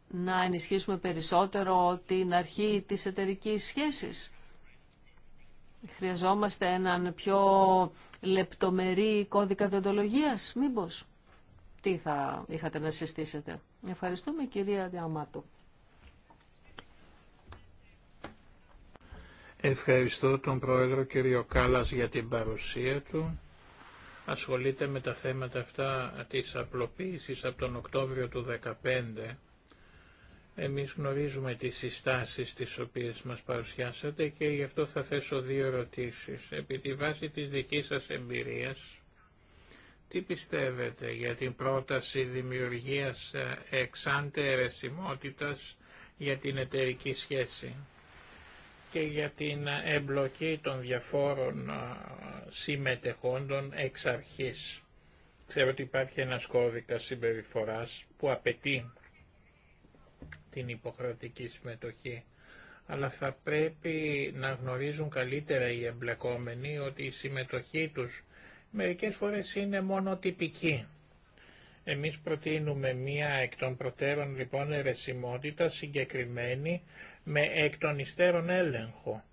να ενισχύσουμε περισσότερο την αρχή της εταιρικής σχέσης Χρειαζόμαστε έναν πιο λεπτομερή κώδικα διοντολογίας, μήπως. Τι θα είχατε να συστήσετε. Ευχαριστούμε κυρία Διαμάτου. Ευχαριστώ τον Πρόεδρο κύριο Κάλλας για την παρουσία του. Ασχολείται με τα θέματα αυτά της απλοποίησης από τον Οκτώβριο του 2015 εμείς γνωρίζουμε τις συστάσεις τις οποίες μας παρουσιάσατε και γι' αυτό θα θέσω δύο ερωτήσεις. Επί τη βάση της δικής σας εμπειρίας, τι πιστεύετε για την πρόταση δημιουργίας ε, εξάντε αιρεσιμότητας για την εταιρική σχέση και για την ε, εμπλοκή των διαφόρων ε, συμμετεχόντων εξ αρχής. Ξέρω ότι υπάρχει ένας κώδικας συμπεριφοράς που απαιτεί την υποχρεωτική συμμετοχή. Αλλά θα πρέπει να γνωρίζουν καλύτερα οι εμπλεκόμενοι ότι η συμμετοχή τους μερικές φορές είναι μόνο τυπική. Εμείς προτείνουμε μία εκ των προτέρων λοιπόν ερεσιμότητα συγκεκριμένη με εκ των υστέρων έλεγχο.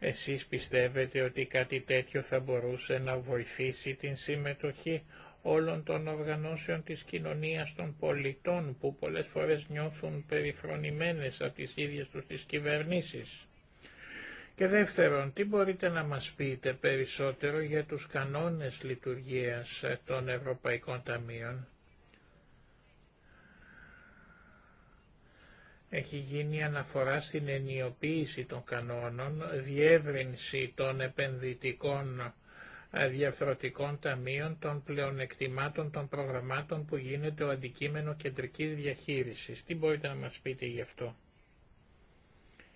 Εσείς πιστεύετε ότι κάτι τέτοιο θα μπορούσε να βοηθήσει την συμμετοχή όλων των οργανώσεων της κοινωνίας των πολιτών που πολλές φορές νιώθουν περιφρονημένες από τις ίδιες τους τις κυβερνήσεις. Και δεύτερον, τι μπορείτε να μας πείτε περισσότερο για τους κανόνες λειτουργίας των Ευρωπαϊκών Ταμείων. Έχει γίνει αναφορά στην ενιοποίηση των κανόνων, διεύρυνση των επενδυτικών ε, Διαφορετικών ταμείων των πλεονεκτημάτων των προγραμμάτων που γίνεται ο αντικείμενο κεντρικής διαχείρισης. Τι μπορείτε να μας πείτε γι' αυτό.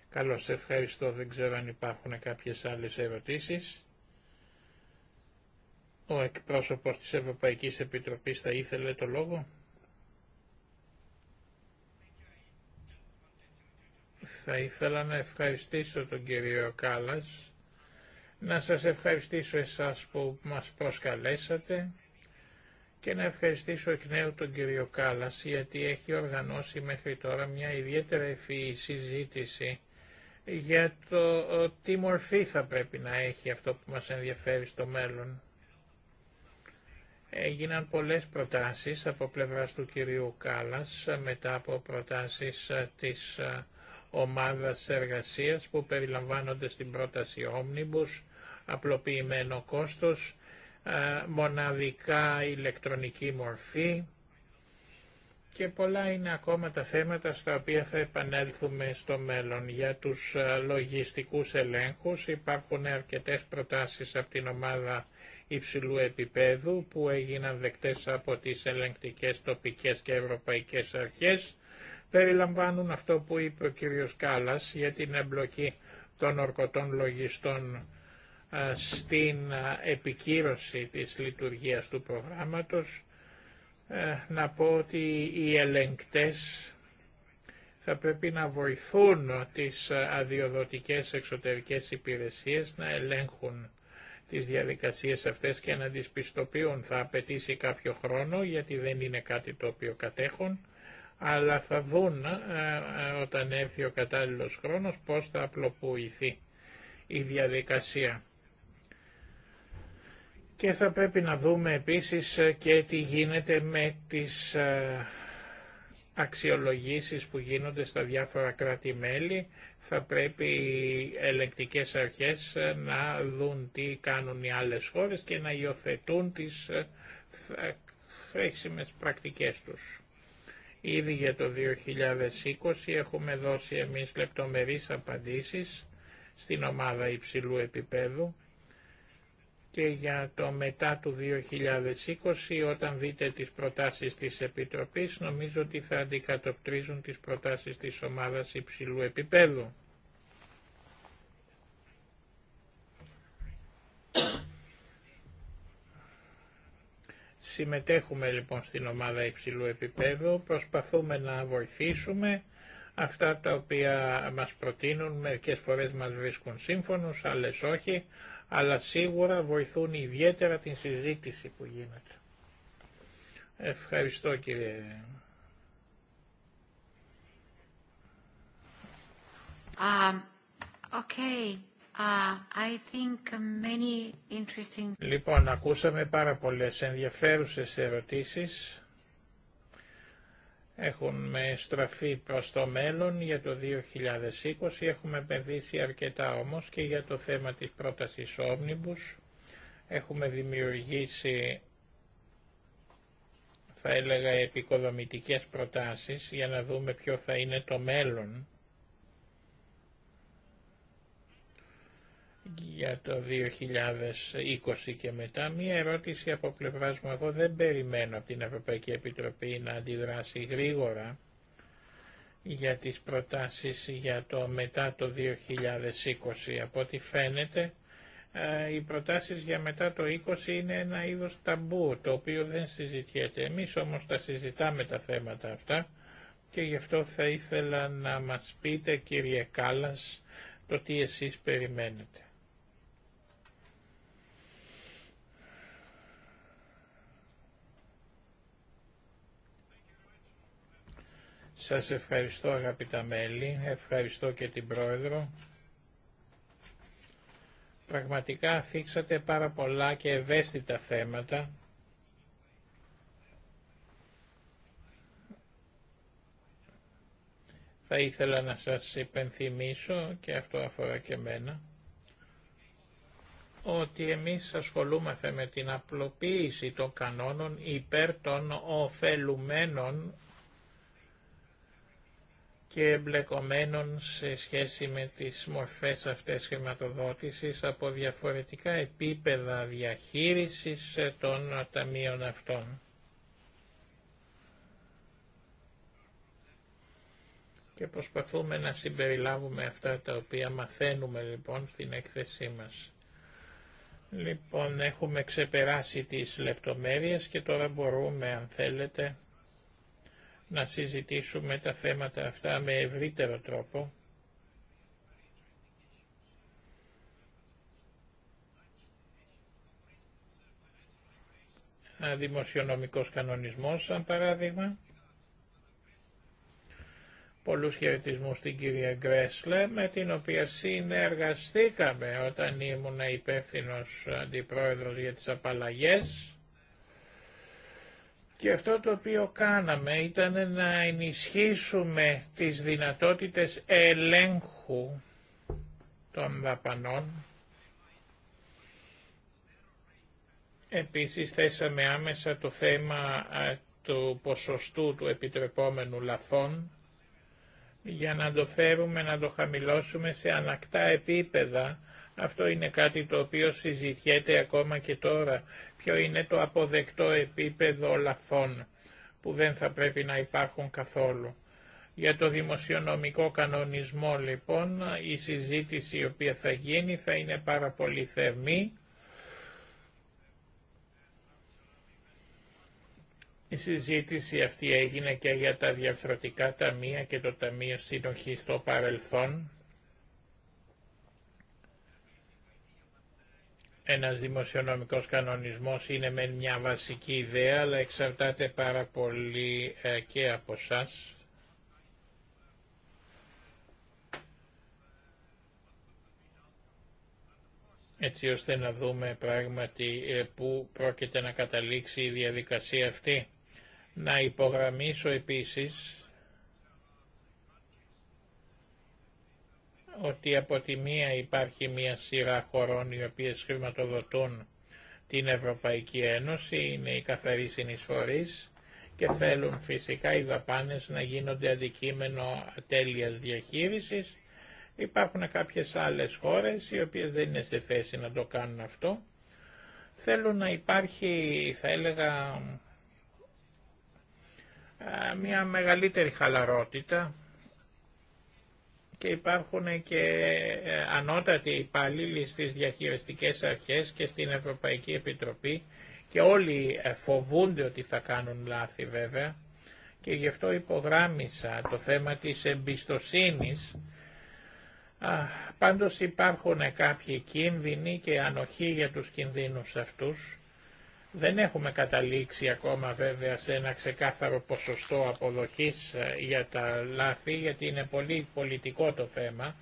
Καλώς, ευχαριστώ. Δεν ξέρω αν υπάρχουν κάποιες άλλες ερωτήσεις. Ο εκπρόσωπος της Ευρωπαϊκής Επιτροπής θα ήθελε το λόγο. Θα ήθελα να ευχαριστήσω τον κύριο Κάλλας να σας ευχαριστήσω εσάς που μας προσκαλέσατε και να ευχαριστήσω εκ νέου τον κύριο Κάλλας γιατί έχει οργανώσει μέχρι τώρα μια ιδιαίτερα ευφυή συζήτηση για το τι μορφή θα πρέπει να έχει αυτό που μας ενδιαφέρει στο μέλλον. Έγιναν πολλές προτάσεις από πλευράς του κυρίου Κάλλας μετά από προτάσεις ε, της ε, ομάδας εργασίας που περιλαμβάνονται στην πρόταση Omnibus απλοποιημένο κόστος, μοναδικά ηλεκτρονική μορφή και πολλά είναι ακόμα τα θέματα στα οποία θα επανέλθουμε στο μέλλον. Για τους λογιστικούς ελέγχους υπάρχουν αρκετές προτάσεις από την ομάδα υψηλού επίπεδου που έγιναν δεκτές από τις ελεγκτικές τοπικές και ευρωπαϊκές αρχές περιλαμβάνουν αυτό που είπε ο κ. Κάλλας για την εμπλοκή των ορκωτών λογιστών στην επικύρωση της λειτουργίας του προγράμματος ε, να πω ότι οι ελεγκτές θα πρέπει να βοηθούν τις αδειοδοτικές εξωτερικές υπηρεσίες να ελέγχουν τις διαδικασίες αυτές και να τις πιστοποιούν. Θα απαιτήσει κάποιο χρόνο γιατί δεν είναι κάτι το οποίο κατέχουν, αλλά θα δουν όταν έρθει ο κατάλληλος χρόνος πώς θα απλοποιηθεί η διαδικασία. Και θα πρέπει να δούμε επίσης ε, και τι γίνεται με τις ε, αξιολογήσεις που γίνονται στα διάφορα κράτη-μέλη. Θα πρέπει οι ελεκτικές αρχές ε, να δουν τι κάνουν οι άλλες χώρες και να υιοθετούν τις χρήσιμες πρακτικές τους. Ήδη για το 2020 έχουμε δώσει εμείς λεπτομερείς απαντήσεις στην ομάδα υψηλού επίπεδου και για το μετά του 2020 όταν δείτε τις προτάσεις της Επιτροπής νομίζω ότι θα αντικατοπτρίζουν τις προτάσεις της ομάδας υψηλού επίπεδου. Συμμετέχουμε λοιπόν στην ομάδα υψηλού επίπεδου, προσπαθούμε να βοηθήσουμε αυτά τα οποία μας προτείνουν, μερικές φορές μας βρίσκουν σύμφωνος, άλλες όχι, αλλά σίγουρα βοηθούν ιδιαίτερα την συζήτηση που γίνεται. Ευχαριστώ κύριε. Um, uh, okay. I think many interesting... Λοιπόν, ακούσαμε πάρα πολλές ενδιαφέρουσες ερωτήσεις. Έχουμε στραφεί προς το μέλλον για το 2020, έχουμε επενδύσει αρκετά όμως και για το θέμα της πρότασης Omnibus. Έχουμε δημιουργήσει, θα έλεγα, επικοδομητικές προτάσεις για να δούμε ποιο θα είναι το μέλλον για το 2020 και μετά. Μία ερώτηση από πλευράς μου. Εγώ δεν περιμένω από την Ευρωπαϊκή Επιτροπή να αντιδράσει γρήγορα για τις προτάσεις για το μετά το 2020. Από ό,τι φαίνεται, ε, οι προτάσεις για μετά το 20 είναι ένα είδος ταμπού, το οποίο δεν συζητιέται. Εμείς όμως τα συζητάμε τα θέματα αυτά και γι' αυτό θα ήθελα να μας πείτε, κύριε Κάλλας, το τι εσείς περιμένετε. Σας ευχαριστώ αγαπητά μέλη, ευχαριστώ και την Πρόεδρο. Πραγματικά θίξατε πάρα πολλά και ευαίσθητα θέματα. Θα ήθελα να σας υπενθυμίσω, και αυτό αφορά και μένα, ότι εμείς ασχολούμαστε με την απλοποίηση των κανόνων υπέρ των ωφελουμένων και εμπλεκομένων σε σχέση με τις μορφές αυτές χρηματοδότησης από διαφορετικά επίπεδα διαχείρισης των ταμείων αυτών. Και προσπαθούμε να συμπεριλάβουμε αυτά τα οποία μαθαίνουμε λοιπόν στην έκθεσή μας. Λοιπόν, έχουμε ξεπεράσει τις λεπτομέρειες και τώρα μπορούμε, αν θέλετε, να συζητήσουμε τα θέματα αυτά με ευρύτερο τρόπο. δημοσιονομικός κανονισμός, σαν παράδειγμα. Πολλούς χαιρετισμούς στην κυρία Γκρέσλε, με την οποία συνεργαστήκαμε όταν ήμουν υπεύθυνος αντιπρόεδρος για τις απαλλαγές. Και αυτό το οποίο κάναμε ήταν να ενισχύσουμε τις δυνατότητες ελέγχου των δαπανών. Επίσης θέσαμε άμεσα το θέμα του ποσοστού του επιτρεπόμενου λαθών για να το φέρουμε, να το χαμηλώσουμε σε ανακτά επίπεδα. Αυτό είναι κάτι το οποίο συζητιέται ακόμα και τώρα ποιο είναι το αποδεκτό επίπεδο λαθών που δεν θα πρέπει να υπάρχουν καθόλου. Για το δημοσιονομικό κανονισμό λοιπόν η συζήτηση η οποία θα γίνει θα είναι πάρα πολύ θερμή. Η συζήτηση αυτή έγινε και για τα διαφθορτικά ταμεία και το Ταμείο Συνοχής στο παρελθόν ένας δημοσιονομικός κανονισμός είναι με μια βασική ιδέα, αλλά εξαρτάται πάρα πολύ ε, και από εσά. έτσι ώστε να δούμε πράγματι ε, πού πρόκειται να καταλήξει η διαδικασία αυτή. Να υπογραμμίσω επίσης ότι από τη μία υπάρχει μια σειρά χωρών οι οποίες χρηματοδοτούν την Ευρωπαϊκή Ένωση, είναι οι καθαροί συνεισφορείς και θέλουν φυσικά οι δαπάνες να γίνονται αντικείμενο τέλειας διαχείρισης. Υπάρχουν κάποιες άλλες χώρες οι οποίες δεν είναι σε θέση να το κάνουν αυτό. Θέλουν να υπάρχει, θα έλεγα, μια μεγαλύτερη χαλαρότητα και υπάρχουν και ε, ανώτατοι υπαλλήλοι στις διαχειριστικές αρχές και στην Ευρωπαϊκή Επιτροπή και όλοι ε, φοβούνται ότι θα κάνουν λάθη βέβαια και γι' αυτό υπογράμμισα το θέμα της εμπιστοσύνης. Πάντως υπάρχουν κάποιοι κίνδυνοι και ανοχή για τους κινδύνους αυτούς δεν έχουμε καταλήξει ακόμα βέβαια σε ένα ξεκάθαρο ποσοστό αποδοχής ε, για τα λάθη, γιατί είναι πολύ πολιτικό το θέμα,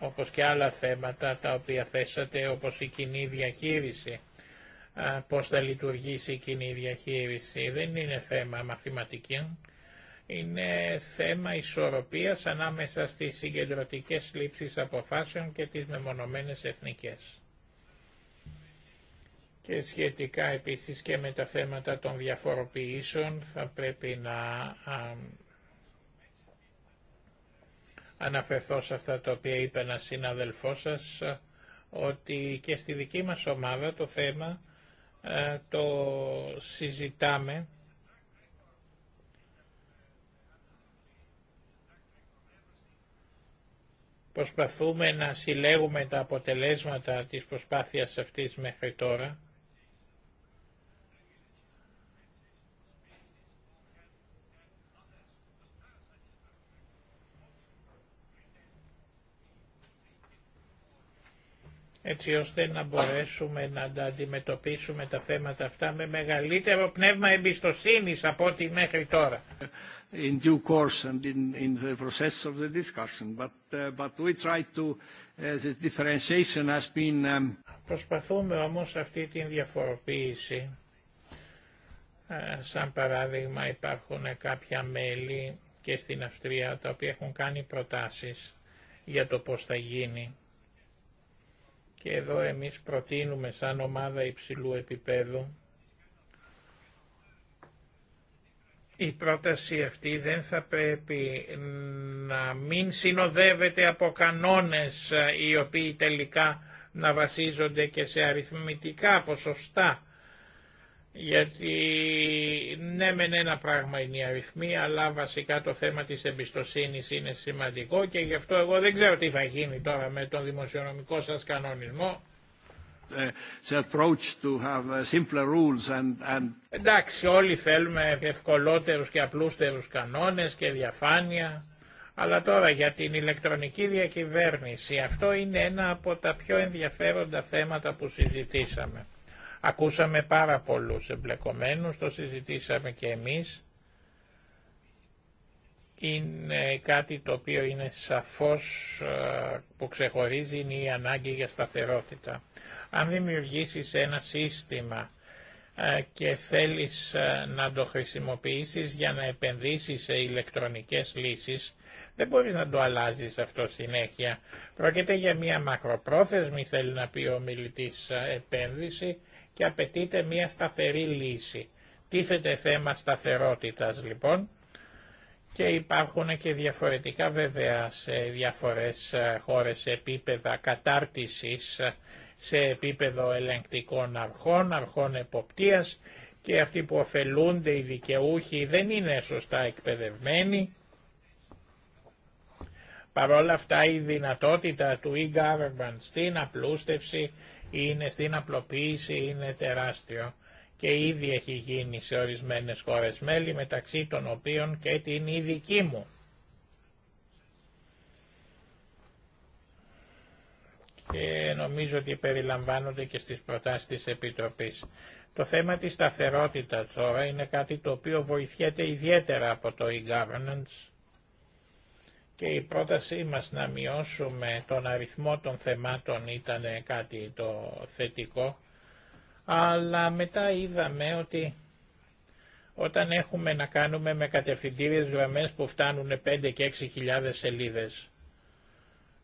όπως και άλλα θέματα τα οποία θέσατε, όπως η κοινή διαχείριση. Πώς θα λειτουργήσει η κοινή διαχείριση δεν είναι θέμα μαθηματική, είναι θέμα ισορροπίας ανάμεσα στις συγκεντρωτικές λήψεις αποφάσεων και τις μεμονωμένες εθνικές και σχετικά επίσης και με τα θέματα των διαφοροποιήσεων θα πρέπει να αναφερθώ σε αυτά τα οποία είπε ένα συναδελφό σας ότι και στη δική μας ομάδα το θέμα το συζητάμε Προσπαθούμε να συλλέγουμε τα αποτελέσματα της προσπάθειας αυτής μέχρι τώρα έτσι ώστε να μπορέσουμε να τα αντιμετωπίσουμε τα θέματα αυτά με μεγαλύτερο πνεύμα εμπιστοσύνης από ό,τι μέχρι τώρα. In Προσπαθούμε όμως αυτή την διαφοροποίηση. Ε, σαν παράδειγμα υπάρχουν κάποια μέλη και στην Αυστρία τα οποία έχουν κάνει προτάσεις για το πώς θα γίνει και εδώ εμείς προτείνουμε σαν ομάδα υψηλού επίπεδου Η πρόταση αυτή δεν θα πρέπει να μην συνοδεύεται από κανόνες ε, οι οποίοι τελικά να βασίζονται και σε αριθμητικά ποσοστά γιατί ναι μεν ένα πράγμα είναι η αριθμή, αλλά βασικά το θέμα της εμπιστοσύνης είναι σημαντικό και γι' αυτό εγώ δεν ξέρω τι θα γίνει τώρα με τον δημοσιονομικό σας κανονισμό. Ε, the to have uh, rules and, and... Εντάξει, όλοι θέλουμε ευκολότερους και απλούστερους κανόνες και διαφάνεια, αλλά τώρα για την ηλεκτρονική διακυβέρνηση αυτό είναι ένα από τα πιο ενδιαφέροντα θέματα που συζητήσαμε. Ακούσαμε πάρα πολλούς εμπλεκομένους, το συζητήσαμε και εμείς. Είναι κάτι το οποίο είναι σαφώς ε, που ξεχωρίζει είναι η ανάγκη για σταθερότητα. Αν δημιουργήσεις ένα σύστημα ε, και θέλεις ε, να το χρησιμοποιήσεις για να επενδύσεις σε ηλεκτρονικές λύσεις, δεν μπορείς να το αλλάζεις αυτό συνέχεια. Πρόκειται για μια μακροπρόθεσμη, θέλει να πει ο μιλητής, επένδυση, και απαιτείται μια σταθερή λύση. Τίθεται θέμα σταθερότητας λοιπόν και υπάρχουν και διαφορετικά βέβαια σε διάφορες ε, χώρες επίπεδα κατάρτισης, ε, σε επίπεδο ελεγκτικών αρχών, αρχών εποπτείας και αυτοί που ωφελούνται οι δικαιούχοι δεν είναι σωστά εκπαιδευμένοι. ...παρόλα αυτά η δυνατότητα του e-government στην απλούστευση είναι στην απλοποίηση είναι τεράστιο και ήδη έχει γίνει σε ορισμένες χώρες μέλη μεταξύ των οποίων και την ειδική μου. και νομίζω ότι περιλαμβάνονται και στις προτάσεις της Επιτροπής. Το θέμα της σταθερότητας τώρα είναι κάτι το οποίο βοηθιέται ιδιαίτερα από το e-governance και η πρότασή μας να μειώσουμε τον αριθμό των θεμάτων ήταν κάτι το θετικό, αλλά μετά είδαμε ότι όταν έχουμε να κάνουμε με κατευθυντήριες γραμμές που φτάνουν 5 και 6 χιλιάδες σελίδες,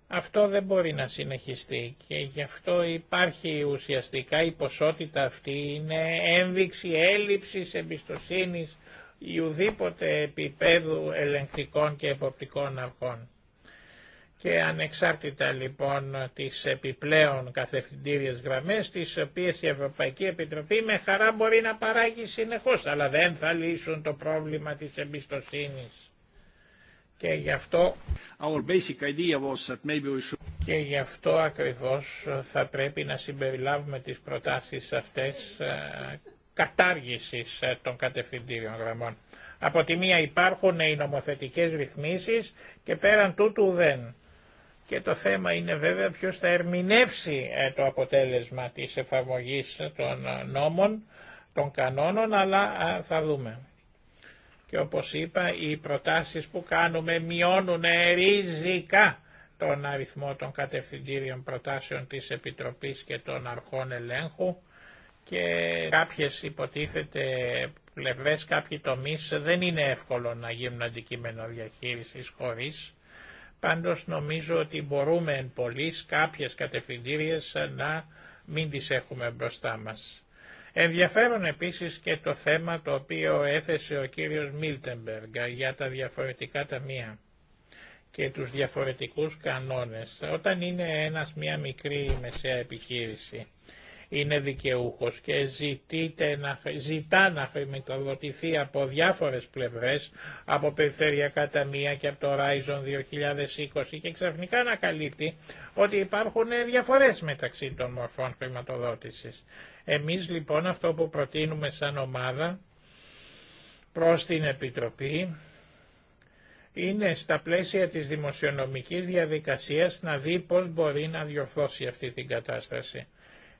αυτό δεν μπορεί να συνεχιστεί και γι' αυτό υπάρχει ουσιαστικά η ποσότητα αυτή είναι ένδειξη έλλειψης εμπιστοσύνης ή ουδήποτε επίπεδου ελεγκτικών και εποπτικών αρχών. Και ανεξάρτητα λοιπόν τις επιπλέον καθευθυντήριες γραμμές, τις οποίες η επιπεδου ελεγκτικων και εποπτικων αρχων και ανεξαρτητα λοιπον Επιτροπή με χαρά μπορεί να παράγει συνεχώς, αλλά δεν θα λύσουν το πρόβλημα της εμπιστοσύνης. Και γι' αυτό, Our basic idea was και γι αυτό ακριβώς θα πρέπει να συμπεριλάβουμε τις προτάσεις αυτές ε, κατάργησης ε, των κατευθυντήριων γραμμών. Από τη μία υπάρχουν οι νομοθετικές ρυθμίσεις και πέραν τούτου δεν. Και το θέμα είναι βέβαια ποιος θα ερμηνεύσει ε, το αποτέλεσμα της εφαρμογής των ε, νόμων, των κανόνων, αλλά θα δούμε. Και όπως είπα, οι προτάσεις που κάνουμε μειώνουν ριζικά τον αριθμό των κατευθυντήριων προτάσεων της Επιτροπής και των αρχών ελέγχου και κάποιες υποτίθεται πλευρές, κάποιοι τομείς δεν είναι εύκολο να γίνουν αντικείμενο διαχείρισης χωρίς. Πάντως νομίζω ότι μπορούμε εν πολλής κάποιες κατευθυντήριες να μην τις έχουμε μπροστά μας. Ενδιαφέρον επίσης και το θέμα το οποίο έθεσε ο κύριος Μίλτεμπεργκ για τα διαφορετικά ταμεία και τους διαφορετικούς κανόνες. Όταν είναι ένας μια μικρή μεσαία επιχείρηση είναι δικαιούχος και να, ζητά να χρηματοδοτηθεί από διάφορες πλευρές, από περιφερειακά ταμεία και από το Horizon 2020 και ξαφνικά ανακαλύπτει ότι υπάρχουν διαφορές μεταξύ των μορφών χρηματοδότησης. Εμείς λοιπόν αυτό που προτείνουμε σαν ομάδα προς την Επιτροπή είναι στα πλαίσια της δημοσιονομικής διαδικασίας να δει πώς μπορεί να διορθώσει αυτή την κατάσταση.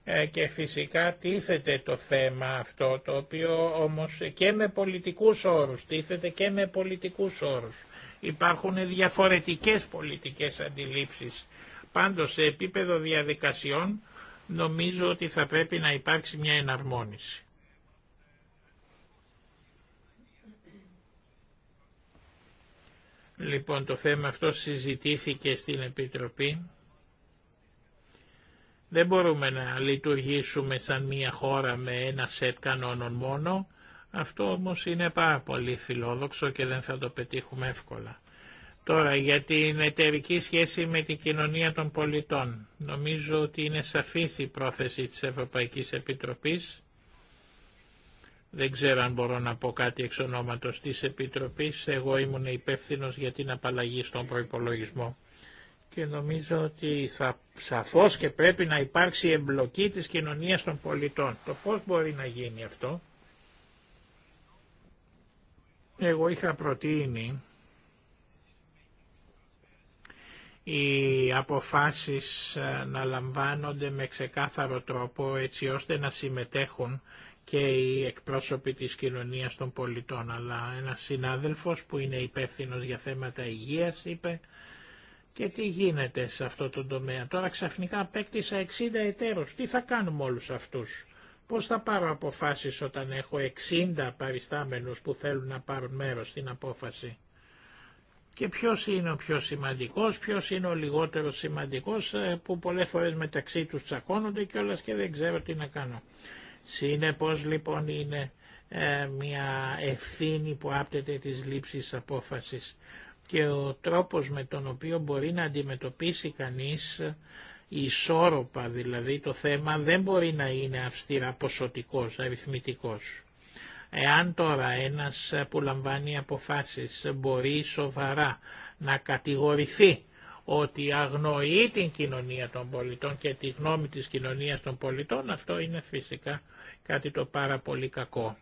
Ε, και φυσικά τίθεται το θέμα αυτό, το οποίο όμως και με πολιτικούς όρους, τίθεται και με πολιτικούς όρους. Υπάρχουν διαφορετικές πολιτικές αντιλήψεις. Πάντως σε επίπεδο διαδικασιών νομίζω ότι θα πρέπει να υπάρξει μια εναρμόνιση. Λοιπόν, το θέμα αυτό συζητήθηκε στην Επιτροπή. Δεν μπορούμε να λειτουργήσουμε σαν μία χώρα με ένα σετ κανόνων μόνο. Αυτό όμως είναι πάρα πολύ φιλόδοξο και δεν θα το πετύχουμε εύκολα. Τώρα για την εταιρική σχέση με την κοινωνία των πολιτών. Νομίζω ότι είναι σαφής η πρόθεση της Ευρωπαϊκής Επιτροπής. Δεν ξέρω αν μπορώ να πω κάτι εξ ονόματος της Επιτροπής. Εγώ ήμουν υπεύθυνο για την απαλλαγή στον προϋπολογισμό και νομίζω ότι θα σαφώς και πρέπει να υπάρξει εμπλοκή της κοινωνίας των πολιτών. Το πώς μπορεί να γίνει αυτό. Εγώ είχα προτείνει οι αποφάσεις ε, να λαμβάνονται με ξεκάθαρο τρόπο έτσι ώστε να συμμετέχουν και οι εκπρόσωποι της κοινωνίας των πολιτών. Αλλά ένας συνάδελφος που είναι υπεύθυνος για θέματα υγείας είπε και τι γίνεται σε αυτό το τομέα. Τώρα ξαφνικά απέκτησα 60 εταίρους. Τι θα κάνουμε όλους αυτούς. Πώς θα πάρω αποφάσεις όταν έχω 60 παριστάμενους που θέλουν να πάρουν μέρος στην απόφαση. Και ποιος είναι ο πιο σημαντικός, ποιος είναι ο λιγότερο σημαντικός ε, που πολλές φορές μεταξύ τους τσακώνονται και όλας και δεν ξέρω τι να κάνω. Σύνεπως λοιπόν είναι ε, μια ευθύνη που άπτεται της λήψης απόφασης και ο τρόπος με τον οποίο μπορεί να αντιμετωπίσει κανείς ισόρροπα δηλαδή το θέμα δεν μπορεί να είναι αυστηρά ποσοτικός, αριθμητικός. Εάν τώρα ένας που λαμβάνει αποφάσεις μπορεί σοβαρά να κατηγορηθεί ότι αγνοεί την κοινωνία των πολιτών και τη γνώμη της κοινωνίας των πολιτών, αυτό είναι φυσικά κάτι το πάρα πολύ κακό.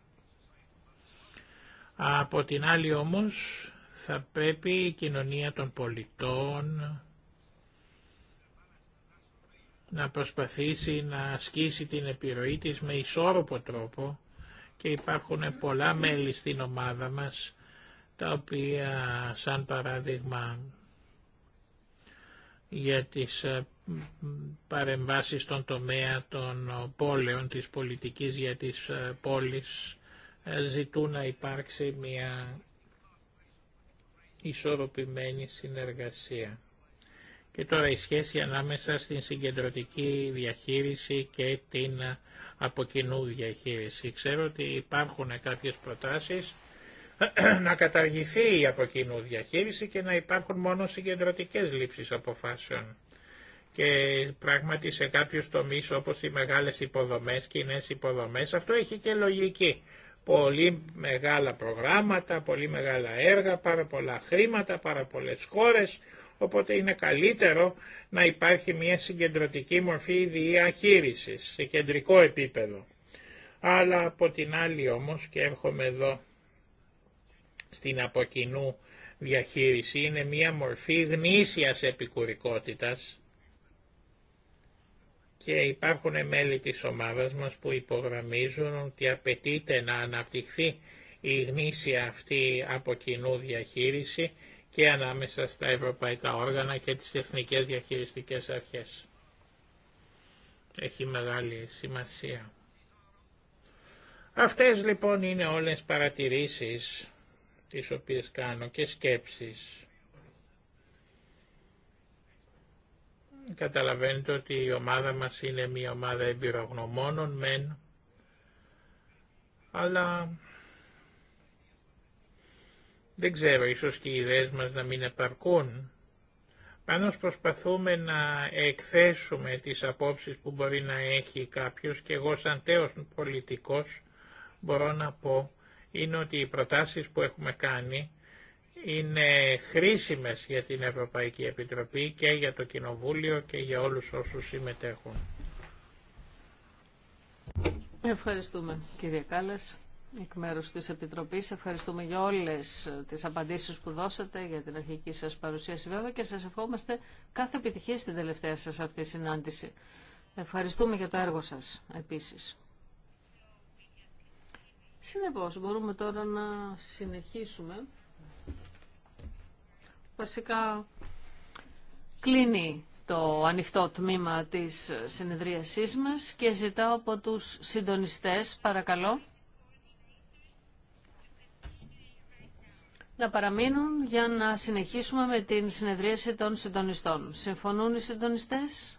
Από την άλλη όμως, θα πρέπει η κοινωνία των πολιτών να προσπαθήσει να ασκήσει την επιρροή της με ισόρροπο τρόπο και υπάρχουν πολλά μέλη στην ομάδα μας τα οποία σαν παράδειγμα για τις ε, παρεμβάσεις στον τομέα των ε, πόλεων, της πολιτικής για τις ε, πόλεις ζητούν να υπάρξει μια ισορροπημένη συνεργασία. Και τώρα η σχέση ανάμεσα στην συγκεντρωτική διαχείριση και την αποκοινού διαχείριση. Ξέρω ότι υπάρχουν κάποιες προτάσεις να καταργηθεί η αποκοινού διαχείριση και να υπάρχουν μόνο συγκεντρωτικές λήψεις αποφάσεων. Και πράγματι σε κάποιους τομείς όπως οι μεγάλες υποδομές, κοινέ υποδομές, αυτό έχει και λογική πολύ μεγάλα προγράμματα, πολύ μεγάλα έργα, πάρα πολλά χρήματα, πάρα πολλές χώρες, οπότε είναι καλύτερο να υπάρχει μια συγκεντρωτική μορφή διαχείρισης σε κεντρικό επίπεδο. Αλλά από την άλλη όμως και έρχομαι εδώ στην αποκοινού διαχείριση είναι μια μορφή γνήσιας επικουρικότητας και υπάρχουν μέλη της ομάδας μας που υπογραμμίζουν ότι απαιτείται να αναπτυχθεί η γνήσια αυτή από κοινού διαχείριση και ανάμεσα στα ευρωπαϊκά όργανα και τις εθνικές διαχειριστικές αρχές. Έχει μεγάλη σημασία. Αυτές λοιπόν είναι όλες παρατηρήσεις τις οποίες κάνω και σκέψεις Καταλαβαίνετε ότι η ομάδα μας είναι μια ομάδα εμπειρογνωμόνων μεν, αλλά δεν ξέρω, ίσως και οι ιδέες μας να μην επαρκούν. Πάνω προσπαθούμε να εκθέσουμε τις απόψεις που μπορεί να έχει κάποιος και εγώ σαν τέος πολιτικός μπορώ να πω είναι ότι οι προτάσεις που έχουμε κάνει είναι χρήσιμες για την Ευρωπαϊκή Επιτροπή και για το Κοινοβούλιο και για όλους όσους συμμετέχουν. Ευχαριστούμε κύριε Κάλλας εκ μέρους της Επιτροπής. Ευχαριστούμε για όλες τις απαντήσεις που δώσατε, για την αρχική σας παρουσίαση βέβαια και σας ευχόμαστε κάθε επιτυχία στην τελευταία σας αυτή συνάντηση. Ευχαριστούμε για το έργο σας επίσης. Συνεπώς μπορούμε τώρα να συνεχίσουμε. Βασικά κλείνει το ανοιχτό τμήμα της συνεδρίασής μας και ζητάω από τους συντονιστές, παρακαλώ, να παραμείνουν για να συνεχίσουμε με την συνεδρίαση των συντονιστών. Συμφωνούν οι συντονιστές?